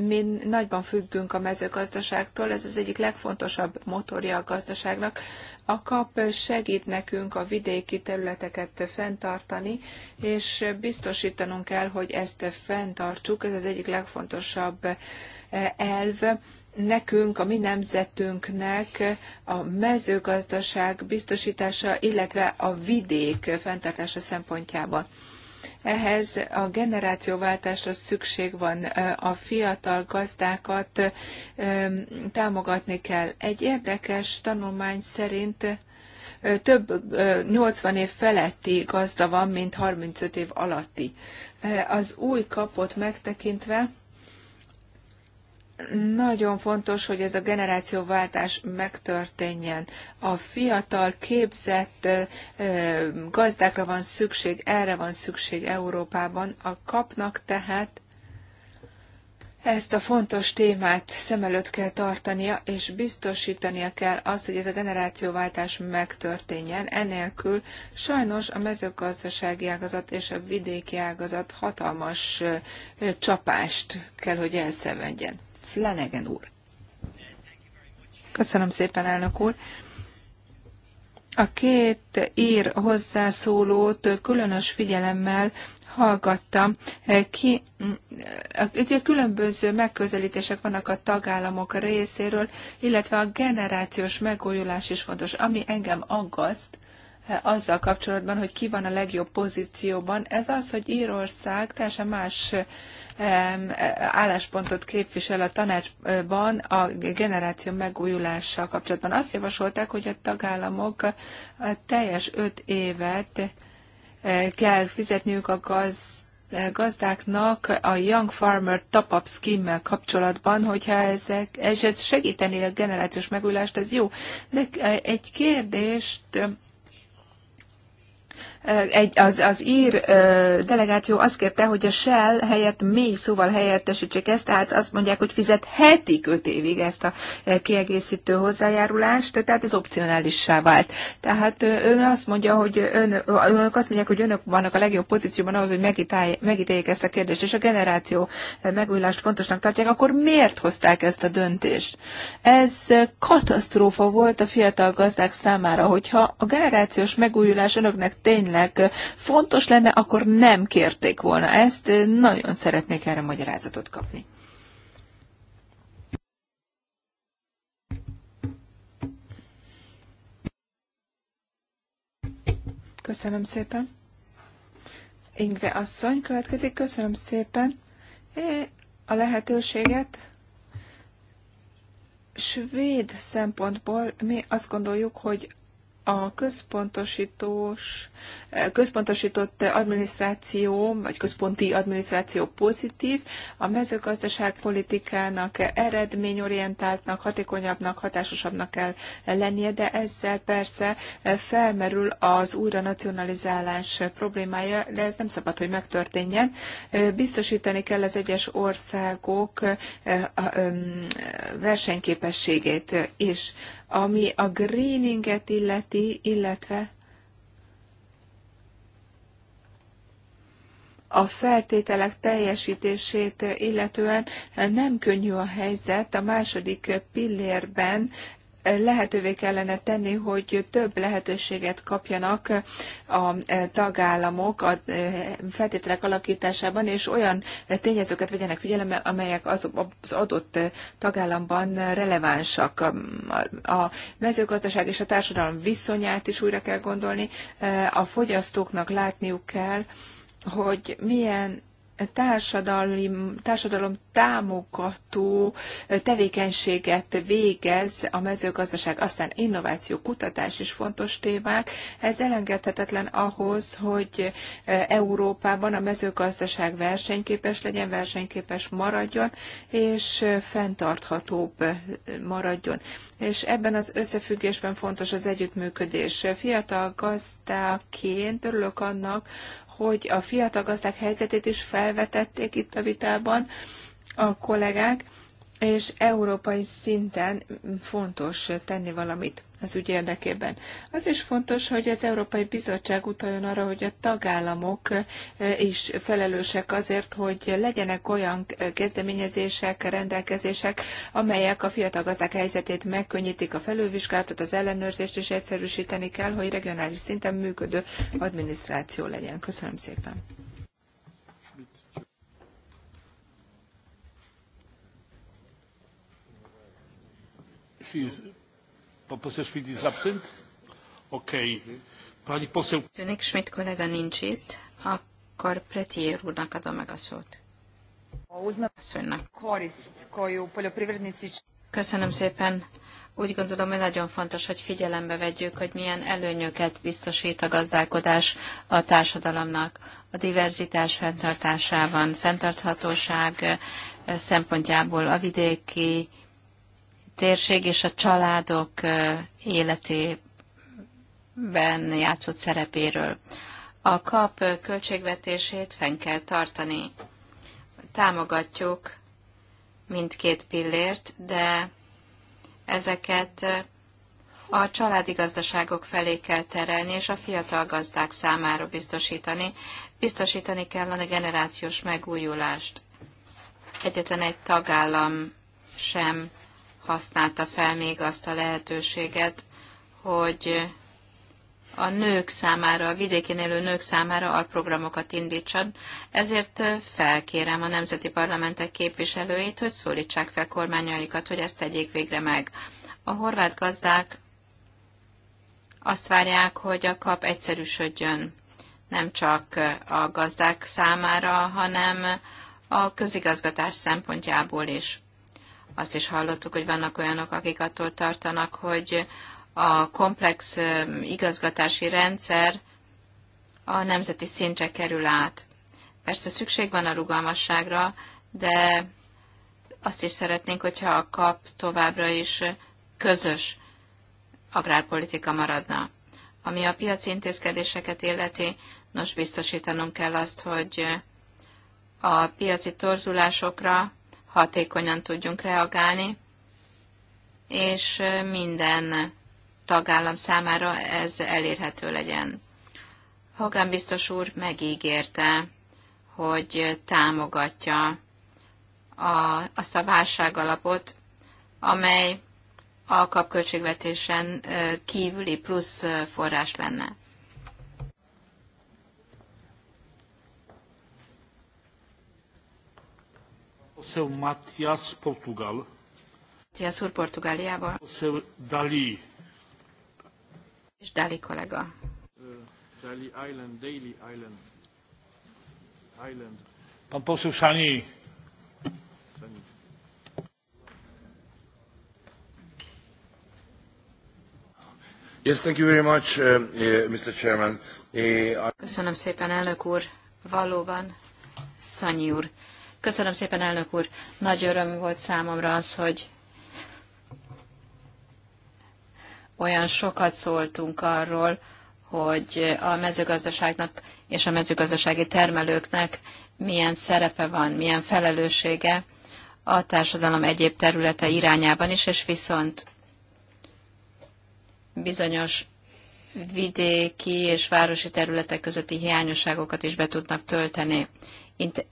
mi nagyban függünk a mezőgazdaságtól, ez az egyik legfontosabb motorja a gazdaságnak. A kap segít nekünk a vidéki területeket fenntartani, és biztosítanunk kell, hogy ezt fenntartsuk, ez az egyik legfontosabb eh, elv nekünk, a mi nemzetünknek a mezőgazdaság biztosítása, illetve a vidék fenntartása szempontjában. Ehhez a generációváltásra szükség van, a fiatal gazdákat támogatni kell. Egy érdekes tanulmány szerint több 80 év feletti gazda van, mint 35 év alatti. Az új kapot megtekintve nagyon fontos, hogy ez a generációváltás megtörténjen. A fiatal, képzett gazdákra van szükség, erre van szükség Európában. A kapnak tehát ezt a fontos témát szem előtt kell tartania, és biztosítania kell azt, hogy ez a generációváltás megtörténjen. Enélkül sajnos a mezőgazdasági ágazat és a vidéki ágazat hatalmas csapást kell, hogy elszenvedjen. Flanagan úr. Köszönöm szépen, elnök úr. A két ír hozzászólót különös figyelemmel hallgattam. Ki, ugye különböző megközelítések vannak a tagállamok részéről, illetve a generációs megújulás is fontos. Ami engem aggaszt, azzal kapcsolatban, hogy ki van a legjobb pozícióban, ez az, hogy Írország teljesen más álláspontot képvisel a tanácsban a generáció megújulással kapcsolatban. Azt javasolták, hogy a tagállamok a teljes öt évet eh, kell fizetniük a gazdáknak, gazdáknak a Young Farmer Top-up scheme kapcsolatban, hogyha ezek, és ez segíteni a generációs megújulást, ez jó. De egy kérdést egy, az, az ír delegáció azt kérte, hogy a Shell helyett mély szóval helyettesítsék ezt, tehát azt mondják, hogy fizethetik öt évig ezt a kiegészítő hozzájárulást, tehát ez opcionálissá vált. Tehát ön azt mondja, hogy ön, önök azt mondják, hogy önök vannak a legjobb pozícióban ahhoz, hogy megítéljék ezt a kérdést, és a generáció megújulást fontosnak tartják, akkor miért hozták ezt a döntést? Ez katasztrófa volt a fiatal gazdák számára, hogyha a generációs megújulás önöknek tényleg tényleg fontos lenne, akkor nem kérték volna ezt. Nagyon szeretnék erre magyarázatot kapni. Köszönöm szépen. Ingve asszony következik. Köszönöm szépen a lehetőséget. Svéd szempontból mi azt gondoljuk, hogy a központosítós, eh, központosított adminisztráció, vagy központi adminisztráció pozitív, a mezőgazdaság politikának eredményorientáltnak, hatékonyabbnak, hatásosabbnak kell lennie, de ezzel persze eh, felmerül az újra nacionalizálás problémája, de ez nem szabad, hogy megtörténjen. Eh, biztosítani kell az egyes országok versenyképességét is ami a greeninget illeti, illetve a feltételek teljesítését illetően nem könnyű a helyzet. A második pillérben lehetővé kellene tenni, hogy több lehetőséget kapjanak a e, tagállamok a e, feltételek alakításában, és olyan tényezőket vegyenek figyelembe, amelyek az adott tagállamban relevánsak. A mezőgazdaság és a társadalom viszonyát is újra kell gondolni, e, a fogyasztóknak látniuk kell, hogy milyen társadalmi társadalom támogató tevékenységet végez a mezőgazdaság, aztán innováció, kutatás is fontos témák. Ez elengedhetetlen ahhoz, hogy Európában a mezőgazdaság versenyképes legyen, versenyképes maradjon, és fenntarthatóbb maradjon. És ebben az összefüggésben fontos az együttműködés. Fiatal gazdáként örülök annak, hogy a fiatal gazdák helyzetét is felvetették itt a vitában a kollégák, és európai szinten fontos tenni valamit az ügy érdekében. Az is fontos, hogy az Európai Bizottság utaljon arra, hogy a tagállamok e, is felelősek azért, hogy legyenek olyan kezdeményezések, rendelkezések, amelyek a fiatal gazdák helyzetét megkönnyítik, a felülvizsgálatot, az ellenőrzést is egyszerűsíteni kell, hogy regionális szinten működő adminisztráció legyen. Köszönöm szépen. Pan poseł Schmidt is absent? Oké. Okay. Pani poseł... Tűnik Schmidt kollega nincs itt, akkor Pretier úrnak adom meg a szót. Köszönöm szépen. Úgy gondolom, hogy nagyon fontos, hogy figyelembe vegyük, hogy milyen előnyöket biztosít a gazdálkodás a társadalomnak a diverzitás fenntartásában, fenntarthatóság szempontjából a vidéki térség és a családok életében játszott szerepéről. A kap költségvetését fenn kell tartani. Támogatjuk mindkét pillért, de ezeket a családi gazdaságok felé kell terelni, és a fiatal gazdák számára biztosítani. Biztosítani kell a generációs megújulást. Egyetlen egy tagállam sem használta fel még azt a lehetőséget, hogy a nők számára, a vidékén élő nők számára alprogramokat indítson. Ezért felkérem a nemzeti parlamentek képviselőit, hogy szólítsák fel kormányaikat, hogy ezt tegyék végre meg. A horvát gazdák azt várják, hogy a kap egyszerűsödjön nem csak a gazdák számára, hanem a közigazgatás szempontjából is. Azt is hallottuk, hogy vannak olyanok, akik attól tartanak, hogy a komplex igazgatási rendszer a nemzeti szintre kerül át. Persze szükség van a rugalmasságra, de azt is szeretnénk, hogyha a kap továbbra is közös agrárpolitika maradna. Ami a piaci intézkedéseket illeti, nos biztosítanunk kell azt, hogy a piaci torzulásokra hatékonyan tudjunk reagálni, és minden tagállam számára ez elérhető legyen. Hogan biztos úr megígérte, hogy támogatja a, azt a válságalapot, amely a kapköltségvetésen kívüli plusz forrás lenne. poseł Matias, Portugal. Matias úr Portugáliából. Poseł Dali. És Dali kollega. Dali Island, Daily Island. Island. Pan poseł Szani. Yes, thank you very much, uh, uh Mr. Chairman. Uh, Köszönöm szépen, elnök úr. Valóban, Szanyi úr Köszönöm szépen, elnök úr. Nagy öröm volt számomra az, hogy olyan sokat szóltunk arról, hogy a mezőgazdaságnak és a mezőgazdasági termelőknek milyen szerepe van, milyen felelőssége a társadalom egyéb területe irányában is, és viszont bizonyos vidéki és városi területek közötti hiányosságokat is be tudnak tölteni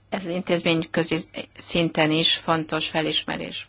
ez intézmény közi szinten is fontos felismerés.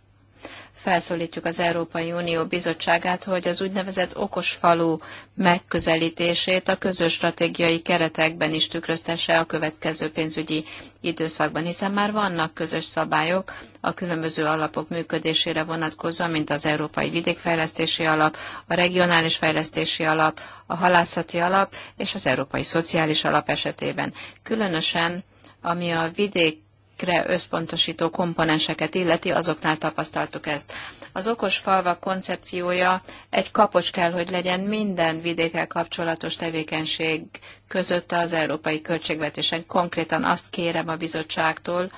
Felszólítjuk az Európai Unió Bizottságát, hogy az úgynevezett okos falu megközelítését a közös stratégiai keretekben is tükröztesse a következő pénzügyi időszakban, hiszen már vannak közös szabályok a különböző alapok működésére vonatkozóan, mint az Európai Vidékfejlesztési Alap, a Regionális Fejlesztési Alap, a Halászati Alap és az Európai Szociális Alap esetében. Különösen ami a vidékre összpontosító komponenseket illeti, azoknál tapasztaltuk ezt. Az okos falvak koncepciója egy kapocs kell, hogy legyen minden vidékkel kapcsolatos tevékenység között az európai költségvetésen. Konkrétan azt kérem a bizottságtól,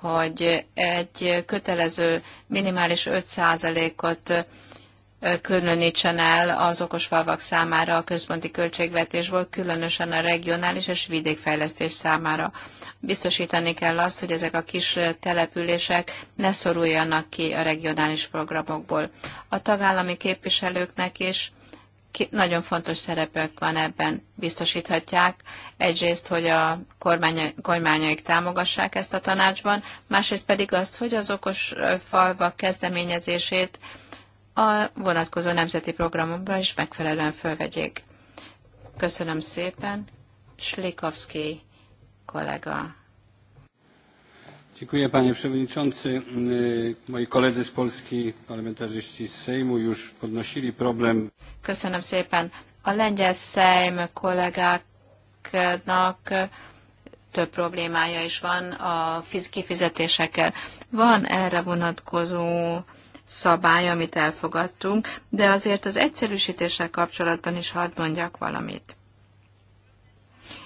hogy egy kötelező minimális 5%-ot különítsen el az okos falvak számára a központi költségvetésből, különösen a regionális és vidékfejlesztés számára. Biztosítani kell azt, hogy ezek a kis települések ne szoruljanak ki a regionális programokból. A tagállami képviselőknek is nagyon fontos szerepük van ebben. Biztosíthatják egyrészt, hogy a kormány, kormányaik támogassák ezt a tanácsban, másrészt pedig azt, hogy az okos falvak kezdeményezését a vonatkozó nemzeti programokban is megfelelően fölvegyék. Köszönöm szépen, Slikovszki kollega. Dziękuję panie przewodniczący. Moi koledzy z Polski, parlamentarzyści z Sejmu już podnosili problem. Köszönöm szépen. A lengyel Sejm kollégáknak több problémája is van a kifizetésekkel. Van erre vonatkozó szabály, amit elfogadtunk, de azért az egyszerűsítéssel kapcsolatban is hadd mondjak valamit.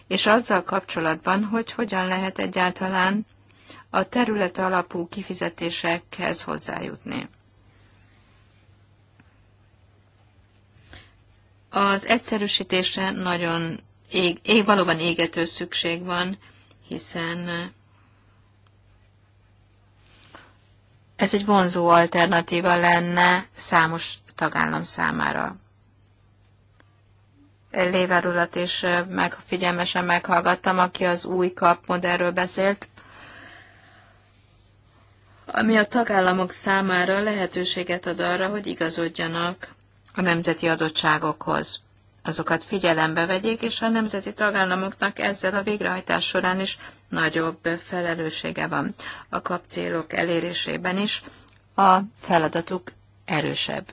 És azzal kapcsolatban, hogy hogyan lehet egyáltalán a terület alapú kifizetésekhez hozzájutni. Az egyszerűsítésre nagyon ég, ég, valóban égető szükség van, hiszen Ez egy vonzó alternatíva lenne számos tagállam számára. Léver urat is meg, figyelmesen meghallgattam, aki az új kap modellről beszélt, ami a tagállamok számára lehetőséget ad arra, hogy igazodjanak a nemzeti adottságokhoz azokat figyelembe vegyék, és a nemzeti tagállamoknak ezzel a végrehajtás során is nagyobb felelőssége van a kapcélok elérésében is, a feladatuk erősebb.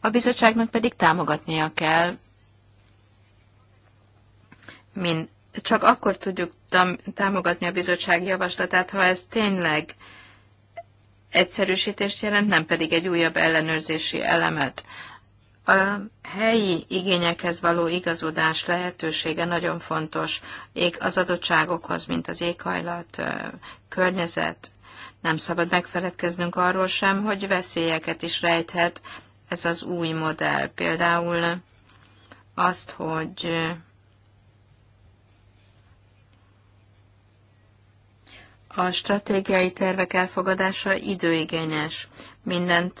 A bizottságnak pedig támogatnia kell, mint csak akkor tudjuk támogatni a bizottság javaslatát, ha ez tényleg egyszerűsítést jelent, nem pedig egy újabb ellenőrzési elemet. A helyi igényekhez való igazodás lehetősége nagyon fontos az adottságokhoz, mint az éghajlat, környezet. Nem szabad megfeledkeznünk arról sem, hogy veszélyeket is rejthet ez az új modell. Például azt, hogy a stratégiai tervek elfogadása időigényes. Mindent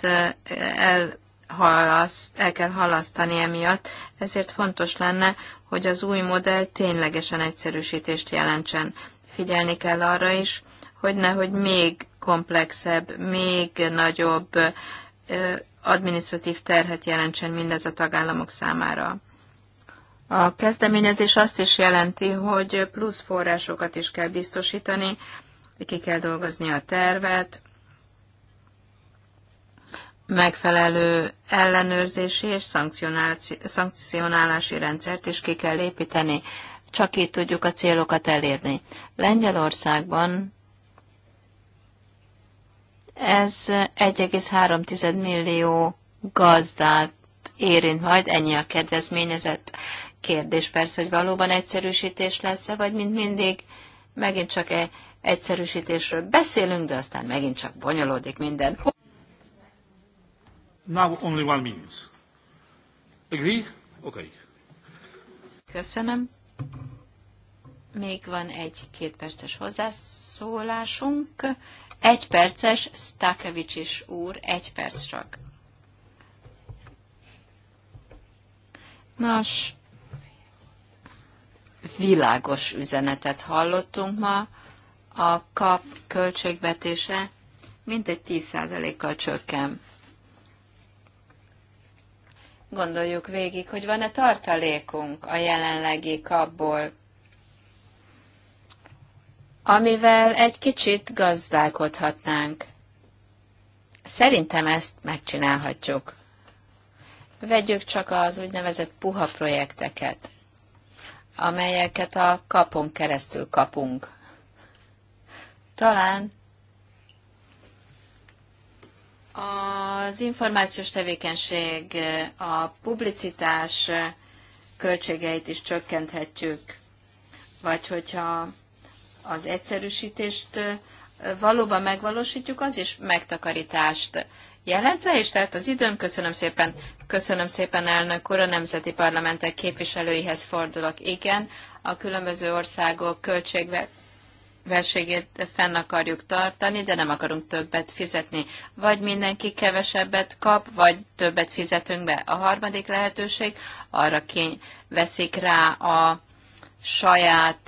el halaszt, el kell halasztani emiatt, ezért fontos lenne, hogy az új modell ténylegesen egyszerűsítést jelentsen. Figyelni kell arra is, hogy nehogy még komplexebb, még nagyobb administratív terhet jelentsen mindez a tagállamok számára. A kezdeményezés azt is jelenti, hogy plusz forrásokat is kell biztosítani, ki kell dolgozni a tervet, megfelelő ellenőrzési és szankcionálási rendszert is ki kell építeni. Csak így tudjuk a célokat elérni. Lengyelországban ez 1,3 millió gazdát érint majd, ennyi a kedvezményezett kérdés persze, hogy valóban egyszerűsítés lesz-e, vagy mint mindig megint csak e- egyszerűsítésről beszélünk, de aztán megint csak bonyolódik minden. Now only one minute. Agree? Okay. Köszönöm. Még van egy-két perces hozzászólásunk. Egy perces, Stakevics is úr, egy perc csak. Nos, világos üzenetet hallottunk ma. A kap költségvetése mintegy 10%-kal csökken. Gondoljuk végig, hogy van-e tartalékunk a jelenlegi kapból, amivel egy kicsit gazdálkodhatnánk. Szerintem ezt megcsinálhatjuk. Vegyük csak az úgynevezett puha projekteket, amelyeket a kapon keresztül kapunk. Talán az információs tevékenység, a publicitás költségeit is csökkenthetjük, vagy hogyha az egyszerűsítést valóban megvalósítjuk, az is megtakarítást jelent le, és tehát az időm, köszönöm szépen, köszönöm szépen elnök úr, a nemzeti parlamentek képviselőihez fordulok. Igen, a különböző országok költségve, versenyét fenn akarjuk tartani, de nem akarunk többet fizetni. Vagy mindenki kevesebbet kap, vagy többet fizetünk be. A harmadik lehetőség arra kény veszik rá a saját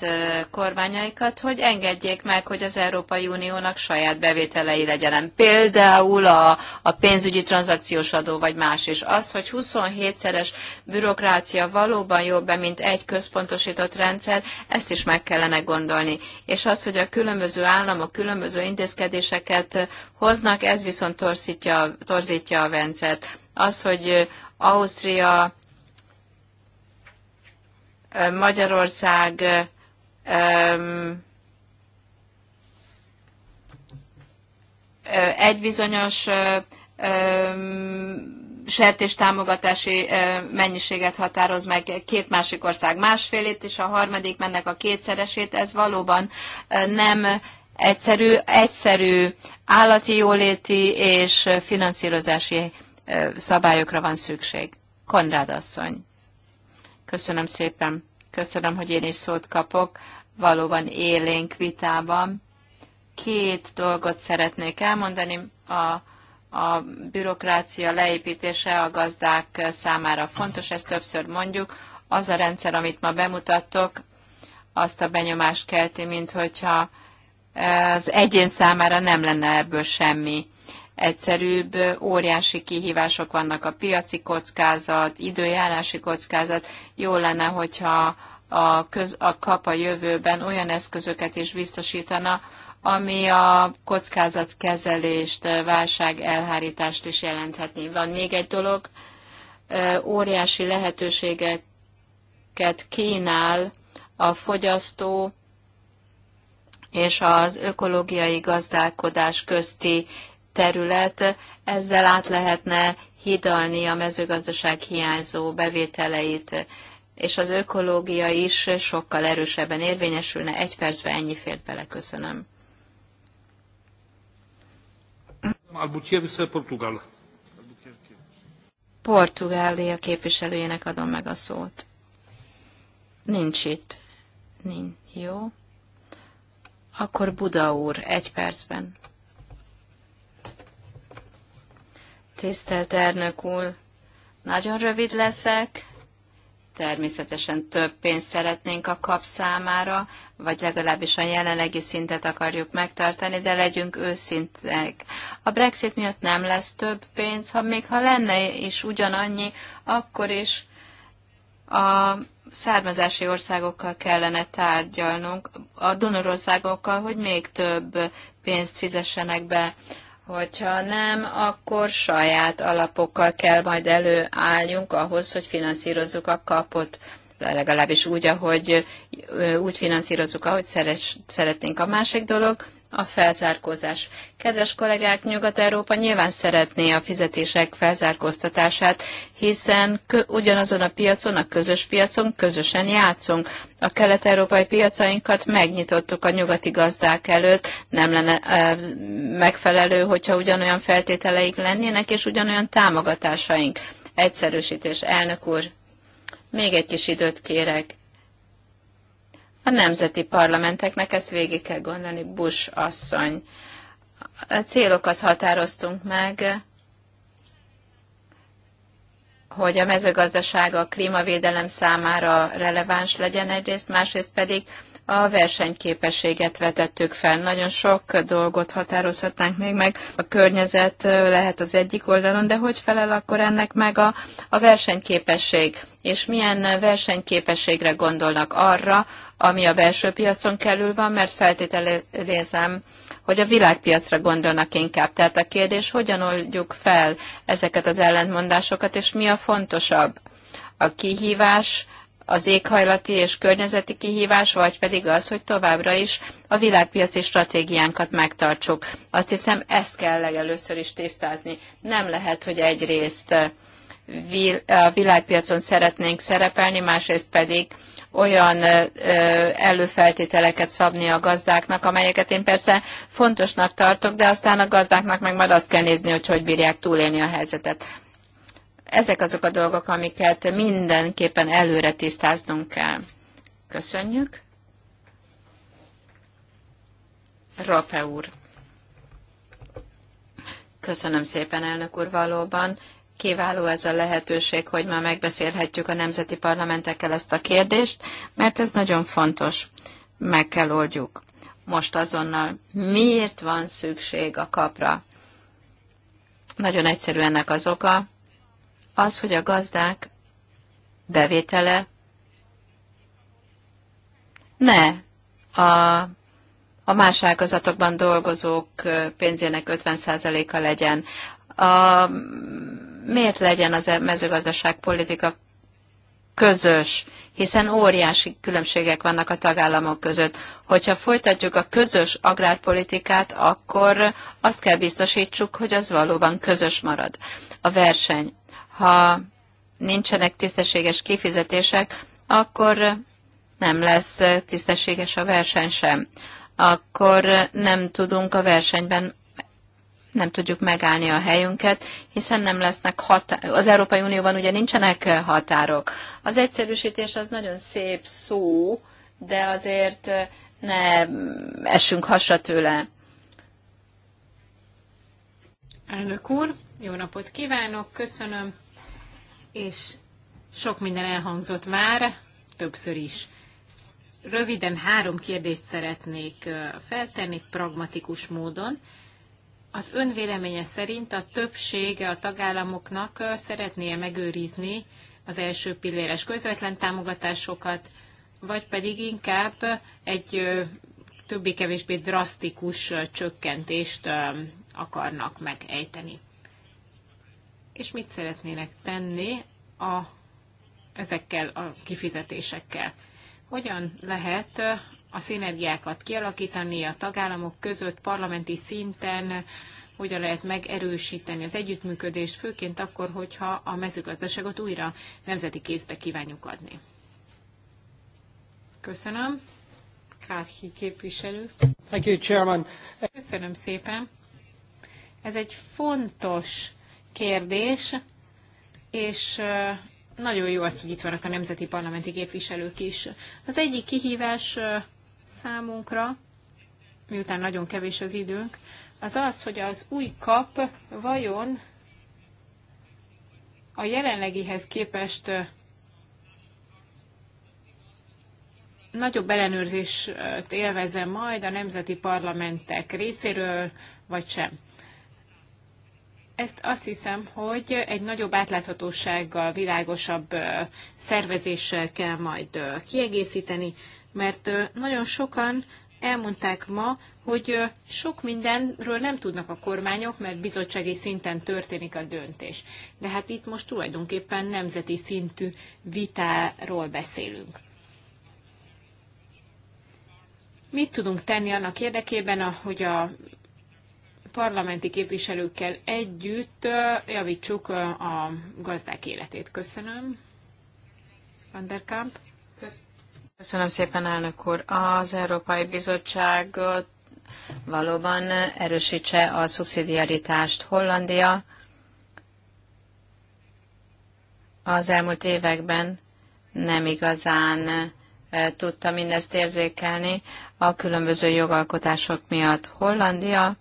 kormányaikat, hogy engedjék meg, hogy az Európai Uniónak saját bevételei legyenek. Például a, a pénzügyi tranzakciós adó, vagy más is. Az, hogy 27-szeres bürokrácia valóban jobb mint egy központosított rendszer, ezt is meg kellene gondolni. És az, hogy a különböző államok különböző intézkedéseket hoznak, ez viszont torzítja, torzítja a rendszert. Az, hogy Ausztria Magyarország egy bizonyos sertés támogatási mennyiséget határoz meg két másik ország másfélét, és a harmadik mennek a kétszeresét. Ez valóban nem egyszerű, egyszerű állati jóléti és finanszírozási szabályokra van szükség. Konrád asszony. Köszönöm szépen. Köszönöm, hogy én is szót kapok. Valóban élénk vitában. Két dolgot szeretnék elmondani. A, a bürokrácia leépítése a gazdák számára fontos, ezt többször mondjuk. Az a rendszer, amit ma bemutattok, azt a benyomást kelti, mint hogyha e, az egyén számára nem lenne ebből semmi. Egyszerűbb, óriási kihívások vannak a piaci kockázat, időjárási kockázat, jó lenne, hogyha a, köz, a kap a jövőben olyan eszközöket is biztosítana, ami a kockázatkezelést, válság elhárítást is jelenthetni. Van még egy dolog, óriási lehetőségeket kínál a fogyasztó és az ökológiai gazdálkodás közti terület, ezzel át lehetne hidalni a mezőgazdaság hiányzó bevételeit és az ökológia is sokkal erősebben érvényesülne. Egy percben ennyi fért bele, köszönöm. Portugália képviselőjének adom meg a szót. Nincs itt. Nincs. Jó. Akkor Buda úr, egy percben. Tisztelt elnök úr, nagyon rövid leszek Természetesen több pénzt szeretnénk a kap számára, vagy legalábbis a jelenlegi szintet akarjuk megtartani, de legyünk őszintek. A Brexit miatt nem lesz több pénz, ha még ha lenne is ugyanannyi, akkor is a származási országokkal kellene tárgyalnunk, a donorországokkal, hogy még több pénzt fizessenek be Hogyha nem, akkor saját alapokkal kell majd előálljunk ahhoz, hogy finanszírozzuk a kapot, legalábbis úgy, ahogy úgy finanszírozzuk, ahogy szeretnénk. A másik dolog, a felzárkózás. Kedves kollégák, Nyugat-Európa nyilván szeretné a fizetések felzárkóztatását, hiszen ugyanazon a piacon, a közös piacon közösen játszunk. A kelet-európai piacainkat megnyitottuk a nyugati gazdák előtt, nem lenne e, megfelelő, hogyha ugyanolyan feltételeik lennének, és ugyanolyan támogatásaink. Egyszerűsítés, elnök úr, még egy kis időt kérek a nemzeti parlamenteknek ezt végig kell gondolni, Bush asszony. A célokat határoztunk meg, hogy a mezőgazdaság a klímavédelem számára releváns legyen egyrészt, másrészt pedig a versenyképességet vetettük fel. Nagyon sok dolgot határozhatnánk még meg. A környezet lehet az egyik oldalon, de hogy felel akkor ennek meg a, a versenyképesség? És milyen versenyképességre gondolnak arra, ami a belső piacon kerül van, mert feltételezem, hogy a világpiacra gondolnak inkább. Tehát a kérdés, hogyan oldjuk fel ezeket az ellentmondásokat, és mi a fontosabb? A kihívás, az éghajlati és környezeti kihívás, vagy pedig az, hogy továbbra is a világpiaci stratégiánkat megtartsuk. Azt hiszem, ezt kell legelőször is tisztázni. Nem lehet, hogy egyrészt a világpiacon szeretnénk szerepelni, másrészt pedig olyan előfeltételeket szabni a gazdáknak, amelyeket én persze fontosnak tartok, de aztán a gazdáknak meg majd azt kell nézni, hogy hogy bírják túlélni a helyzetet. Ezek azok a dolgok, amiket mindenképpen előre tisztáznunk kell. Köszönjük. Rape úr. Köszönöm szépen, elnök úr, valóban Kiváló ez a lehetőség, hogy ma megbeszélhetjük a nemzeti parlamentekkel ezt a kérdést, mert ez nagyon fontos. Meg kell oldjuk. Most azonnal miért van szükség a kapra? Nagyon egyszerű ennek az oka. Az, hogy a gazdák bevétele ne a, a más ágazatokban dolgozók pénzének 50%-a legyen. A miért legyen az e- mezőgazdaságpolitika közös, hiszen óriási különbségek vannak a tagállamok között. Hogyha folytatjuk a közös agrárpolitikát, akkor azt kell biztosítsuk, hogy az valóban közös marad. A verseny. Ha nincsenek tisztességes kifizetések, akkor nem lesz tisztességes a verseny sem. Akkor nem tudunk a versenyben nem tudjuk megállni a helyünket, hiszen nem lesznek hatá- az Európai Unióban ugye nincsenek határok. Az egyszerűsítés az nagyon szép szó, de azért ne mm, essünk hasra tőle. Elnök úr, jó napot kívánok, köszönöm, és sok minden elhangzott már, többször is. Röviden három kérdést szeretnék feltenni pragmatikus módon. Az ön véleménye szerint a többsége a tagállamoknak szeretné megőrizni az első pilléres közvetlen támogatásokat, vagy pedig inkább egy többé-kevésbé drasztikus csökkentést akarnak megejteni. És mit szeretnének tenni a, ezekkel a kifizetésekkel? Hogyan lehet a szinergiákat kialakítani a tagállamok között, parlamenti szinten, hogyan lehet megerősíteni az együttműködést, főként akkor, hogyha a mezőgazdaságot újra nemzeti kézbe kívánjuk adni. Köszönöm. Kárhi képviselő. Thank you, Chairman. Köszönöm szépen. Ez egy fontos kérdés, és nagyon jó az, hogy itt vannak a nemzeti parlamenti képviselők is. Az egyik kihívás számunkra, miután nagyon kevés az időnk, az az, hogy az új kap vajon a jelenlegihez képest nagyobb ellenőrzést élveze majd a nemzeti parlamentek részéről, vagy sem. Ezt azt hiszem, hogy egy nagyobb átláthatósággal, világosabb szervezéssel kell majd kiegészíteni, mert nagyon sokan elmondták ma, hogy sok mindenről nem tudnak a kormányok, mert bizottsági szinten történik a döntés. De hát itt most tulajdonképpen nemzeti szintű vitáról beszélünk. Mit tudunk tenni annak érdekében, hogy a parlamenti képviselőkkel együtt javítsuk a gazdák életét? Köszönöm. Van der Kamp. Köszönöm szépen, elnök úr. Az Európai Bizottság valóban erősítse a szubszidiaritást. Hollandia az elmúlt években nem igazán e, tudta mindezt érzékelni a különböző jogalkotások miatt. Hollandia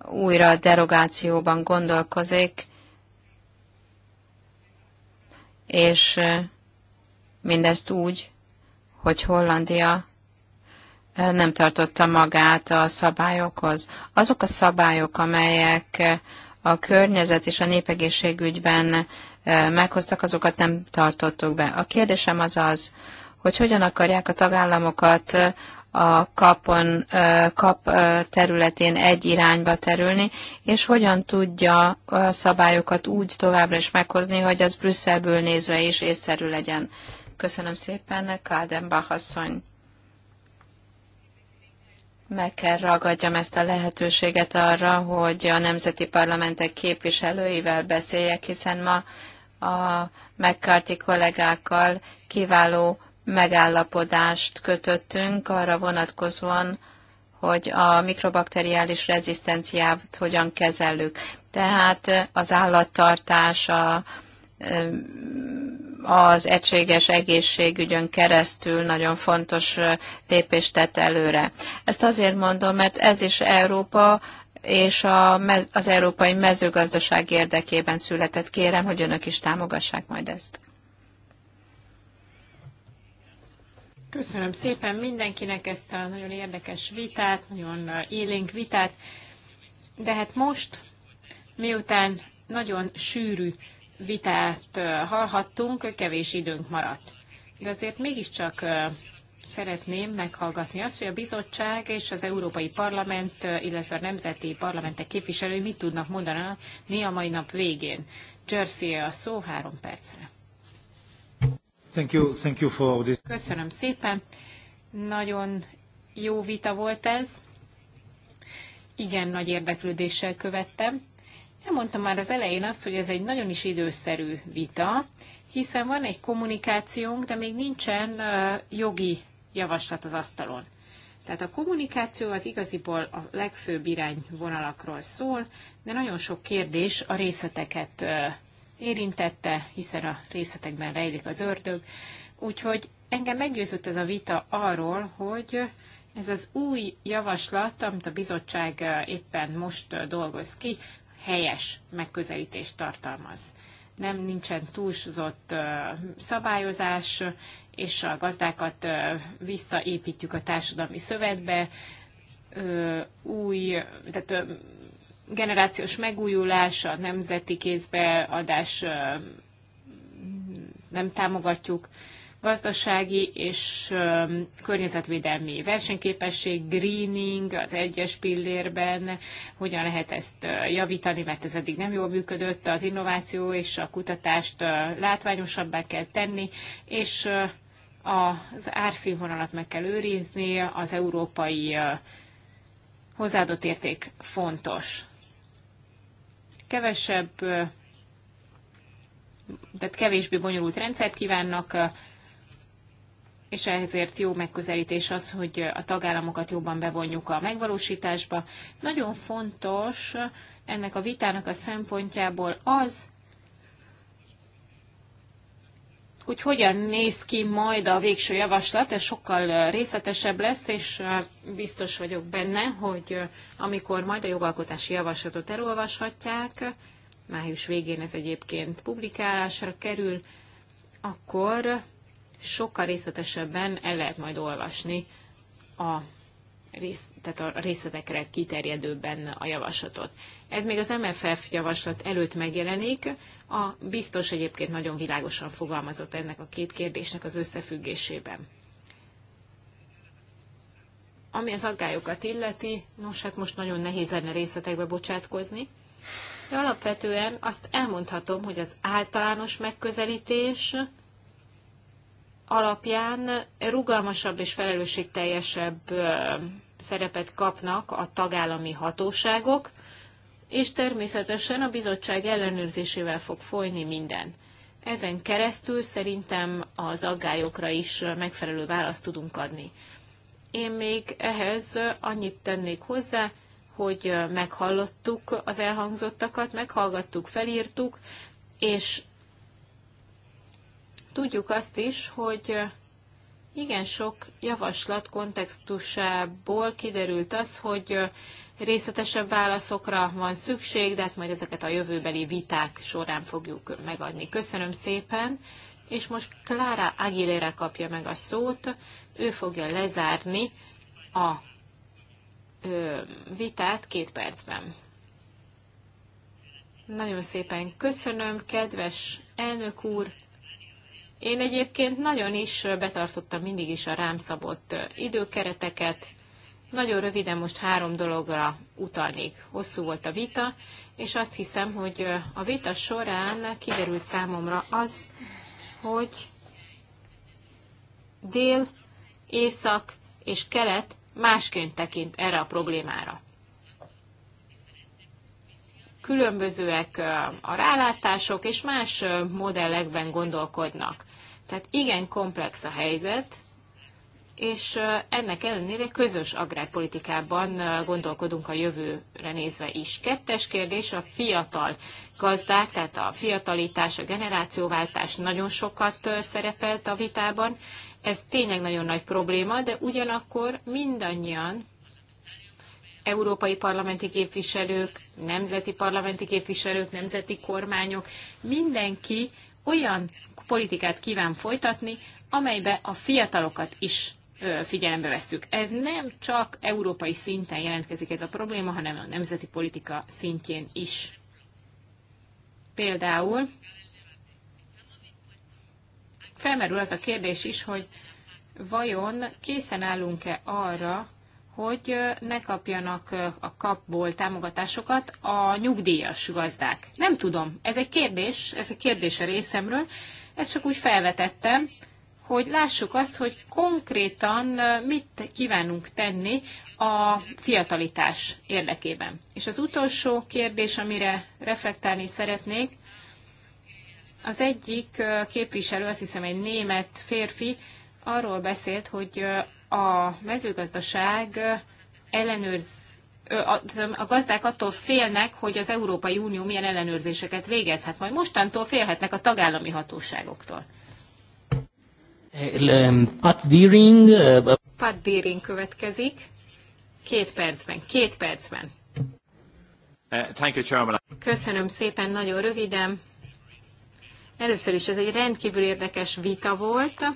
újra derogációban gondolkozik, és e, Mindezt úgy, hogy Hollandia nem tartotta magát a szabályokhoz. Azok a szabályok, amelyek a környezet és a népegészségügyben meghoztak, azokat nem tartottuk be. A kérdésem az az, hogy hogyan akarják a tagállamokat a kapon, kap területén egy irányba terülni, és hogyan tudja a szabályokat úgy továbbra is meghozni, hogy az Brüsszelből nézve is észszerű legyen. Köszönöm szépen, Kádenbach asszony. Meg kell ragadjam ezt a lehetőséget arra, hogy a nemzeti parlamentek képviselőivel beszéljek, hiszen ma a McCarthy kollégákkal kiváló megállapodást kötöttünk arra vonatkozóan, hogy a mikrobakteriális rezisztenciát hogyan kezeljük, Tehát az állattartás, a az egységes egészségügyön keresztül nagyon fontos lépést tett előre. Ezt azért mondom, mert ez is Európa és a, az európai mezőgazdaság érdekében született. Kérem, hogy önök is támogassák majd ezt. Köszönöm szépen mindenkinek ezt a nagyon érdekes vitát, nagyon élénk vitát. De hát most, miután nagyon sűrű vitát hallhattunk, kevés időnk maradt. De azért mégiscsak szeretném meghallgatni azt, hogy a bizottság és az Európai Parlament, illetve a nemzeti parlamentek képviselői mit tudnak mondani a mai nap végén. Jersey a szó három percre. Thank you, thank you for this. Köszönöm szépen. Nagyon jó vita volt ez. Igen, nagy érdeklődéssel követtem. Elmondtam már az elején azt, hogy ez egy nagyon is időszerű vita, hiszen van egy kommunikációnk, de még nincsen jogi javaslat az asztalon. Tehát a kommunikáció az igaziból a legfőbb irányvonalakról szól, de nagyon sok kérdés a részleteket érintette, hiszen a részletekben rejlik az ördög. Úgyhogy engem meggyőzött ez a vita arról, hogy ez az új javaslat, amit a bizottság éppen most dolgoz ki, helyes megközelítést tartalmaz. Nem nincsen túlzott szabályozás, és a gazdákat visszaépítjük a társadalmi szövetbe, új, tehát generációs megújulás, a nemzeti kézbeadás nem támogatjuk, gazdasági és környezetvédelmi versenyképesség, greening az egyes pillérben, hogyan lehet ezt javítani, mert ez eddig nem jól működött, az innováció és a kutatást látványosabbá kell tenni, és az árszínvonalat meg kell őrizni, az európai hozzáadott érték fontos. Kevesebb, tehát kevésbé bonyolult rendszert kívánnak és ezért jó megközelítés az, hogy a tagállamokat jobban bevonjuk a megvalósításba. Nagyon fontos ennek a vitának a szempontjából az, hogy hogyan néz ki majd a végső javaslat, ez sokkal részletesebb lesz, és biztos vagyok benne, hogy amikor majd a jogalkotási javaslatot elolvashatják, május végén ez egyébként publikálásra kerül, akkor sokkal részletesebben el lehet majd olvasni a rész, tehát a részletekre kiterjedőbben a javaslatot. Ez még az MFF javaslat előtt megjelenik. A biztos egyébként nagyon világosan fogalmazott ennek a két kérdésnek az összefüggésében. Ami az aggályokat illeti, nos hát most nagyon nehéz lenne részletekbe bocsátkozni, de alapvetően azt elmondhatom, hogy az általános megközelítés alapján rugalmasabb és felelősségteljesebb szerepet kapnak a tagállami hatóságok, és természetesen a bizottság ellenőrzésével fog folyni minden. Ezen keresztül szerintem az aggályokra is megfelelő választ tudunk adni. Én még ehhez annyit tennék hozzá, hogy meghallottuk az elhangzottakat, meghallgattuk, felírtuk, és Tudjuk azt is, hogy igen sok javaslat kontextusából kiderült az, hogy részletesebb válaszokra van szükség, de hát majd ezeket a jövőbeli viták során fogjuk megadni. Köszönöm szépen, és most Clara Aguilera kapja meg a szót, ő fogja lezárni a ö, vitát két percben. Nagyon szépen köszönöm, kedves elnök úr! Én egyébként nagyon is betartottam mindig is a rám szabott időkereteket. Nagyon röviden most három dologra utalnék. Hosszú volt a vita, és azt hiszem, hogy a vita során kiderült számomra az, hogy dél, észak és kelet másként tekint erre a problémára. Különbözőek a rálátások, és más modellekben gondolkodnak. Tehát igen komplex a helyzet, és ennek ellenére közös agrárpolitikában gondolkodunk a jövőre nézve is. Kettes kérdés a fiatal gazdák, tehát a fiatalítás, a generációváltás nagyon sokat szerepelt a vitában. Ez tényleg nagyon nagy probléma, de ugyanakkor mindannyian európai parlamenti képviselők, nemzeti parlamenti képviselők, nemzeti kormányok, mindenki olyan politikát kíván folytatni, amelybe a fiatalokat is figyelembe vesszük. Ez nem csak európai szinten jelentkezik ez a probléma, hanem a nemzeti politika szintjén is. Például felmerül az a kérdés is, hogy vajon készen állunk-e arra, hogy ne kapjanak a kapból támogatásokat a nyugdíjas gazdák. Nem tudom, ez egy kérdés, ez egy kérdés a részemről, ezt csak úgy felvetettem, hogy lássuk azt, hogy konkrétan mit kívánunk tenni a fiatalitás érdekében. És az utolsó kérdés, amire reflektálni szeretnék, az egyik képviselő, azt hiszem egy német férfi, arról beszélt, hogy a mezőgazdaság ellenőrz a gazdák attól félnek, hogy az Európai Unió milyen ellenőrzéseket végezhet. Majd mostantól félhetnek a tagállami hatóságoktól. Eh, um, Pat Deering. Eh, Pat Deering következik. Két percben, két percben. Eh, thank you, Chairman. Köszönöm szépen, nagyon röviden. Először is ez egy rendkívül érdekes vita volt,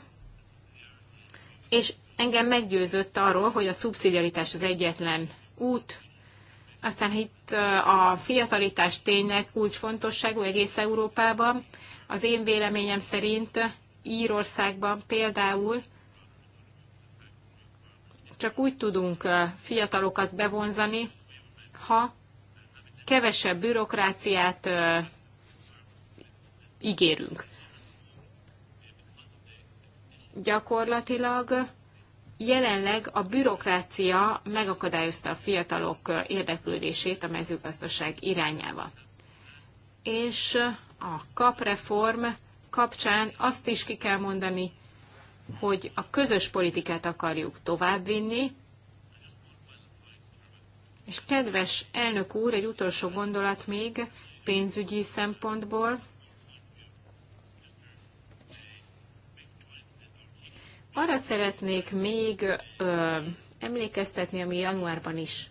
és engem meggyőzött arról, hogy a szubszidiaritás az egyetlen út, aztán itt a fiatalitás tényleg kulcsfontosságú egész Európában. Az én véleményem szerint Írországban például csak úgy tudunk fiatalokat bevonzani, ha kevesebb bürokráciát ígérünk. Gyakorlatilag jelenleg a bürokrácia megakadályozta a fiatalok érdeklődését a mezőgazdaság irányába. És a kapreform kapcsán azt is ki kell mondani, hogy a közös politikát akarjuk továbbvinni, és kedves elnök úr, egy utolsó gondolat még pénzügyi szempontból. Arra szeretnék még ö, emlékeztetni, ami januárban is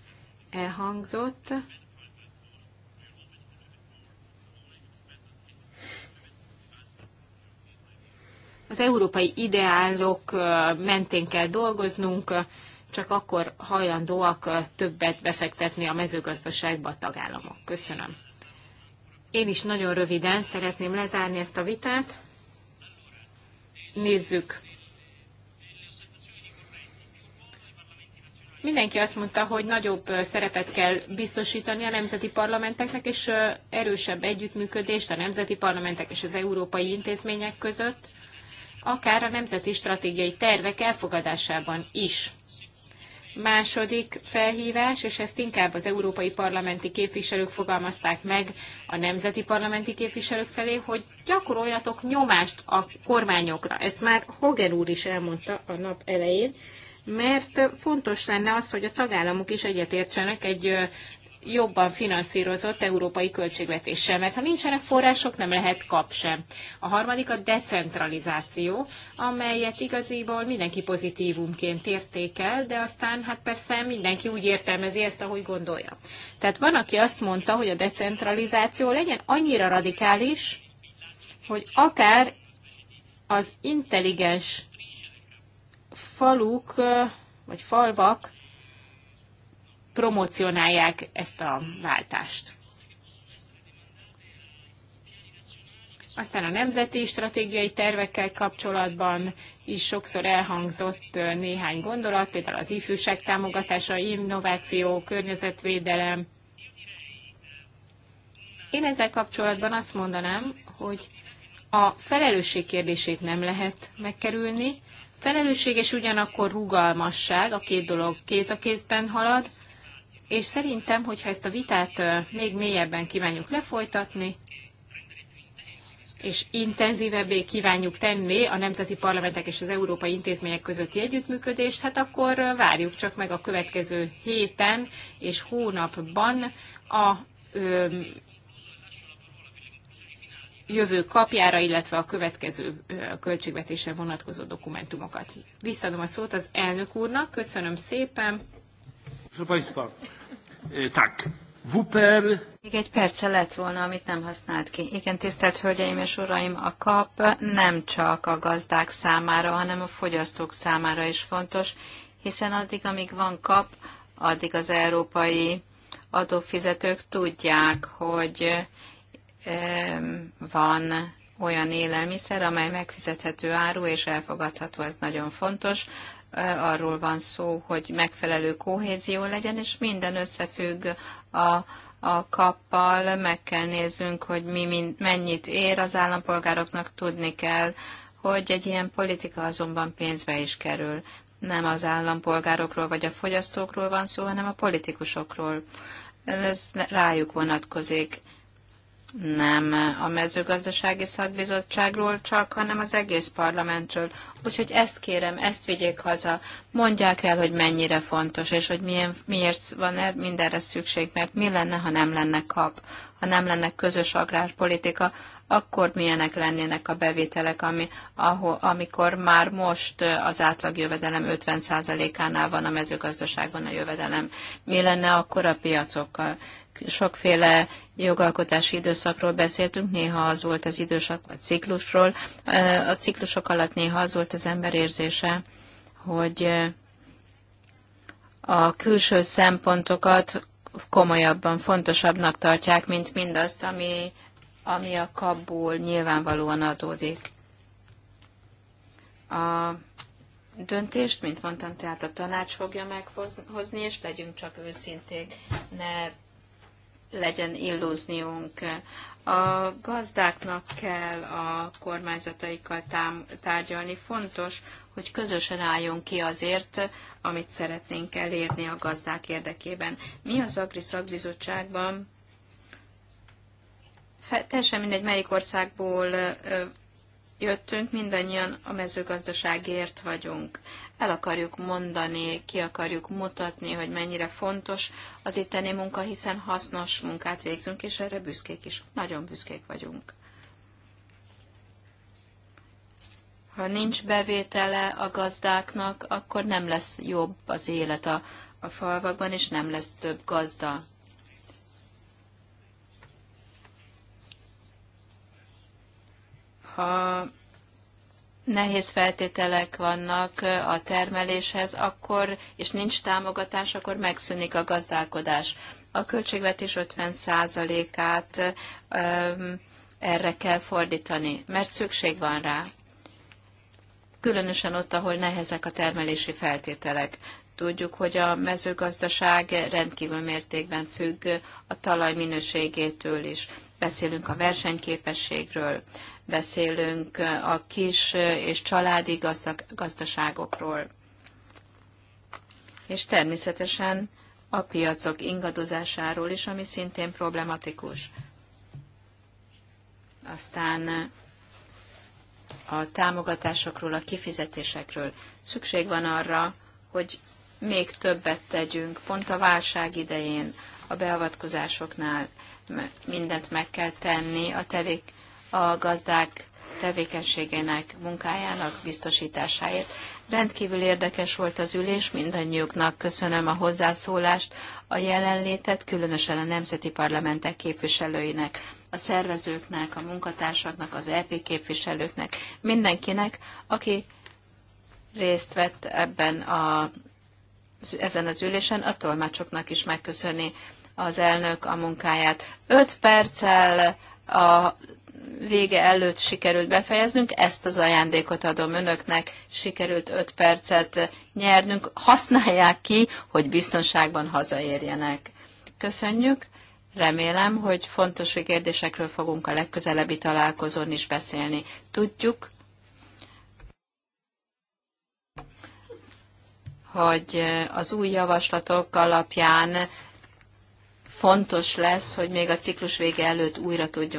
elhangzott, az európai ideálok mentén kell dolgoznunk, csak akkor hajlandóak többet befektetni a mezőgazdaságba a tagállamok. Köszönöm. Én is nagyon röviden szeretném lezárni ezt a vitát. Nézzük Mindenki azt mondta, hogy nagyobb szerepet kell biztosítani a nemzeti parlamenteknek, és erősebb együttműködést a nemzeti parlamentek és az európai intézmények között, akár a nemzeti stratégiai tervek elfogadásában is. Második felhívás, és ezt inkább az európai parlamenti képviselők fogalmazták meg a nemzeti parlamenti képviselők felé, hogy gyakoroljatok nyomást a kormányokra. Ezt már Hoger úr is elmondta a nap elején, mert fontos lenne az, hogy a tagállamok is egyetértsenek egy jobban finanszírozott európai költségvetéssel, mert ha nincsenek források, nem lehet kap sem. A harmadik a decentralizáció, amelyet igaziból mindenki pozitívumként értékel, de aztán hát persze mindenki úgy értelmezi ezt, ahogy gondolja. Tehát van, aki azt mondta, hogy a decentralizáció legyen annyira radikális, hogy akár az intelligens faluk, vagy falvak promocionálják ezt a váltást. Aztán a nemzeti stratégiai tervekkel kapcsolatban is sokszor elhangzott néhány gondolat, például az ifjúság támogatása, innováció, környezetvédelem. Én ezzel kapcsolatban azt mondanám, hogy a felelősség kérdését nem lehet megkerülni, Felelősség és ugyanakkor rugalmasság, a két dolog kéz a kézben halad, és szerintem, hogyha ezt a vitát még mélyebben kívánjuk lefolytatni, és intenzívebbé kívánjuk tenni a nemzeti parlamentek és az európai intézmények közötti együttműködést, hát akkor várjuk csak meg a következő héten és hónapban a jövő kapjára, illetve a következő költségvetésre vonatkozó dokumentumokat. Visszadom a szót az elnök úrnak. Köszönöm szépen. E, tak. Vuper. Még egy perce lett volna, amit nem használt ki. Igen, tisztelt Hölgyeim és Uraim, a kap nem csak a gazdák számára, hanem a fogyasztók számára is fontos, hiszen addig, amíg van kap, addig az európai adófizetők tudják, hogy van olyan élelmiszer, amely megfizethető áru és elfogadható, ez nagyon fontos. Arról van szó, hogy megfelelő kohézió legyen, és minden összefügg a, a kappal, meg kell néznünk, hogy mi mind, mennyit ér az állampolgároknak, tudni kell, hogy egy ilyen politika azonban pénzbe is kerül. Nem az állampolgárokról vagy a fogyasztókról van szó, hanem a politikusokról. Ez rájuk vonatkozik nem a mezőgazdasági szakbizottságról csak, hanem az egész parlamentről. Úgyhogy ezt kérem, ezt vigyék haza, mondják el, hogy mennyire fontos, és hogy milyen, miért van -e mindenre szükség, mert mi lenne, ha nem lenne kap, ha nem lenne közös agrárpolitika, akkor milyenek lennének a bevételek, ami, ahol, amikor már most az átlag jövedelem 50%-ánál van a mezőgazdaságban a jövedelem. Mi lenne akkor a piacokkal? sokféle jogalkotási időszakról beszéltünk, néha az volt az időszak, a ciklusról. A ciklusok alatt néha az volt az ember érzése, hogy a külső szempontokat komolyabban, fontosabbnak tartják, mint mindazt, ami, ami a kabból nyilvánvalóan adódik. A döntést, mint mondtam, tehát a tanács fogja meghozni, és legyünk csak őszinték, ne legyen illúzniunk. A gazdáknak kell a kormányzataikkal tám tárgyalni. Fontos, hogy közösen álljon ki azért, amit szeretnénk elérni a gazdák érdekében. Mi az Agri Szakbizottságban teljesen mindegy, melyik országból jöttünk, mindannyian a mezőgazdaságért vagyunk el akarjuk mondani, ki akarjuk mutatni, hogy mennyire fontos az itteni munka, hiszen hasznos munkát végzünk, és erre büszkék is. Nagyon büszkék vagyunk. Ha nincs bevétele a gazdáknak, akkor nem lesz jobb az élet a, a falvakban, és nem lesz több gazda. Ha nehéz feltételek vannak a termeléshez, akkor, és nincs támogatás, akkor megszűnik a gazdálkodás. A költségvetés 50%-át erre kell fordítani, mert szükség van rá. Különösen ott, ahol nehezek a termelési feltételek. Tudjuk, hogy a mezőgazdaság rendkívül mértékben függ a talaj minőségétől is. Beszélünk a versenyképességről beszélünk eh, a kis eh, és családi gazdaságokról. És természetesen a piacok ingadozásáról is, ami szintén problematikus. Aztán eh, a támogatásokról, a kifizetésekről. Szükség van arra, hogy még többet tegyünk, pont a válság idején, a beavatkozásoknál mindent meg kell tenni a tevék, a gazdák tevékenységének, munkájának biztosításáért. Rendkívül érdekes volt az ülés, mindannyiuknak köszönöm a hozzászólást, a jelenlétet, különösen a nemzeti parlamentek képviselőinek, a szervezőknek, a munkatársaknak, az EP képviselőknek, mindenkinek, aki részt vett ebben a, ezen az ülésen, a tolmácsoknak is megköszöni az elnök a munkáját. Öt perccel a vége előtt sikerült befejeznünk, ezt az ajándékot adom önöknek, sikerült 5 percet nyernünk, használják ki, hogy biztonságban hazaérjenek. Köszönjük, remélem, hogy fontos kérdésekről fogunk a legközelebbi találkozón is beszélni. Tudjuk, hogy az új javaslatok alapján fontos lesz, hogy még a ciklus vége előtt újra tudjunk